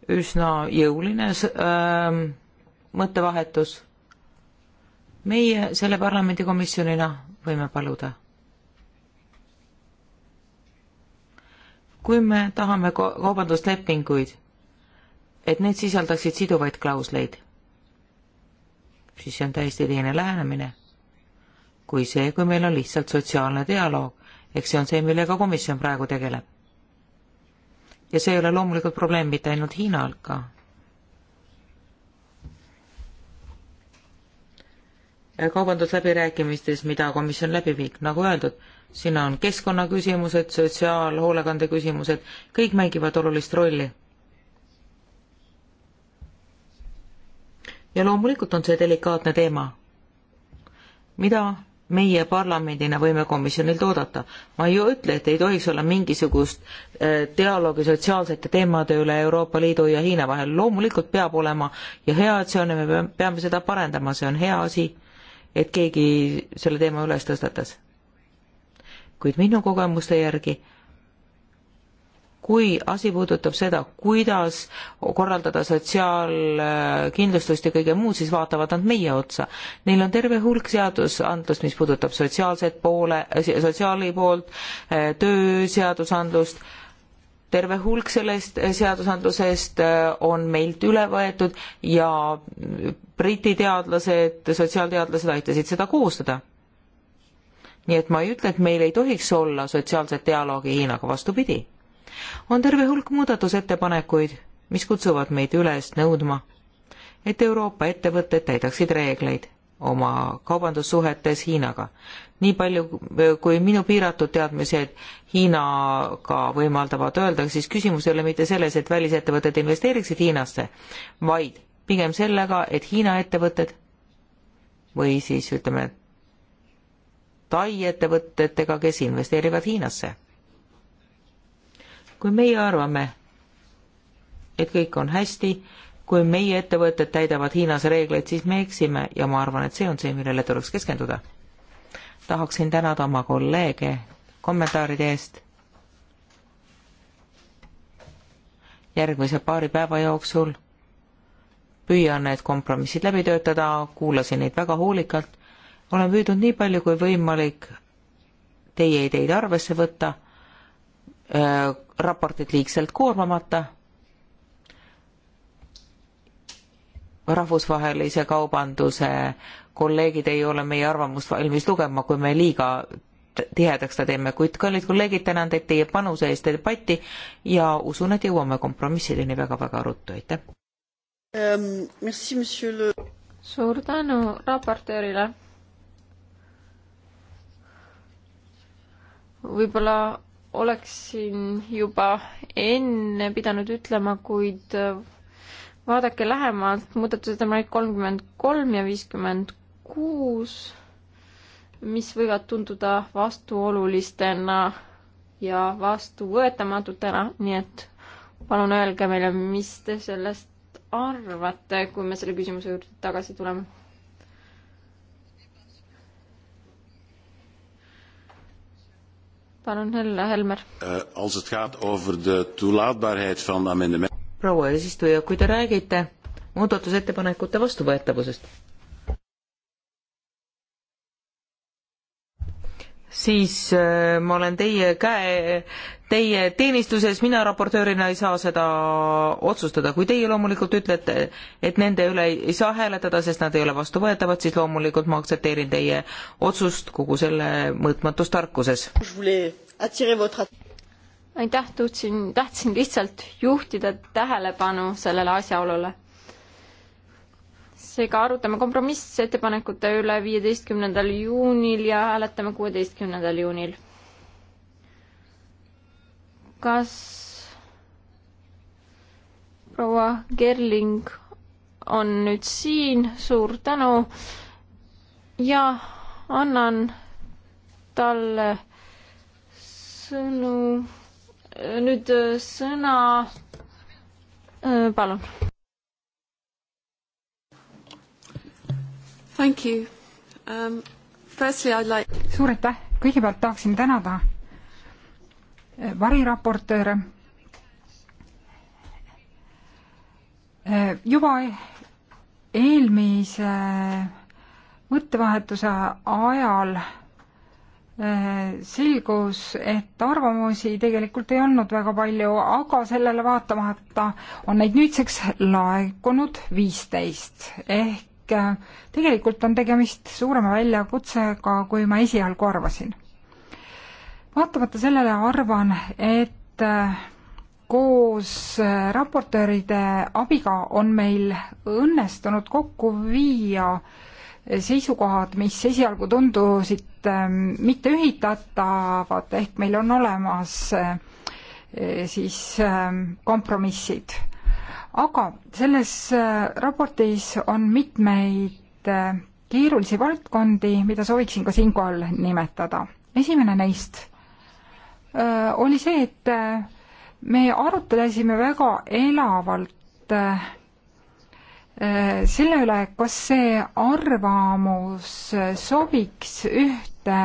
üsna jõuline äh, mõttevahetus meie selle parlamendikomisjonina võime paluda. kui me tahame kaubanduslepinguid, et need sisaldaksid siduvaid klausleid, siis see on täiesti teine lähenemine kui see, kui meil on lihtsalt sotsiaalne dialoog, eks see on see, millega komisjon praegu tegeleb. ja see ei ole loomulikult probleem mitte ainult Hiinaga kaubandusläbirääkimistes, mida komisjon läbi viib, nagu öeldud, sinna on keskkonnaküsimused, sotsiaalhoolekande küsimused, kõik mängivad olulist rolli. ja loomulikult on see delikaatne teema, mida meie parlamendina võime komisjonilt oodata. ma ei ütle, et ei tohiks olla mingisugust äh, dialoogi sotsiaalsete teemade üle Euroopa Liidu ja Hiina vahel, loomulikult peab olema ja hea, et see on ja me peame seda parendama, see on hea asi et keegi selle teema üles tõstatas. kuid minu kogemuste järgi, kui asi puudutab seda, kuidas korraldada sotsiaalkindlustust ja kõige muud, siis vaatavad nad meie otsa. Neil on terve hulk seadusandlust, mis puudutab sotsiaalset poole, sotsiaali poolt, tööseadusandlust terve hulk sellest äh, seadusandlusest äh, on meilt üle võetud ja äh, Briti teadlased, sotsiaalteadlased aitasid seda koostada. nii et ma ei ütle, et meil ei tohiks olla sotsiaalset dialoogi Hiinaga, vastupidi. on terve hulk muudatusettepanekuid, mis kutsuvad meid üles nõudma, et Euroopa ettevõtted täidaksid reegleid oma kaubandussuhetes Hiinaga. nii palju, eh, kui minu piiratud teadmised Hiinaga võimaldavad öelda, siis küsimus ei ole mitte selles, et välisettevõtted investeeriksid Hiinasse, vaid pigem sellega, et Hiina ettevõtted või siis ütleme, Tai ettevõtetega, kes investeerivad Hiinasse. kui meie arvame, et kõik on hästi, kui meie ettevõtted täidavad Hiinas reegleid, siis me eksime ja ma arvan, et see on see, millele tuleks keskenduda. tahaksin tänada oma kolleege kommentaaride eest. järgmise paari päeva jooksul püüan need kompromissid läbi töötada, kuulasin neid väga hoolikalt, olen püüdnud nii palju kui võimalik teie ideid arvesse võtta, äh, raportit liigselt koormamata rahvusvahelise kaubanduse kolleegid ei ole meie arvamust valmis lugema, kui me liiga tihedaks ta teeme, kuid kallid kolleegid, tänan teid teie panuse eest debatti ja usun, et jõuame kompromissideni väga-väga ruttu, aitäh um,! suur tänu raportöörile! võib-olla oleksin juba enne pidanud ütlema, kuid vaadake lähemalt muudatusettepanek kolmkümmend kolm ja viiskümmend kuus, mis võivad tunduda vastuolulistena ja vastuvõetamatutena, nii et palun öelge meile, mis te sellest arvate, kui me selle küsimuse juurde tagasi tuleme. palun, Helle Helmer. Eh, als het gaat over de toelaatbaarheid van amendement proua eesistuja, kui te räägite muudatusettepanekute vastuvõetavusest, siis äh, ma olen teie käe, teie teenistuses, mina raportöörina ei saa seda otsustada. kui teie loomulikult ütlete, et nende üle ei saa hääletada, sest nad ei ole vastuvõetavad, siis loomulikult ma aktsepteerin teie otsust kogu selle mõõtmatus tarkuses aitäh, tahtsin, tahtsin lihtsalt juhtida tähelepanu sellele asjaolule. seega arutame kompromissettepanekute üle viieteistkümnendal juunil ja hääletame kuueteistkümnendal juunil. kas proua Gerling on nüüd siin, suur tänu ja annan talle sõnu nüüd äh, sõna, äh, palun. Thank you um,. Firstly I'd like. suur aitäh, kõigepealt tahaksin tänada äh, variraportööre. juba e-, eelmise mõttevahetuse ajal äh, selgus, et arvamusi tegelikult ei olnud väga palju, aga sellele vaatamata on neid nüüdseks laekunud viisteist ehk äh, tegelikult on tegemist suurema väljakutsega, kui ma esialgu arvasin. vaatamata sellele arvan, et äh, koos äh, raportööride abiga on meil õnnestunud kokku viia äh, seisukohad, mis esialgu tundusid ähm, mitte ühitatavad, ehk meil on olemas äh, siis ähm, kompromissid. aga selles äh, raportis on mitmeid äh, keerulisi valdkondi, mida sooviksin ka siinkohal nimetada. esimene neist oli see, et me arutlesime väga elavalt selle üle, kas see arvamus sobiks ühte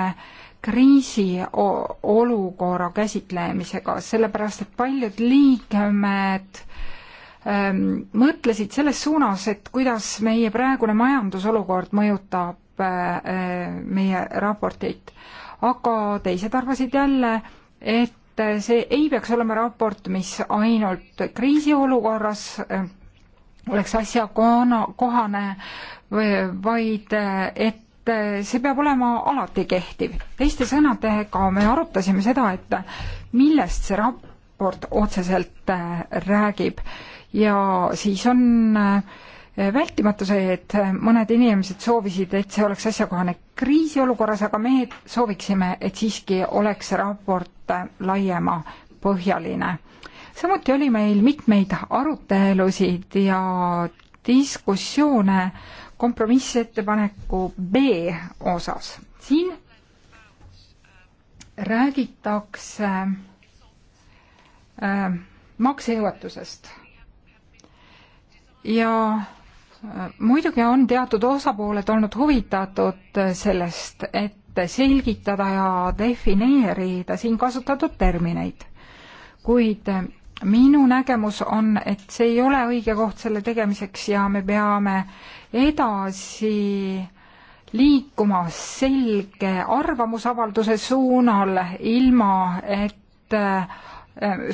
kriisiolukorra käsitlemisega, sellepärast et paljud liikmed ähm, mõtlesid selles suunas, et kuidas meie praegune majandusolukord mõjutab äh, äh meie raportit. aga teised arvasid jälle, et see ei peaks olema raport, mis ainult kriisiolukorras äh, oleks asjakohane, vaid et see peab olema alati kehtiv. teiste sõnadega me arutasime seda, et millest see raport otseselt räägib ja siis on vältimatu see, et mõned inimesed soovisid, et see oleks asjakohane kriisiolukorras, aga meie sooviksime, et siiski oleks see raport laiema põhjaline samuti oli meil mitmeid arutelusid ja diskussioone kompromissettepaneku B osas. siin räägitakse äh, maksejõuetusest ja äh, muidugi on teatud osapooled olnud huvitatud sellest, et selgitada ja defineerida siin kasutatud termineid. kuid äh, minu nägemus on, et see ei ole õige koht selle tegemiseks ja me peame edasi liikuma selge arvamusavalduse suunal, ilma et äh,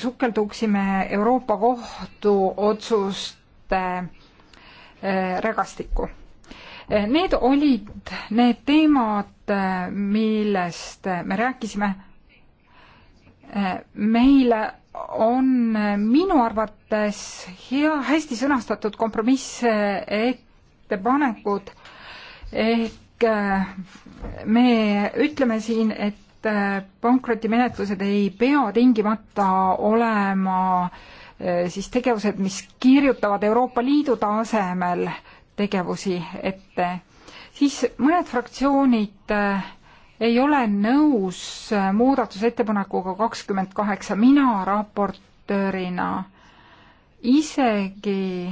sukelduksime Euroopa Kohtu otsuste äh, rägastikku. Äh, need olid need teemad, millest me rääkisime. meile on minu arvates hea, hästi sõnastatud kompromissettepanekud ehk äh, me ütleme siin, et äh, pankrotimenetlused ei pea tingimata olema äh, siis tegevused, mis kirjutavad Euroopa Liidu tasemel tegevusi ette. siis mõned fraktsioonid äh, ei ole nõus muudatusettepanekuga kakskümmend kaheksa, mina raportöörina isegi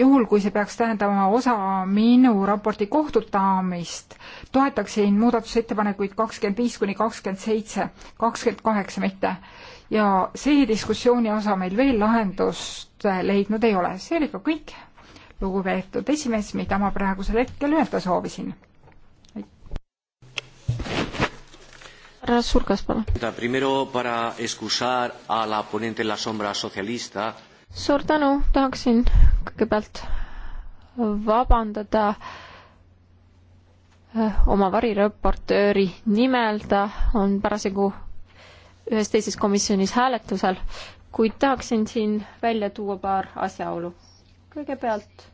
juhul, kui see peaks tähendama osa minu raporti kohtutamist, toetaksin muudatusettepanekuid kakskümmend viis kuni kakskümmend seitse, kakskümmend kaheksa mitte. ja see diskussiooni osa meil veel lahendust leidnud ei ole, see oli ka kõik, lugupeetud esimees, mida ma praegusel hetkel öelda soovisin härra Surkas, palun. suur tänu, tahaksin kõigepealt vabandada eh, oma variraportööri nimel, ta on parasjagu ühes teises komisjonis hääletusel, kuid tahaksin siin välja tuua paar asjaolu. kõigepealt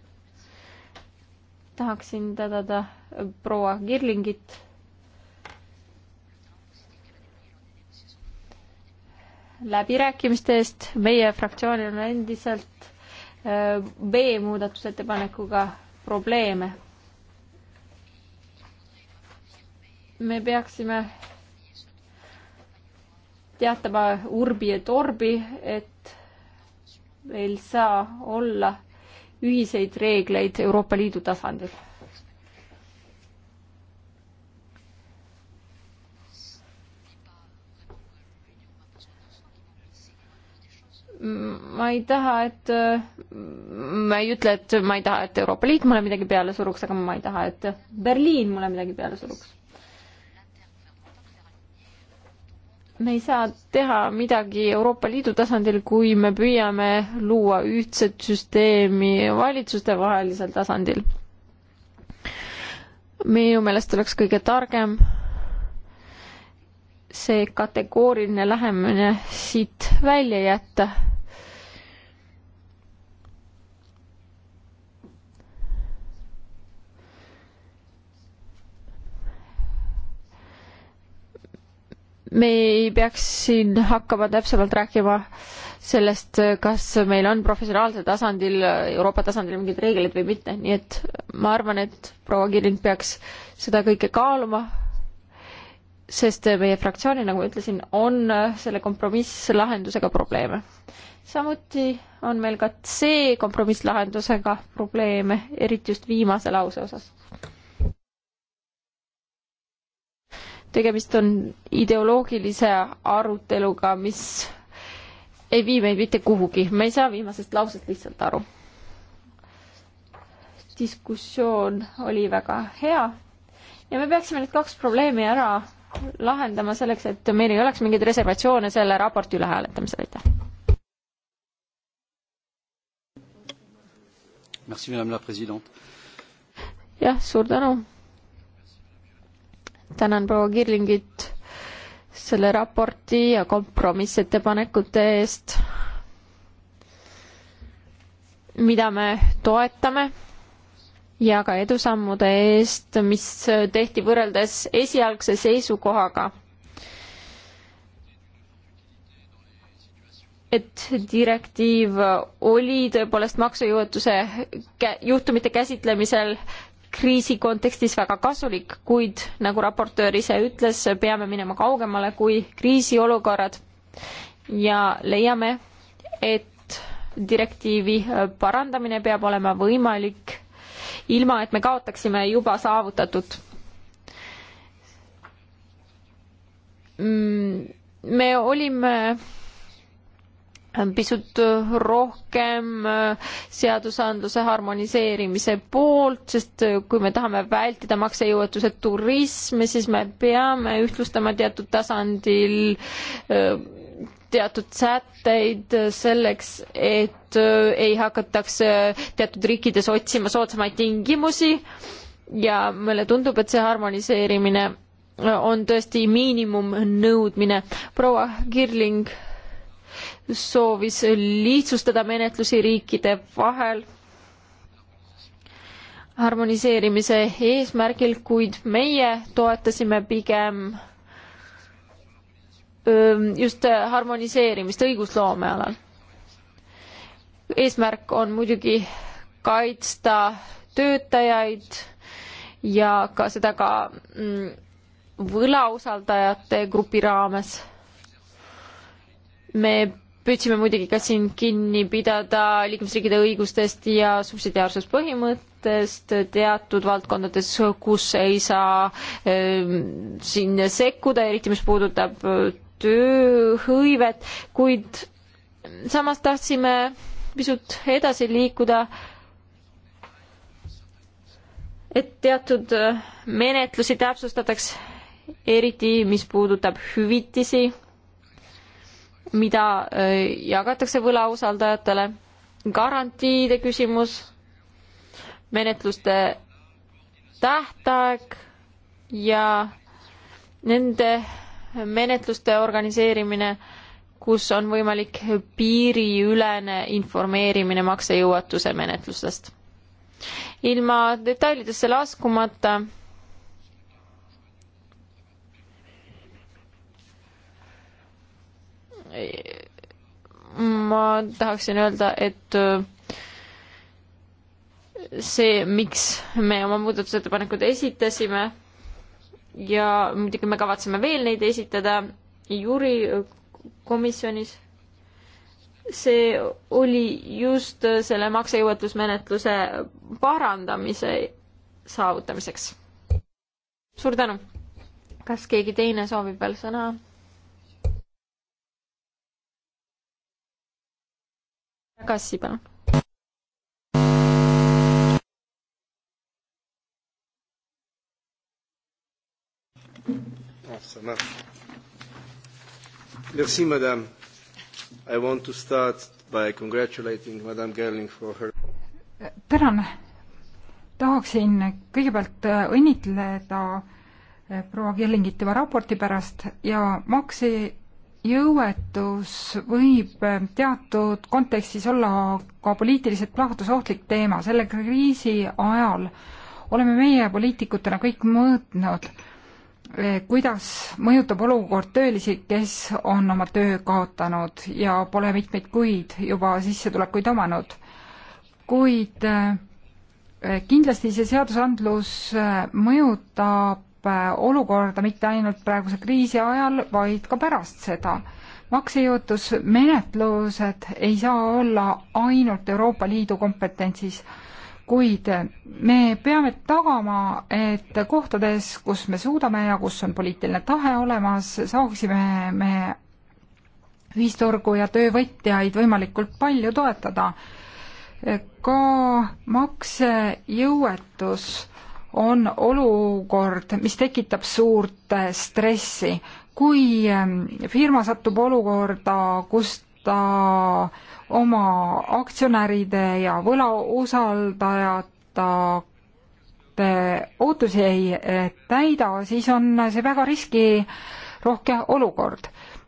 tahaksin tänada proua Kirlingit läbirääkimiste eest, meie fraktsioonil on endiselt äh, B muudatusettepanekuga probleeme. me peaksime teatama urbi et orbi, et meil saa olla ühiseid reegleid Euroopa Liidu tasandil ma ei taha, et, ma ei ütle, et ma ei taha, et Euroopa Liit mulle midagi peale suruks, aga ma ei taha, et Berliin mulle midagi peale suruks. me ei saa teha midagi Euroopa Liidu tasandil, kui me püüame luua ühtset süsteemi valitsustevahelisel tasandil. minu meelest oleks kõige targem see kategooriline lähemine siit välja jätta me ei peaks siin hakkama täpsemalt rääkima sellest, kas meil on professionaalsel tasandil, Euroopa tasandil mingid reeglid või mitte, nii et ma arvan, et proua Kirin peaks seda kõike kaaluma, sest meie fraktsioonil, nagu ma ütlesin, on selle kompromisslahendusega probleeme. samuti on meil ka C kompromisslahendusega probleeme, eriti just viimase lause osas tegemist on ideoloogilise aruteluga, mis ei vii meid mitte kuhugi, me ei saa viimasest lausest lihtsalt aru. diskussioon oli väga hea ja me peaksime need kaks probleemi ära lahendama selleks, et meil ei oleks mingeid reservatsioone selle raporti üle hääletamisel, aitäh. jah, suur tänu tänan proua Kirlingit selle raporti ja kompromissettepanekute eest, mida me toetame ja ka edusammude eest, mis tehti võrreldes esialgse seisukohaga. et direktiiv oli tõepoolest maksejõuetuse juhtumite käsitlemisel kriisi kontekstis väga kasulik, kuid nagu raportöör ise ütles, peame minema kaugemale kui kriisiolukorrad ja leiame, et direktiivi äh, parandamine peab olema võimalik ilma, et me kaotaksime juba saavutatut. Mm, me olime pisut äh, rohkem äh, seadusandluse harmoniseerimise poolt, sest äh, kui me tahame vältida maksejõuetuse turismi, siis me peame ühtlustama teatud tasandil teatud sätteid selleks, et ei hakataks teatud riikides otsima soodsamaid tingimusi ja mulle tundub, et see harmoniseerimine on tõesti miinimumnõudmine. proua Kirling soovis lihtsustada menetlusi riikide vahel harmoniseerimise eesmärgil, kuid meie toetasime pigem just harmoniseerimist õigusloome alal. eesmärk on muidugi kaitsta töötajaid ja ka seda ka mm, võlausaldajate grupi raames. me püüdsime muidugi ka siin kinni pidada liikmesriikide õigustest ja subsidiaarsuspõhimõttest teatud valdkondades, kus ei saa äh, siin sekkuda, eriti mis puudutab äh, tööhõivet, kuid samas tahtsime pisut edasi liikuda et teatud äh, menetlusi täpsustataks, eriti mis puudutab hüvitisi mida äh, jagatakse võlausaldajatele, garantiide küsimus, menetluste tähtaeg ja nende menetluste organiseerimine, kus on võimalik piiriülene informeerimine maksejõuetuse menetlustest. ilma detailidesse laskumata ma tahaksin öelda, et äh, see, miks me oma muudatusettepanekud esitasime ja muidugi me kavatseme veel neid esitada juri komisjonis, see oli just selle maksejõuetusmenetluse parandamise saavutamiseks. suur tänu! kas keegi teine soovib veel sõna? Kassi, palun. Ah, ça marche. Merci, madame. I want to start by congratulating madame Gerling for her tänan. tahaksin kõigepealt äh, õnnitleda äh, proua Gerlingit tema raporti pärast ja makse jõuetus võib teatud kontekstis olla ka poliitiliselt plahvatusohtlik teema. selle kriisi ajal oleme meie poliitikutena kõik mõõtnud, eh, kuidas mõjutab olukord töölisi, kes on oma töö kaotanud ja pole mitmeid kuid juba sissetulekuid omanud. kuid eh, kindlasti see seadusandlus eh, mõjutab Äh, olukorda mitte ainult praeguse kriisi ajal, vaid ka pärast seda. maksejõutusmenetlused ei saa olla ainult Euroopa Liidu kompetentsis, kuid me peame tagama, et kohtades, kus me suudame ja kus on poliitiline tahe olemas, saaksime me ühisturgu ja töövõtjaid võimalikult palju toetada. ka maksejõuetus on olukord, mis tekitab suurt stressi. kui ähm, firma satub olukorda, kus ta oma aktsionäride ja võlausaldajate ootusi ei äh, täida, siis on see väga riskirohke olukord.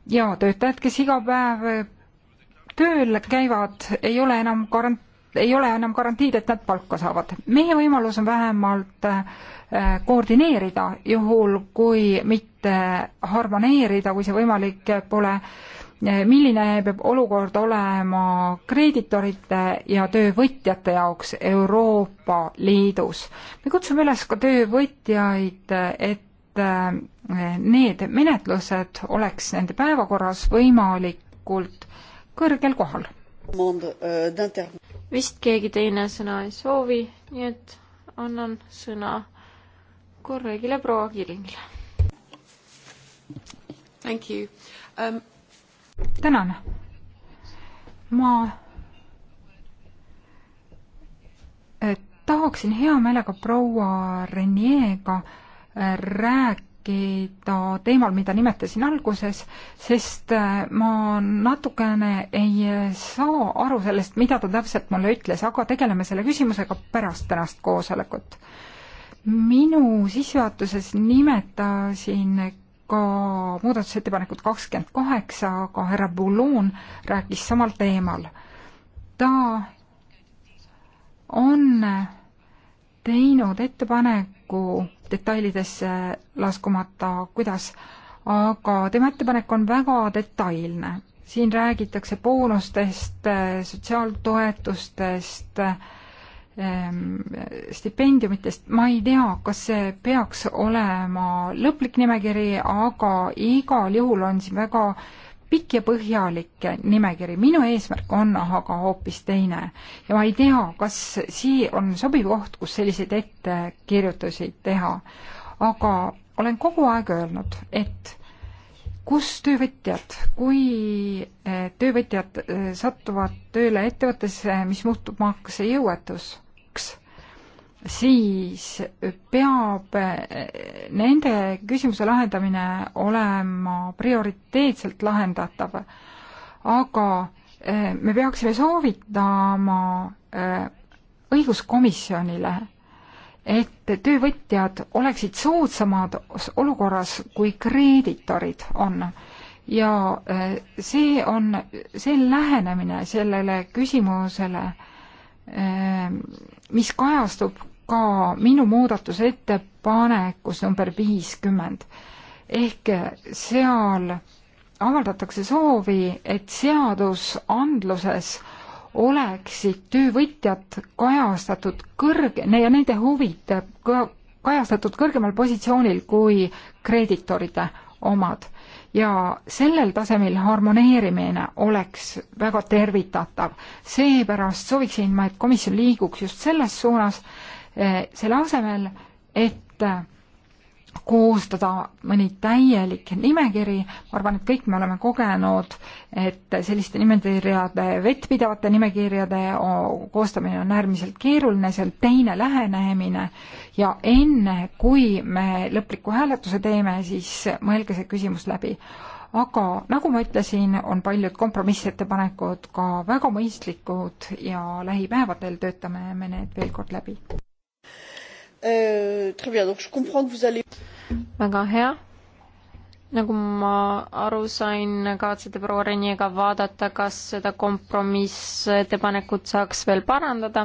ja töötajad, kes iga päev tööl käivad, ei ole enam garant-, ei ole enam garantiid, et nad palka saavad. meie võimalus on vähemalt äh, koordineerida, juhul kui mitte harmoneerida, kui see võimalik pole, äh, milline peab olukord olema kreeditorite ja töövõtjate jaoks Euroopa Liidus. me kutsume üles ka töövõtjaid, et äh, need menetlused oleks nende päevakorras võimalikult kõrgel kohal Euh, vist keegi teine sõna ei soovi, nii et annan sõna kolleegile proua Kiringile. Thank you um.... tänan. ma eh, tahaksin hea meelega proua Renega eh, rääkida rääkida teemal, mida nimetasin alguses, sest äh, ma natukene ei saa aru sellest, mida ta täpselt mulle ütles, aga tegeleme selle küsimusega pärast tänast koosolekut. minu sissejuhatuses nimetasin ka muudatusettepanekut kakskümmend kaheksa, aga härra Boulon rääkis samal teemal. ta on teinud ettepaneku detailidesse laskumata, kuidas, aga tema ettepanek on väga detailne. siin räägitakse boonustest, sotsiaaltoetustest, ehm, stipendiumitest, ma ei tea, kas see peaks olema lõplik nimekiri, aga igal juhul on siin väga äh, pikk ja põhjalik nimekiri, minu eesmärk on aga hoopis teine ja ma ei tea, kas siia on sobiv koht, kus selliseid ettekirjutusi teha, aga olen kogu aeg öelnud, et kus töövõtjad, kui eh, töövõtjad eh, satuvad tööle ettevõttesse, mis muutub maksejõuetus siis peab eh, nende küsimuse lahendamine olema prioriteetselt lahendatav. aga eh, me peaksime soovitama eh, õiguskomisjonile, et töövõtjad oleksid soodsamad olukorras, kui kreeditorid on. ja see on, see lähenemine sellele küsimusele, mis kajastub ka minu muudatusettepanekus number viiskümmend. ehk seal avaldatakse soovi, et seadusandluses oleksid töövõtjad kajastatud kõrg- ja nende huvid ka kajastatud kõrgemal positsioonil kui kreeditoride omad ja sellel tasemel harmoneerimine oleks väga tervitatav. seepärast sooviksin ma, et komisjon liiguks just selles suunas, Eh, selle asemel, et eh, koostada mõni täielik nimekiri, ma arvan, et kõik me oleme kogenud, et selliste nimekirjade, vettpidavate nimekirjade koostamine on äärmiselt keeruline, see on teine lähenemine ja enne, kui me lõpliku hääletuse teeme, siis mõelge see küsimus läbi. aga nagu ma ütlesin, on paljud kompromissettepanekud ka väga mõistlikud ja lähipäevadel töötame me need veel kord läbi. Euh, très bien, donc je comprends que vous allez. väga hea. nagu ma aru sain, kavatsete proua Reniga vaadata, kas seda kompromissettepanekut saaks veel parandada.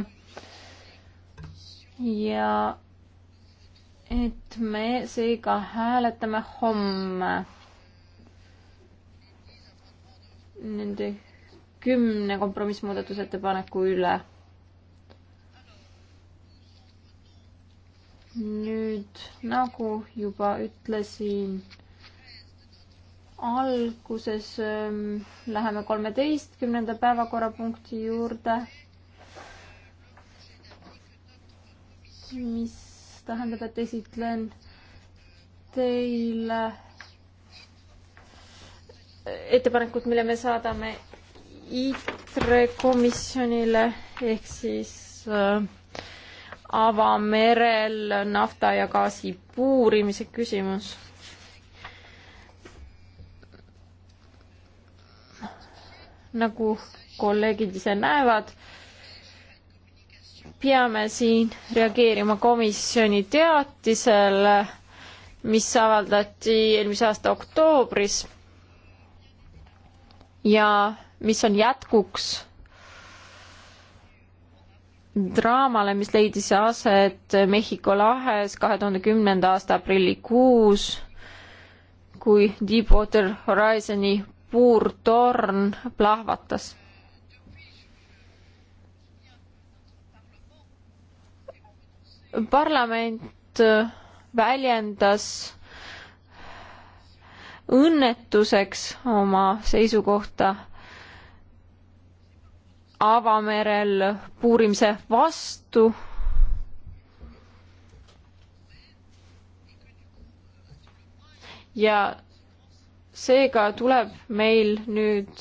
ja et me seega hääletame homme nende kümne kompromissmuudatusettepaneku üle nüüd nagu juba ütlesin alguses ähm, läheme kolmeteistkümnenda päevakorrapunkti juurde, mis tähendab, et esitlen teile ettepanekut, mille me saadame ITRE komisjonile ehk siis äh, avamerel nafta ja gaasi puurimise küsimus. nagu kolleegid ise näevad, peame siin reageerima komisjoni teatisele, mis avaldati eelmise aasta oktoobris ja mis on jätkuks draamale, mis leidis aset Mehhiko lahes kahe tuhande kümnenda aasta aprillikuus, kui Deepwater Horizoni puurtorn plahvatas. parlament väljendas õnnetuseks oma seisukohta avamerel puurimise vastu. ja seega tuleb meil nüüd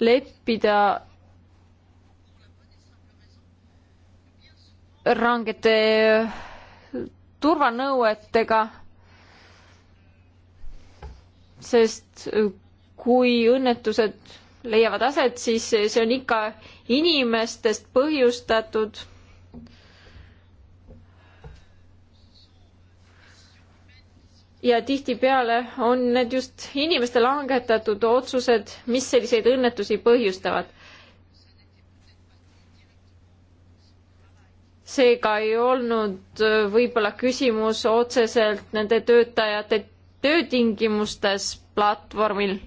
leppida rangete turvanõuetega, sest kui õnnetused leiavad aset, siis see on ikka inimestest põhjustatud. ja tihtipeale on need just inimeste langetatud otsused, mis selliseid õnnetusi põhjustavad. seega ei olnud äh, võib-olla küsimus otseselt nende töötajate töötingimustes platvormil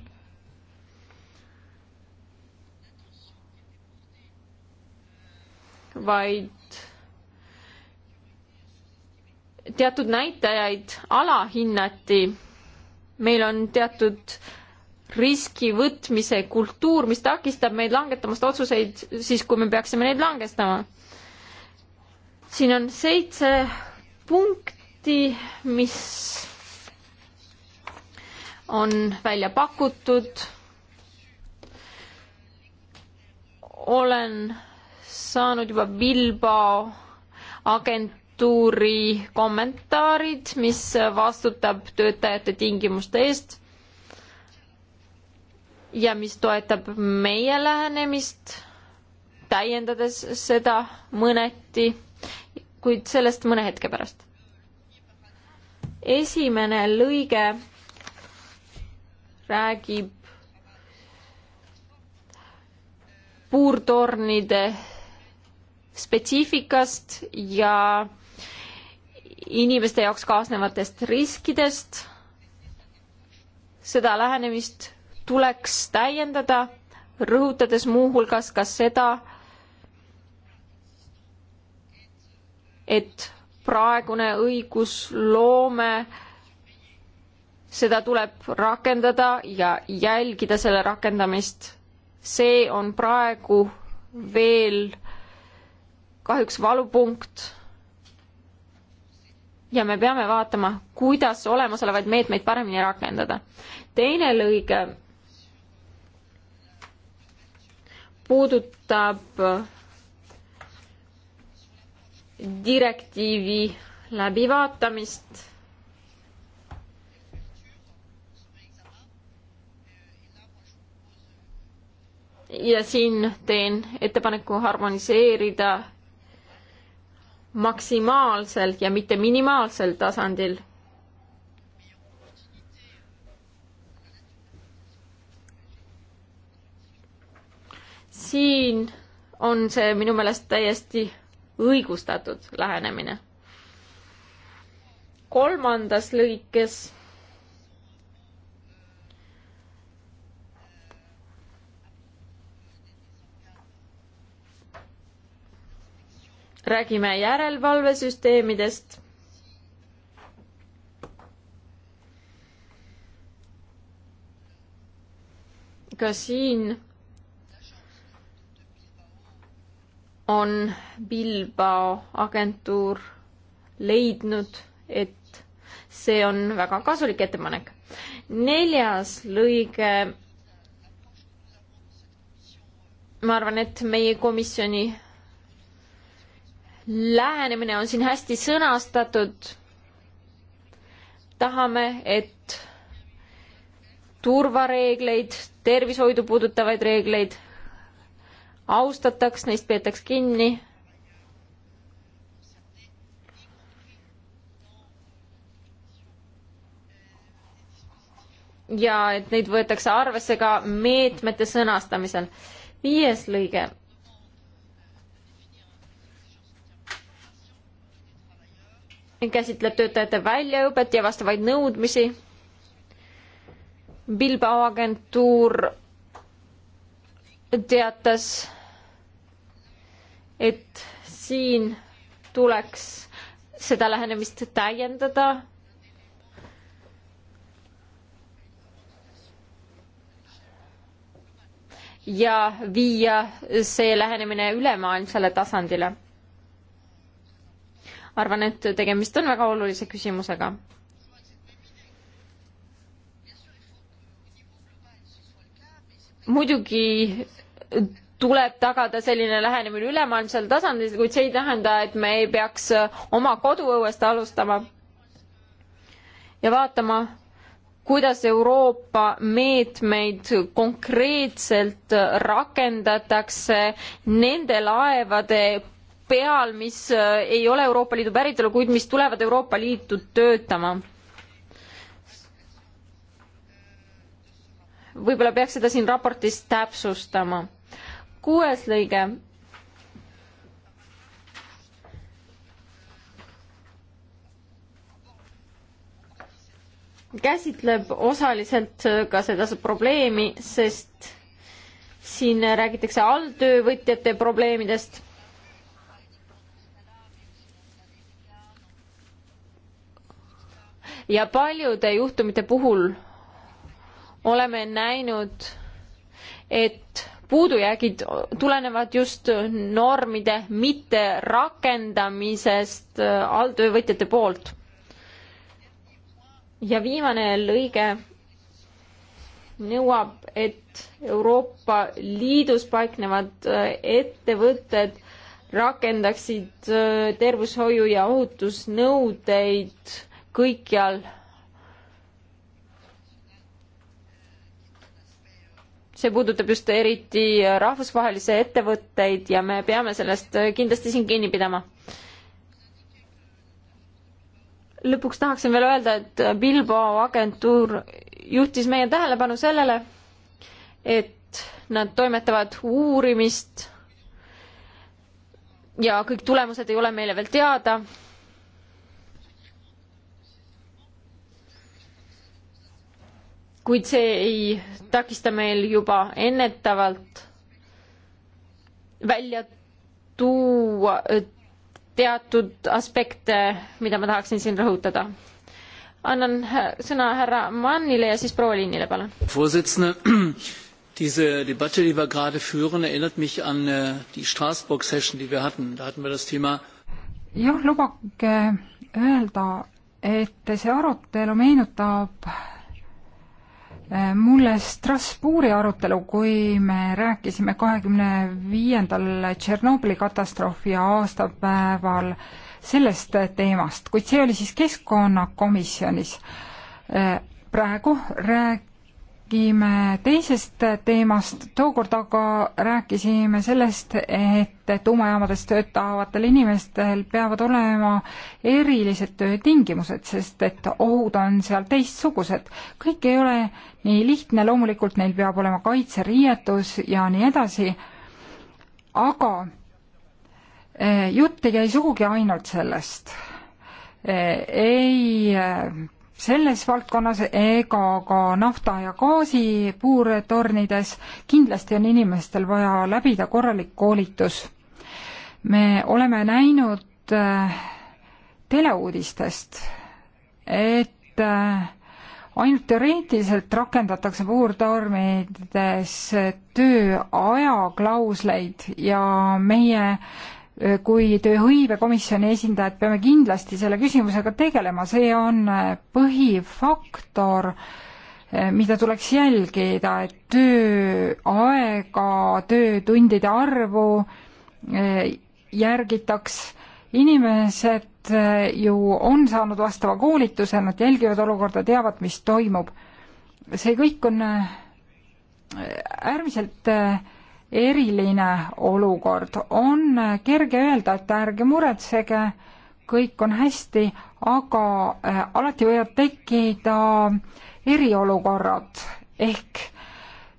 vaid teatud näitajaid alahinnati. meil on teatud riski võtmise kultuur, mis takistab meid langetamast otsuseid siis, kui me peaksime neid langetama. siin on seitse punkti, mis on välja pakutud. olen saanud juba Bilbao agentuuri kommentaarid, mis vastutab töötajate tingimuste eest ja mis toetab meie lähenemist, täiendades seda mõneti, kuid sellest mõne hetke pärast. esimene lõige räägib puurtornide spetsiifikast ja inimeste jaoks kaasnevatest riskidest. seda lähenemist tuleks täiendada, rõhutades muuhulgas ka seda, et praegune õigusloome, seda tuleb rakendada ja jälgida selle rakendamist. see on praegu veel kahjuks valupunkt. ja me peame vaatama, kuidas olemasolevaid meetmeid paremini rakendada. teine lõige puudutab direktiivi läbivaatamist. ja siin teen ettepaneku harmoniseerida maksimaalsel ja mitte minimaalsel tasandil. siin on see minu meelest täiesti õigustatud lähenemine. kolmandas lõikes räägime järelevalvesüsteemidest. ka siin on Bilbao agentuur leidnud, et see on väga kasulik ettepanek. neljas lõige. ma arvan, et meie komisjoni lähenemine on siin hästi sõnastatud. tahame, et turvareegleid, tervishoidu puudutavaid reegleid austataks, neist peetaks kinni. ja et neid võetakse arvesse ka meetmete sõnastamisel. viies lõige käsitleb töötajate väljaõpet ja vastavaid nõudmisi. Bilbao agentuur teatas, et siin tuleks seda lähenemist täiendada. ja viia see lähenemine ülemaailmsele tasandile arvan, et tegemist on väga olulise küsimusega. muidugi tuleb tagada selline lähenemine ülemaailmsel tasandil, kuid see ei tähenda, et me ei peaks oma koduõuest alustama ja vaatama, kuidas Euroopa meetmeid konkreetselt rakendatakse nende laevade peal, mis äh, ei ole Euroopa Liidu päritolu, kuid mis tulevad Euroopa Liitu töötama. võib-olla peaks seda siin raportis täpsustama. kuues lõige käsitleb osaliselt äh, ka seda probleemi, sest siin räägitakse alltöövõtjate probleemidest. ja paljude juhtumite puhul oleme näinud, et puudujäägid tulenevad just normide mitterakendamisest äh, alltöövõtjate poolt. ja viimane lõige nõuab, et Euroopa Liidus paiknevad äh, ettevõtted rakendaksid äh, tervishoiu ja ohutusnõudeid kõikjal. see puudutab just eriti rahvusvahelisi ettevõtteid ja me peame sellest kindlasti siin kinni pidama. lõpuks tahaksin veel öelda, et Bilbao agentuur juhtis meie tähelepanu sellele, et nad toimetavad uurimist ja kõik tulemused ei ole meile veel teada kuid see ei takista meil juba ennetavalt välja tuua äh, teatud aspekte, mida ma tahaksin siin rõhutada. annan äh, sõna härra Mannile ja siis proua Liinile, palun. Diese Debatte, die wir gerade führen, erinnert mich an äh, die Straßburg-Session, die wir hatten. Da hatten wir das Thema. jah, lubage öelda, et see arutelu meenutab mulle Strasbourgi arutelu, kui me rääkisime kahekümne viiendal Tšernobõli katastroofi aastapäeval sellest teemast, kuid see oli siis keskkonnakomisjonis. praegu rääk-, räägime teisest teemast, tookord aga rääkisime sellest, et tuumajaamades töötavatel inimestel peavad olema erilised töötingimused, sest et ohud on seal teistsugused. kõik ei ole nii lihtne, loomulikult neil peab olema kaitseriietus ja nii edasi, aga eh, jutt ei käi sugugi ainult sellest eh, ei eh, selles valdkonnas ega ka nafta ja gaasi puurtornides. kindlasti on inimestel vaja läbida korralik koolitus. me oleme näinud äh, teleuudistest, et äh, ainult teoreetiliselt rakendatakse puurtormides tööajaklausleid ja meie kui tööhõivekomisjoni esindajad peame kindlasti selle küsimusega tegelema, see on äh, põhifaktor, äh, mida tuleks jälgida, et tööaega, töötundide arvu äh, järgitaks, inimesed ju on saanud vastava koolituse, nad jälgivad olukorda, teavad, mis toimub. see kõik on äärmiselt äh, eriline olukord. on kerge öelda, et ärge muretsege, kõik on hästi, aga äh, alati võivad tekkida eriolukorrad ehk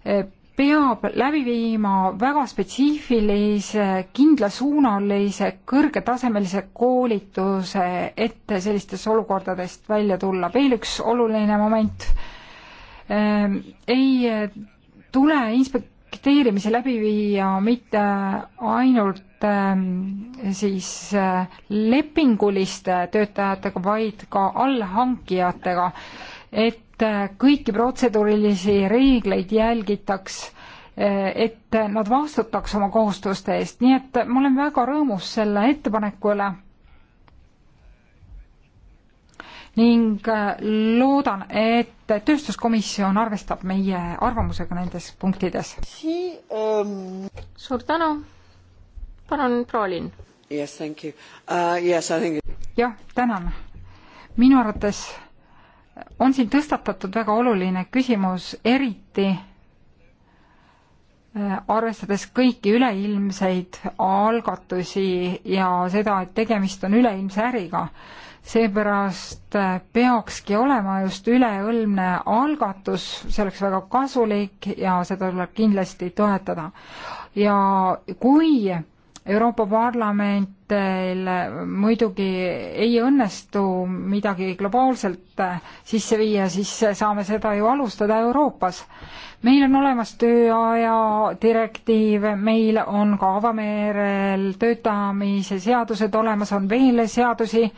äh, peab läbi viima väga spetsiifilise, kindlasuunalise, kõrgetasemelise koolituse, et sellistest olukordadest välja tulla. veel üks oluline moment, ähm, ei äh, tule inspek-, projekteerimise läbiviija mitte ainult ähm, siis äh, lepinguliste töötajatega, vaid ka allhankijatega, et äh, kõiki protseduurilisi reegleid jälgitaks, äh, et nad vastutaks oma kohustuste eest, nii et ma olen väga rõõmus selle ettepaneku üle ning äh, loodan, et tööstuskomisjon arvestab meie arvamusega nendes punktides si,. Um... suur tänu, palun proua Linn. Yes, thank you uh,. Yes, I think. jah, tänan. minu arvates on siin tõstatatud väga oluline küsimus, eriti äh, arvestades kõiki üleilmseid algatusi ja seda, et tegemist on üleilmse äriga seepärast äh, peakski olema just üleõlmne algatus, see oleks väga kasulik ja seda tuleb kindlasti toetada. ja kui Euroopa Parlamentil äh, muidugi ei õnnestu midagi globaalselt äh, sisse viia, siis saame seda ju alustada Euroopas. meil on olemas tööaja direktiiv, meil on ka avamerel töötamise seadused olemas, on veel seadusi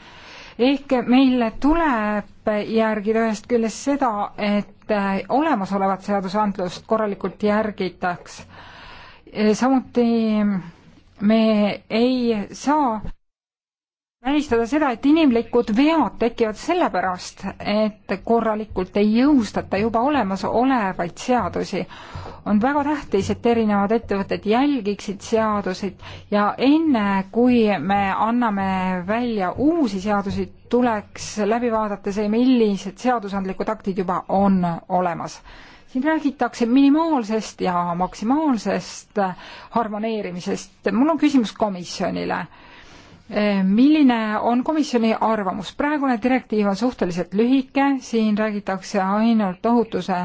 ehk meil tuleb järgida ühest küljest seda, et eh, olemasolevat seadusandlust korralikult järgitaks. samuti me ei saa välistada seda, et inimlikud vead tekivad sellepärast, et korralikult ei jõustata juba olemasolevaid seadusi. on väga tähtis, et erinevad ettevõtted jälgiksid seaduseid ja enne, kui me anname välja uusi seadusi, tuleks läbi vaadata see, millised seadusandlikud aktid juba on olemas siin räägitakse minimaalsest ja maksimaalsest harmoneerimisest. mul on küsimus komisjonile Eh, milline on komisjoni arvamus? praegune direktiiv on suhteliselt lühike, siin räägitakse ainult ohutuse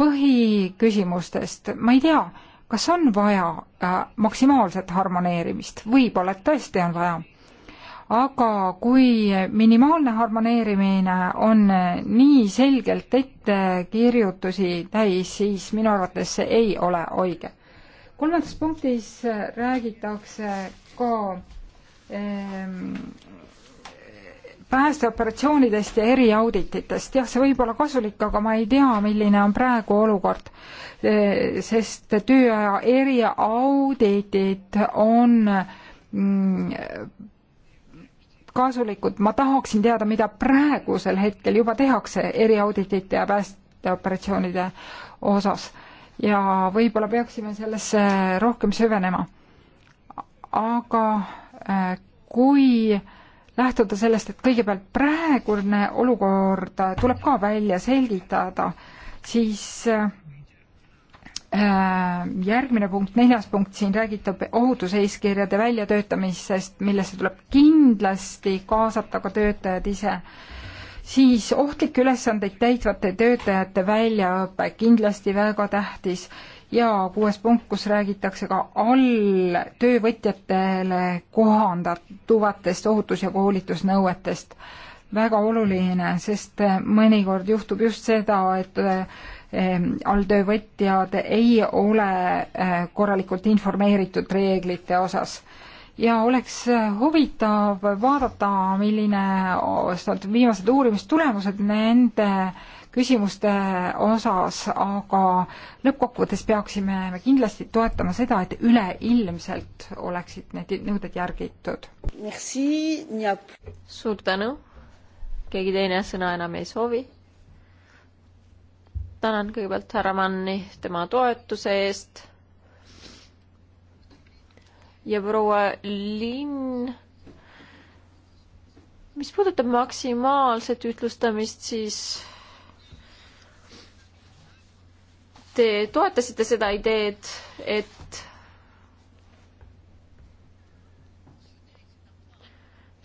põhiküsimustest. ma ei tea, kas on vaja äh, maksimaalset harmoneerimist, võib-olla, et tõesti on vaja. aga kui minimaalne harmoneerimine on nii selgelt ettekirjutusi täis, siis minu arvates see ei ole õige. kolmandas punktis räägitakse ka Ehm, päästeoperatsioonidest ja eriaudititest, jah, see võib olla kasulik, aga ma ei tea, milline on praegu olukord, ehm, sest tööaja eriauditid on mm, kasulikud, ma tahaksin teada, mida praegusel hetkel juba tehakse eriauditite ja päästeoperatsioonide osas ja võib-olla peaksime sellesse rohkem süvenema. aga Äh, kui lähtuda sellest, et kõigepealt praegune olukord tuleb ka välja selgitada, siis äh, järgmine punkt, neljas punkt siin räägitab ohutuseeskirjade väljatöötamisest, millesse tuleb kindlasti kaasata ka töötajad ise. siis ohtlikke ülesandeid täitvate töötajate väljaõpe, kindlasti väga tähtis ja kuues punkt, kus räägitakse ka alltöövõtjatele kohandatuvatest ohutus- ja koolitusnõuetest. väga oluline, sest mõnikord juhtub just seda, et ehm, alltöövõtjad ei ole eh, korralikult informeeritud reeglite osas ja oleks eh, huvitav vaadata, milline viimased uurimistulemused nende äh, küsimuste osas, aga lõppkokkuvõttes peaksime me kindlasti toetama seda, et üleilmselt oleksid need nõuded järgitud. suur tänu. keegi teine sõna enam ei soovi. tänan kõigepealt härra Manni tema toetuse eest. ja proua Linn mis puudutab maksimaalset ühtlustamist, siis Te toetasite seda ideed, et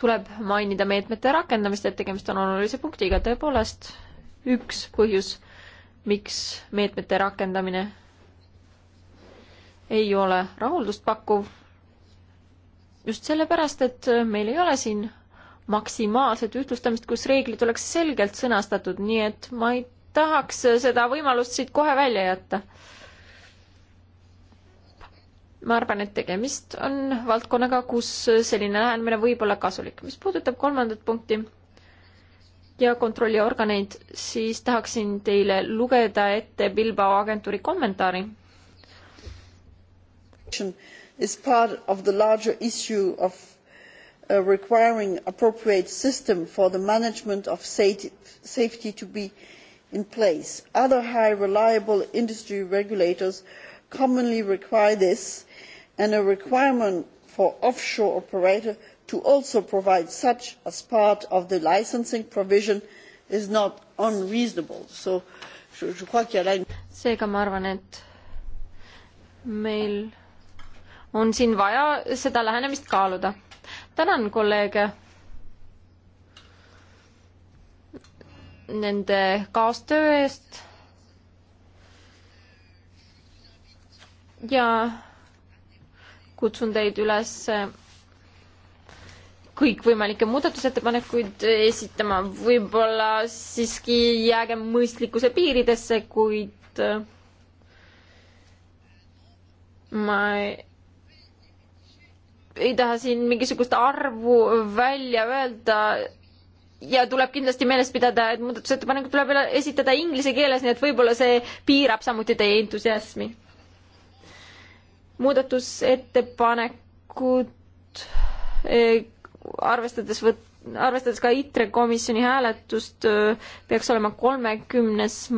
tuleb mainida meetmete rakendamist, et tegemist on olulise punktiga, tõepoolest üks põhjus, miks meetmete rakendamine ei ole rahuldust pakkuv, just sellepärast, et meil ei ole siin maksimaalset ühtlustamist, kus reeglid oleks selgelt sõnastatud, nii et ma ei tahaks seda võimalust siit kohe välja jätta. ma arvan, et tegemist on valdkonnaga, kus selline lähenemine võib olla kasulik. mis puudutab kolmandat punkti ja kontrolliorganeid, siis tahaksin teile lugeda ette Bilbao agentuuri kommentaari. is part of the larger issue of Uh, requiring appropriate system for the management of safety to be in place. other highly reliable industry regulators commonly require this and a requirement for offshore operators to also provide such as part of the licensing provision is not unreasonable. So, je, je crois qu'il y a là une... seega ma arvan, et meil on siin vaja seda lähenemist kaaluda. tänan kolleege nende kaastöö eest. ja kutsun teid üles kõikvõimalikke muudatusettepanekuid esitama, võib-olla siiski jääge mõistlikkuse piiridesse, kuid äh, ma ei taha siin mingisugust arvu välja öelda ja tuleb kindlasti meeles pidada, et muudatusettepanekud tuleb esitada inglise keeles, nii et võib-olla see piirab samuti teie entusiasmi. muudatusettepanekud eh, arvestades võt-, arvestades ka ITRE komisjoni hääletust, eh, peaks olema kolmekümnes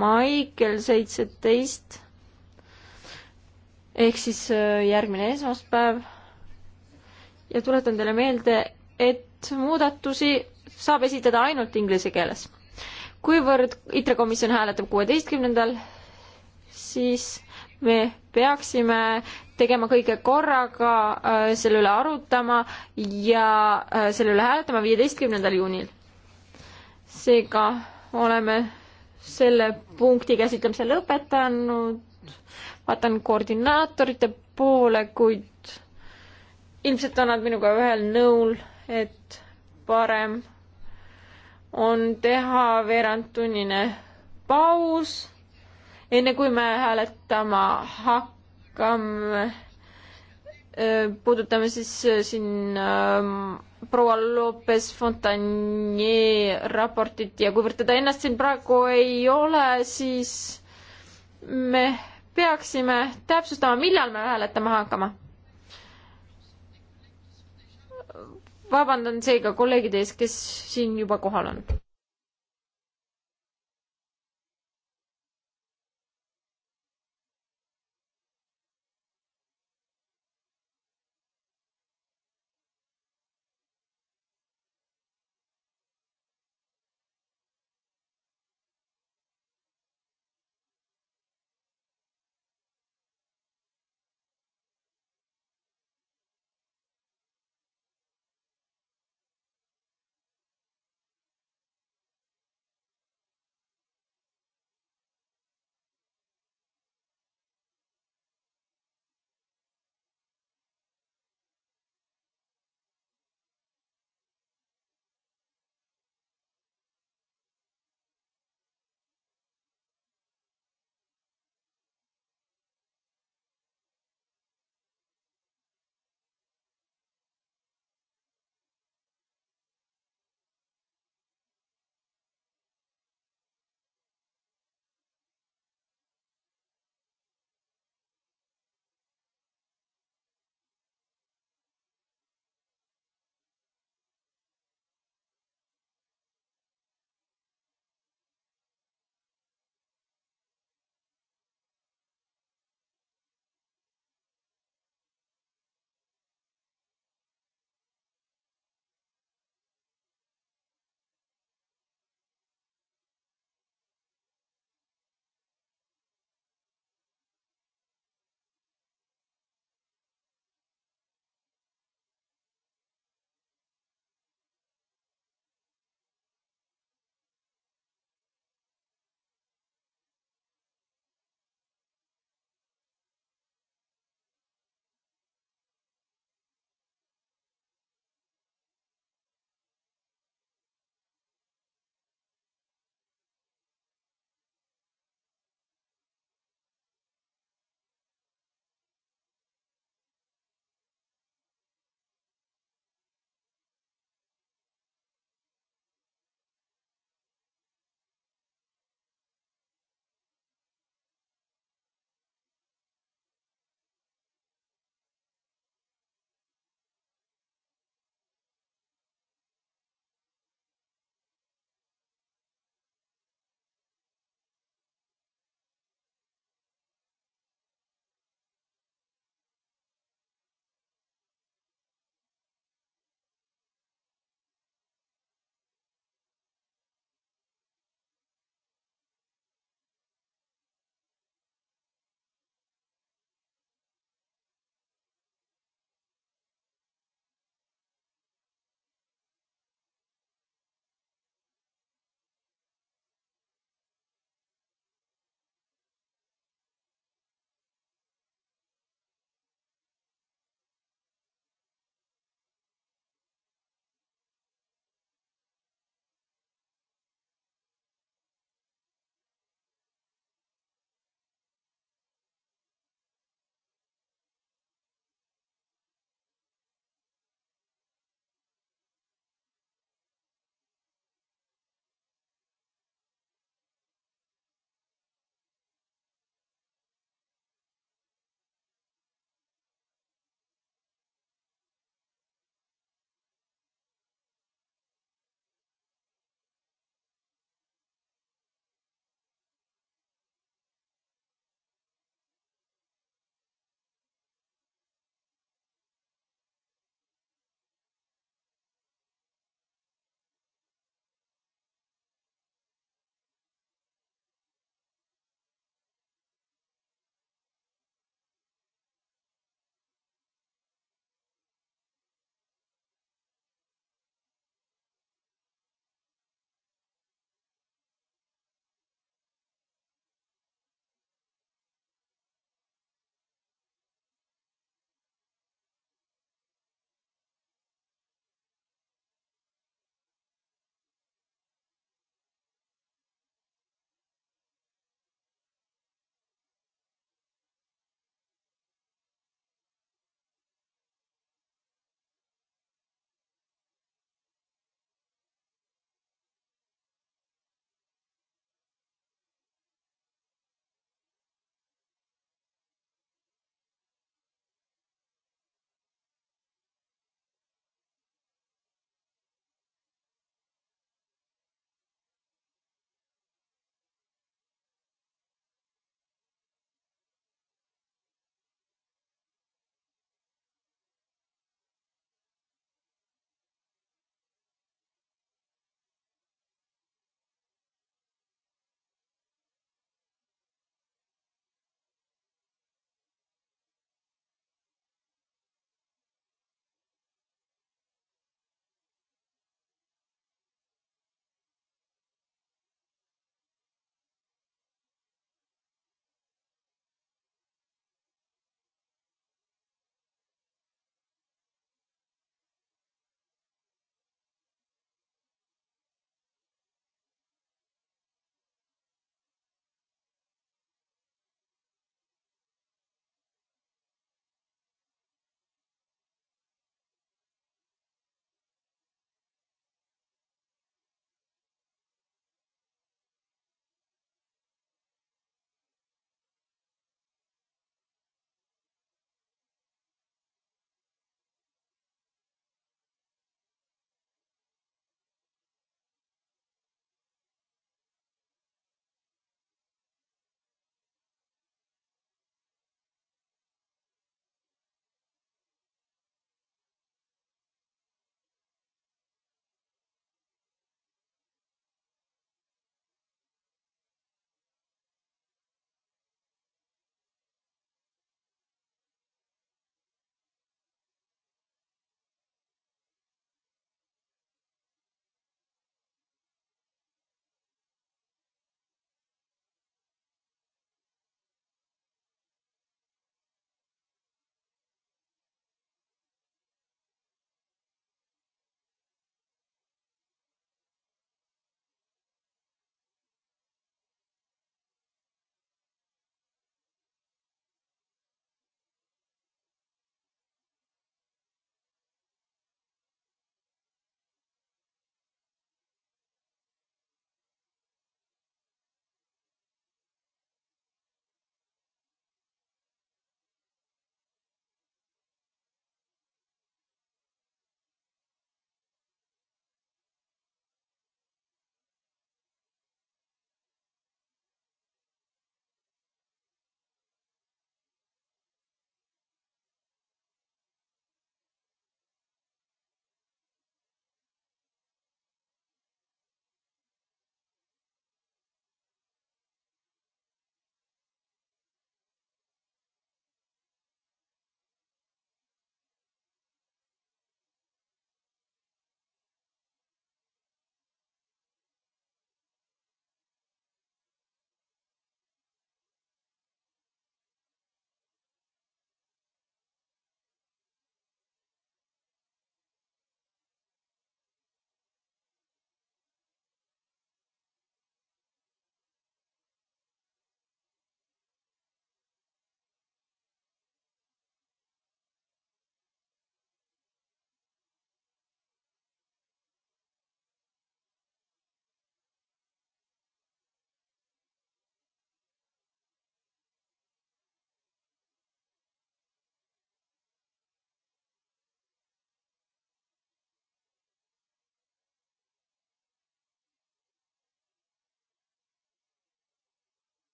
mai kell seitseteist. ehk siis eh, järgmine esmaspäev. ja tuletan teile meelde, et et muudatusi saab esitada ainult inglise keeles. kuivõrd ITRE komisjon hääletab kuueteistkümnendal, siis me peaksime tegema kõike korraga, äh, selle üle arutama ja äh, selle üle hääletama viieteistkümnendal juunil. seega oleme selle punkti käsitlemise lõpetanud. vaatan koordinaatorite poole, kuid ilmselt on nad minuga ühel nõul et parem on teha veerandtunnine paus, enne kui me hääletama hakkame. puudutame siis siin proua Lopez Fontanier raportit ja kuivõrd teda ennast siin praegu ei ole, siis me peaksime täpsustama, millal me hääletama hakkame vabandan seega kolleegide ees, kes siin juba kohal on.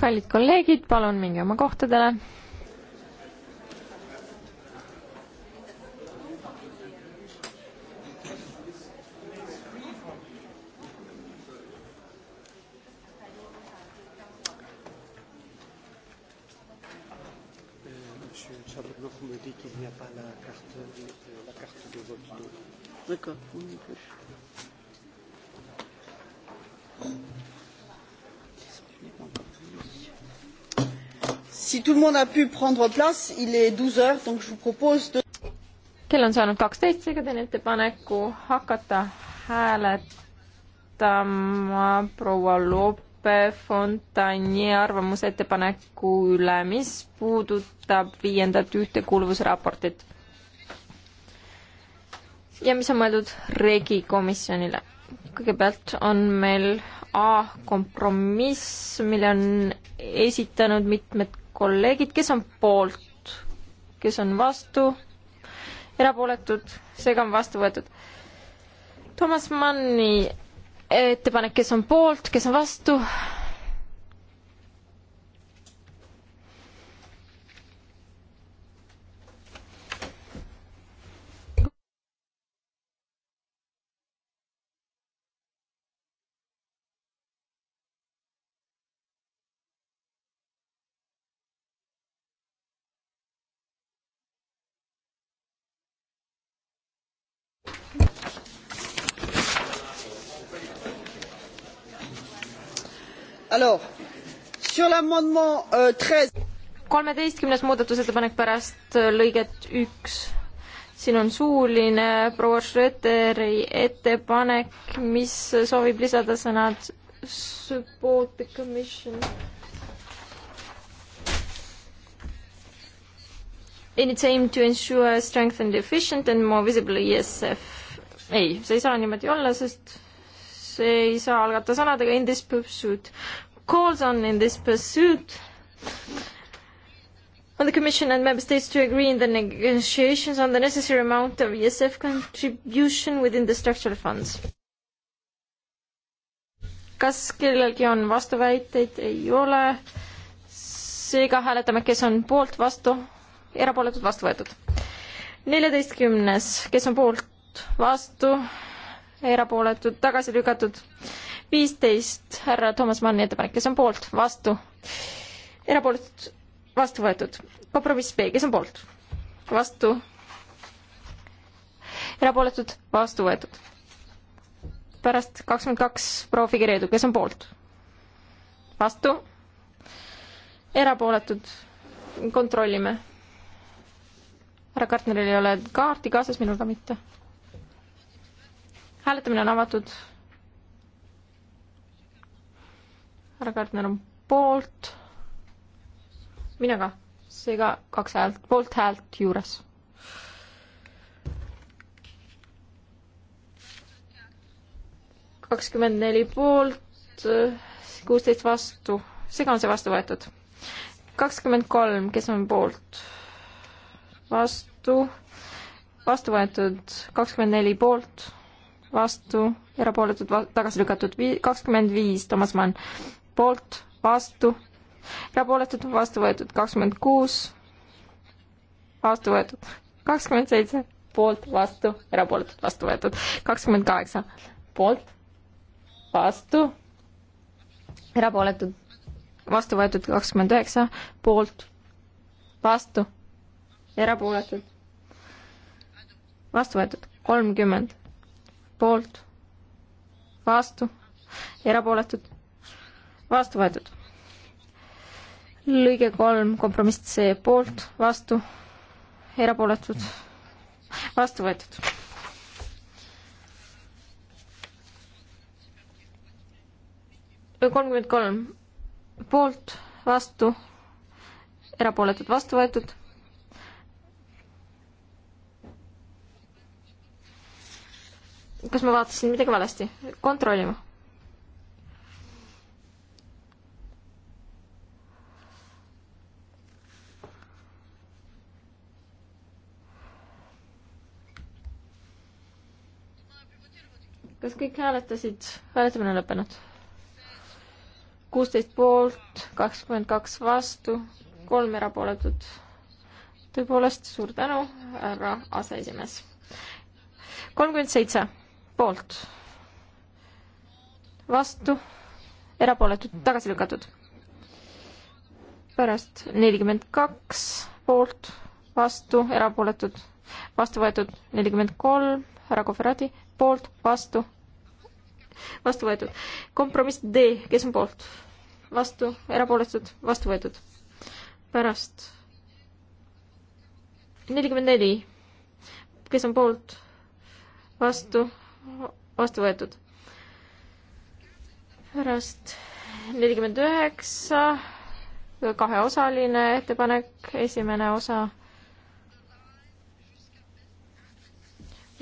kallid kolleegid, palun minge oma kohtadele monde a pu prendre place, il est 12 heures, donc je vous propose de... kell on saanud kaksteist, seega teen ettepaneku hakata hääletama proua Lope Fontani arvamusettepaneku üle, mis puudutab viiendat ühtekuuluvusraportit. ja mis on mõeldud Regi komisjonile. kõigepealt on meil A kompromiss, mille on esitanud mitmed kolleegid, kes on poolt, kes on vastu, erapooletud, seega on vastu võetud. Toomas Manni ettepanek, kes on poolt, kes on vastu, Alors, sur l'amendement euh, treize. kolmeteistkümnes muudatusettepanek pärast äh, lõiget üks. siin on suuline proua Schröteri ettepanek, mis soovib lisada sõnad support the commission. In its aim to ensure strength and efficient and more visible ESF. ei, see ei saa niimoodi olla, sest see ei saa algata sõnadega in this pursuit calls on in this pursuit on the Commission and Member States to agree in the negotiations on the necessary amount of ESF contribution within the structural funds. kas kellelgi on vastuväiteid? ei ole. seega hääletame, kes on poolt, vastu, erapooletud, vastu võetud. neljateistkümnes, kes on poolt, vastu, erapooletud, tagasi lükatud viisteist härra Toomas Manni ettepanek, kes on poolt, vastu, erapooletud, vastu võetud. kompromiss B, kes on poolt, vastu, erapooletud, vastu võetud. pärast kakskümmend kaks proua Figueredu, kes on poolt, vastu, erapooletud, kontrollime. härra Kartneril ei ole kaarti kaasas, minul ka mitte. hääletamine on avatud härra Gardner on poolt, mina ka, seega kaks häält, poolt häält juures. kakskümmend neli poolt, kuusteist vastu, seega on see vastu võetud. kakskümmend kolm, kes on poolt? vastu, vastu võetud kakskümmend neli poolt vastu, erapooletud tagasi lükatud, kakskümmend viis Toomas Mann poolt, vastu, erapooletud, vastu võetud kakskümmend kuus, vastu võetud kakskümmend seitse, poolt, vastu, erapooletud, vastu võetud kakskümmend kaheksa, poolt, vastu, erapooletud, vastu võetud kakskümmend üheksa, poolt, vastu, erapooletud, vastu võetud kolmkümmend, poolt, vastu, erapooletud vastu võetud. lõige kolm, kompromiss C poolt, vastu, erapooletud, vastu võetud. kolmkümmend kolm poolt, vastu, erapooletud, vastu võetud kas ma vaatasin midagi valesti? kontrollime. kas kõik hääletasid? hääletamine on lõppenud. kuusteist poolt, kakskümmend kaks vastu, kolm erapooletut. tõepoolest, suur tänu, härra aseesimees. kolmkümmend seitse poolt, vastu, erapooletud, tagasi lükatud. pärast nelikümmend kaks poolt, vastu, erapooletud, vastu võetud nelikümmend kolm, härra Kohverati, poolt, vastu, vastu võetud. kompromiss D, kes on poolt? vastu, erapooletud, vastu võetud. pärast nelikümmend neli, kes on poolt? vastu, vastu võetud. pärast nelikümmend üheksa, kaheosaline ettepanek, esimene osa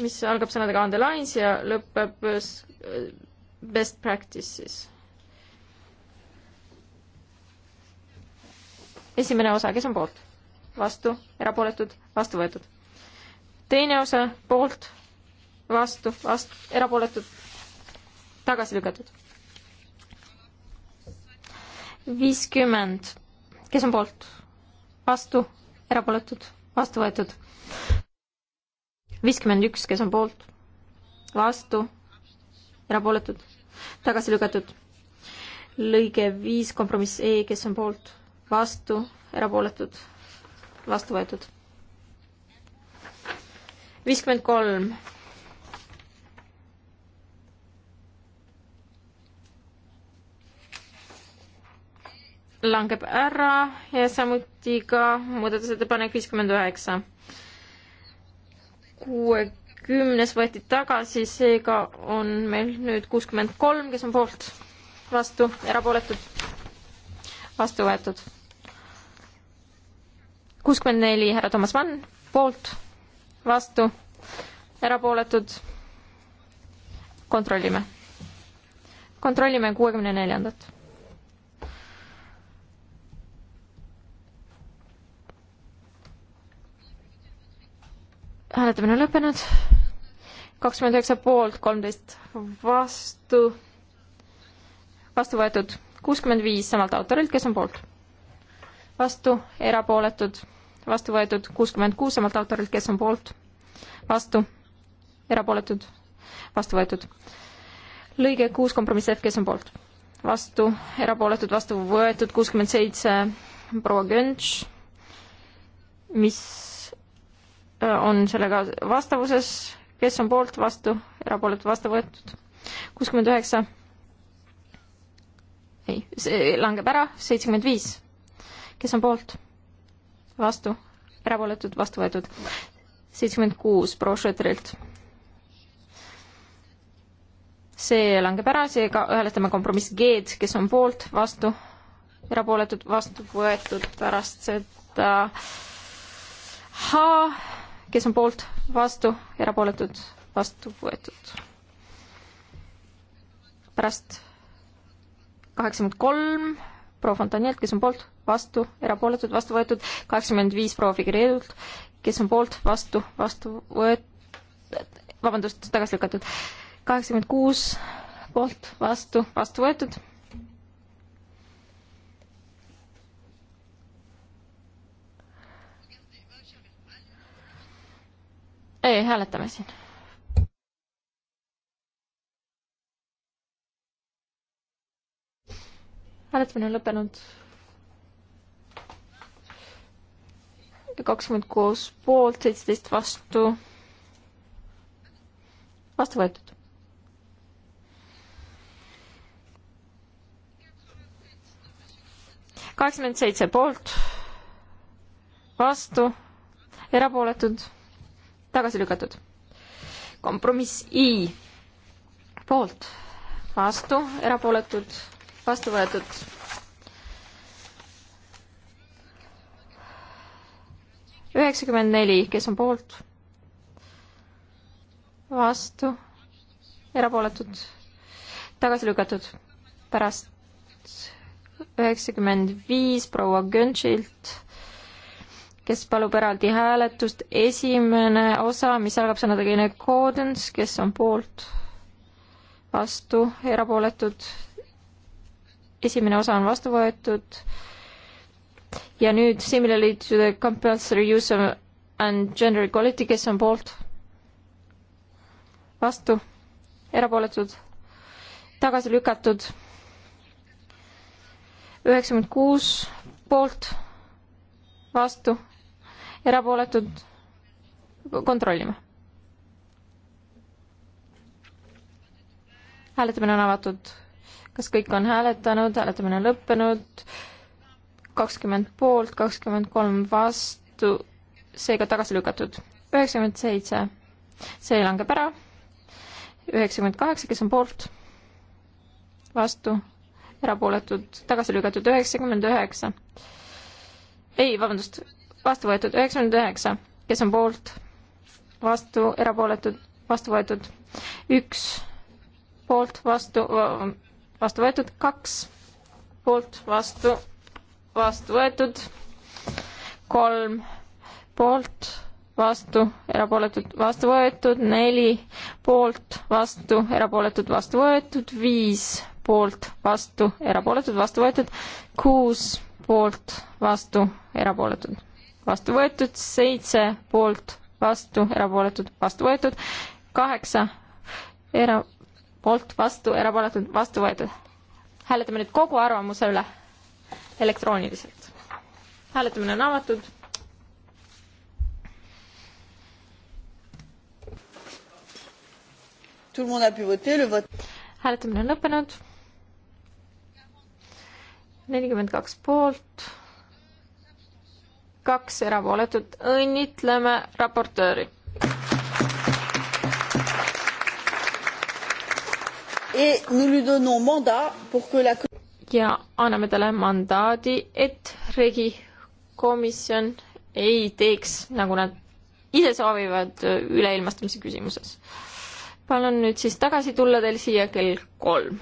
mis algab sõnadega on the lines ja lõpeb äh, best practices. esimene osa, kes on poolt? vastu, erapooletud, vastu võetud. teine osa, poolt, vastu, vastu, erapooletud, tagasi lükatud. viiskümmend, kes on poolt? vastu, erapooletud, vastu võetud viiskümmend üks, kes on poolt, vastu, erapooletud, tagasi lükatud. lõige viis, kompromiss E, kes on poolt, vastu, erapooletud, vastu võetud. viiskümmend kolm. langeb ära ja samuti ka muudatusettepanek viiskümmend üheksa kuuekümnes võeti tagasi, seega on meil nüüd kuuskümmend kolm, kes on poolt, vastu, erapooletud, vastu võetud. kuuskümmend neli, härra Toomas Mann, poolt, vastu, erapooletud, kontrollime. kontrollime kuuekümne neljandat hääletamine on lõppenud. kakskümmend üheksa poolt, kolmteist vastu, vastu võetud kuuskümmend viis samalt autorilt, kes on poolt. vastu, erapooletud, vastu võetud kuuskümmend kuus samalt autorilt, kes on poolt. vastu, erapooletud, vastu võetud. lõige kuus kompromiss F, kes on poolt. vastu, erapooletud, vastu võetud kuuskümmend seitse proua Gönš, mis on sellega vastavuses, kes on poolt, vastu, erapooletu, vastu võetud. kuuskümmend üheksa. ei, see langeb ära, seitsekümmend viis. kes on poolt? vastu, erapooletud, vastu võetud. seitsekümmend kuus proua Schröterilt. see langeb ära, seega hääletame kompromiss G-d, kes on poolt, vastu, erapooletud, vastu võetud, pärast seda H kes on poolt, vastu, erapooletud, vastu võetud. pärast kaheksakümmend kolm proua Fontanielt, kes on poolt, vastu, erapooletud, vastu võetud, kaheksakümmend viis proua Figueredult, kes on poolt, vastu, vastu võet-, vabandust, tagasi lükatud, kaheksakümmend kuus poolt, vastu, vastu võetud ei, hääletame siin. hääletamine on lõppenud. kakskümmend kuus poolt, seitseteist vastu. vastu võetud. kaheksakümmend seitse poolt, vastu, erapooletud tagasi lükatud. kompromiss I poolt, vastu, erapooletud, vastu võetud. üheksakümmend neli, kes on poolt? vastu, erapooletud, tagasi lükatud. pärast üheksakümmend viis proua Gönschilt kes palub eraldi hääletust, esimene osa, mis algab sõnadega inecoordance, kes on poolt, vastu, erapooletud, esimene osa on vastu võetud ja nüüd similarly to the compulsory use of and gender equality, kes on poolt, vastu, erapooletud, tagasi lükatud, üheksakümmend kuus poolt, vastu, erapooletud, kontrollime. hääletamine on avatud. kas kõik on hääletanud, hääletamine on lõppenud, kakskümmend poolt, kakskümmend kolm vastu, seega tagasi lükatud. üheksakümmend seitse, see langeb ära. üheksakümmend kaheksa, kes on poolt, vastu, erapooletud, tagasi lükatud, üheksakümmend üheksa. ei, vabandust, vastu võetud üheksakümmend üheksa, kes on poolt, vastu, erapooletud, vastu võetud üks, poolt, vastu, vastu võetud kaks, poolt, vastu, vastu võetud kolm, poolt, vastu, erapooletud, vastu võetud, neli poolt, vastu, erapooletud, vastu võetud, viis poolt, vastu, erapooletud, vastu võetud, kuus poolt, vastu, erapooletud vastu võetud, seitse poolt, vastu, erapooletud, vastu võetud, kaheksa era-, poolt, vastu, erapooletud, vastu võetud. hääletame nüüd kogu arvamuse üle elektrooniliselt. hääletamine on avatud Tout le monde a pu voter, le vote. hääletamine on lõppenud. nelikümmend kaks poolt, kaks erapooletut, õnnitleme raportööri. ja anname talle mandaadi, et regikomisjon ei teeks, nagu nad ise soovivad üleilmastumise küsimuses. palun nüüd siis tagasi tulla teil siia kell kolm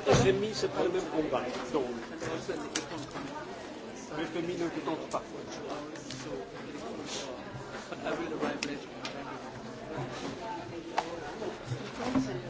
FMI, c'est pas le même combat. Donc, le FMI ne vous tente pas. I will arrive later.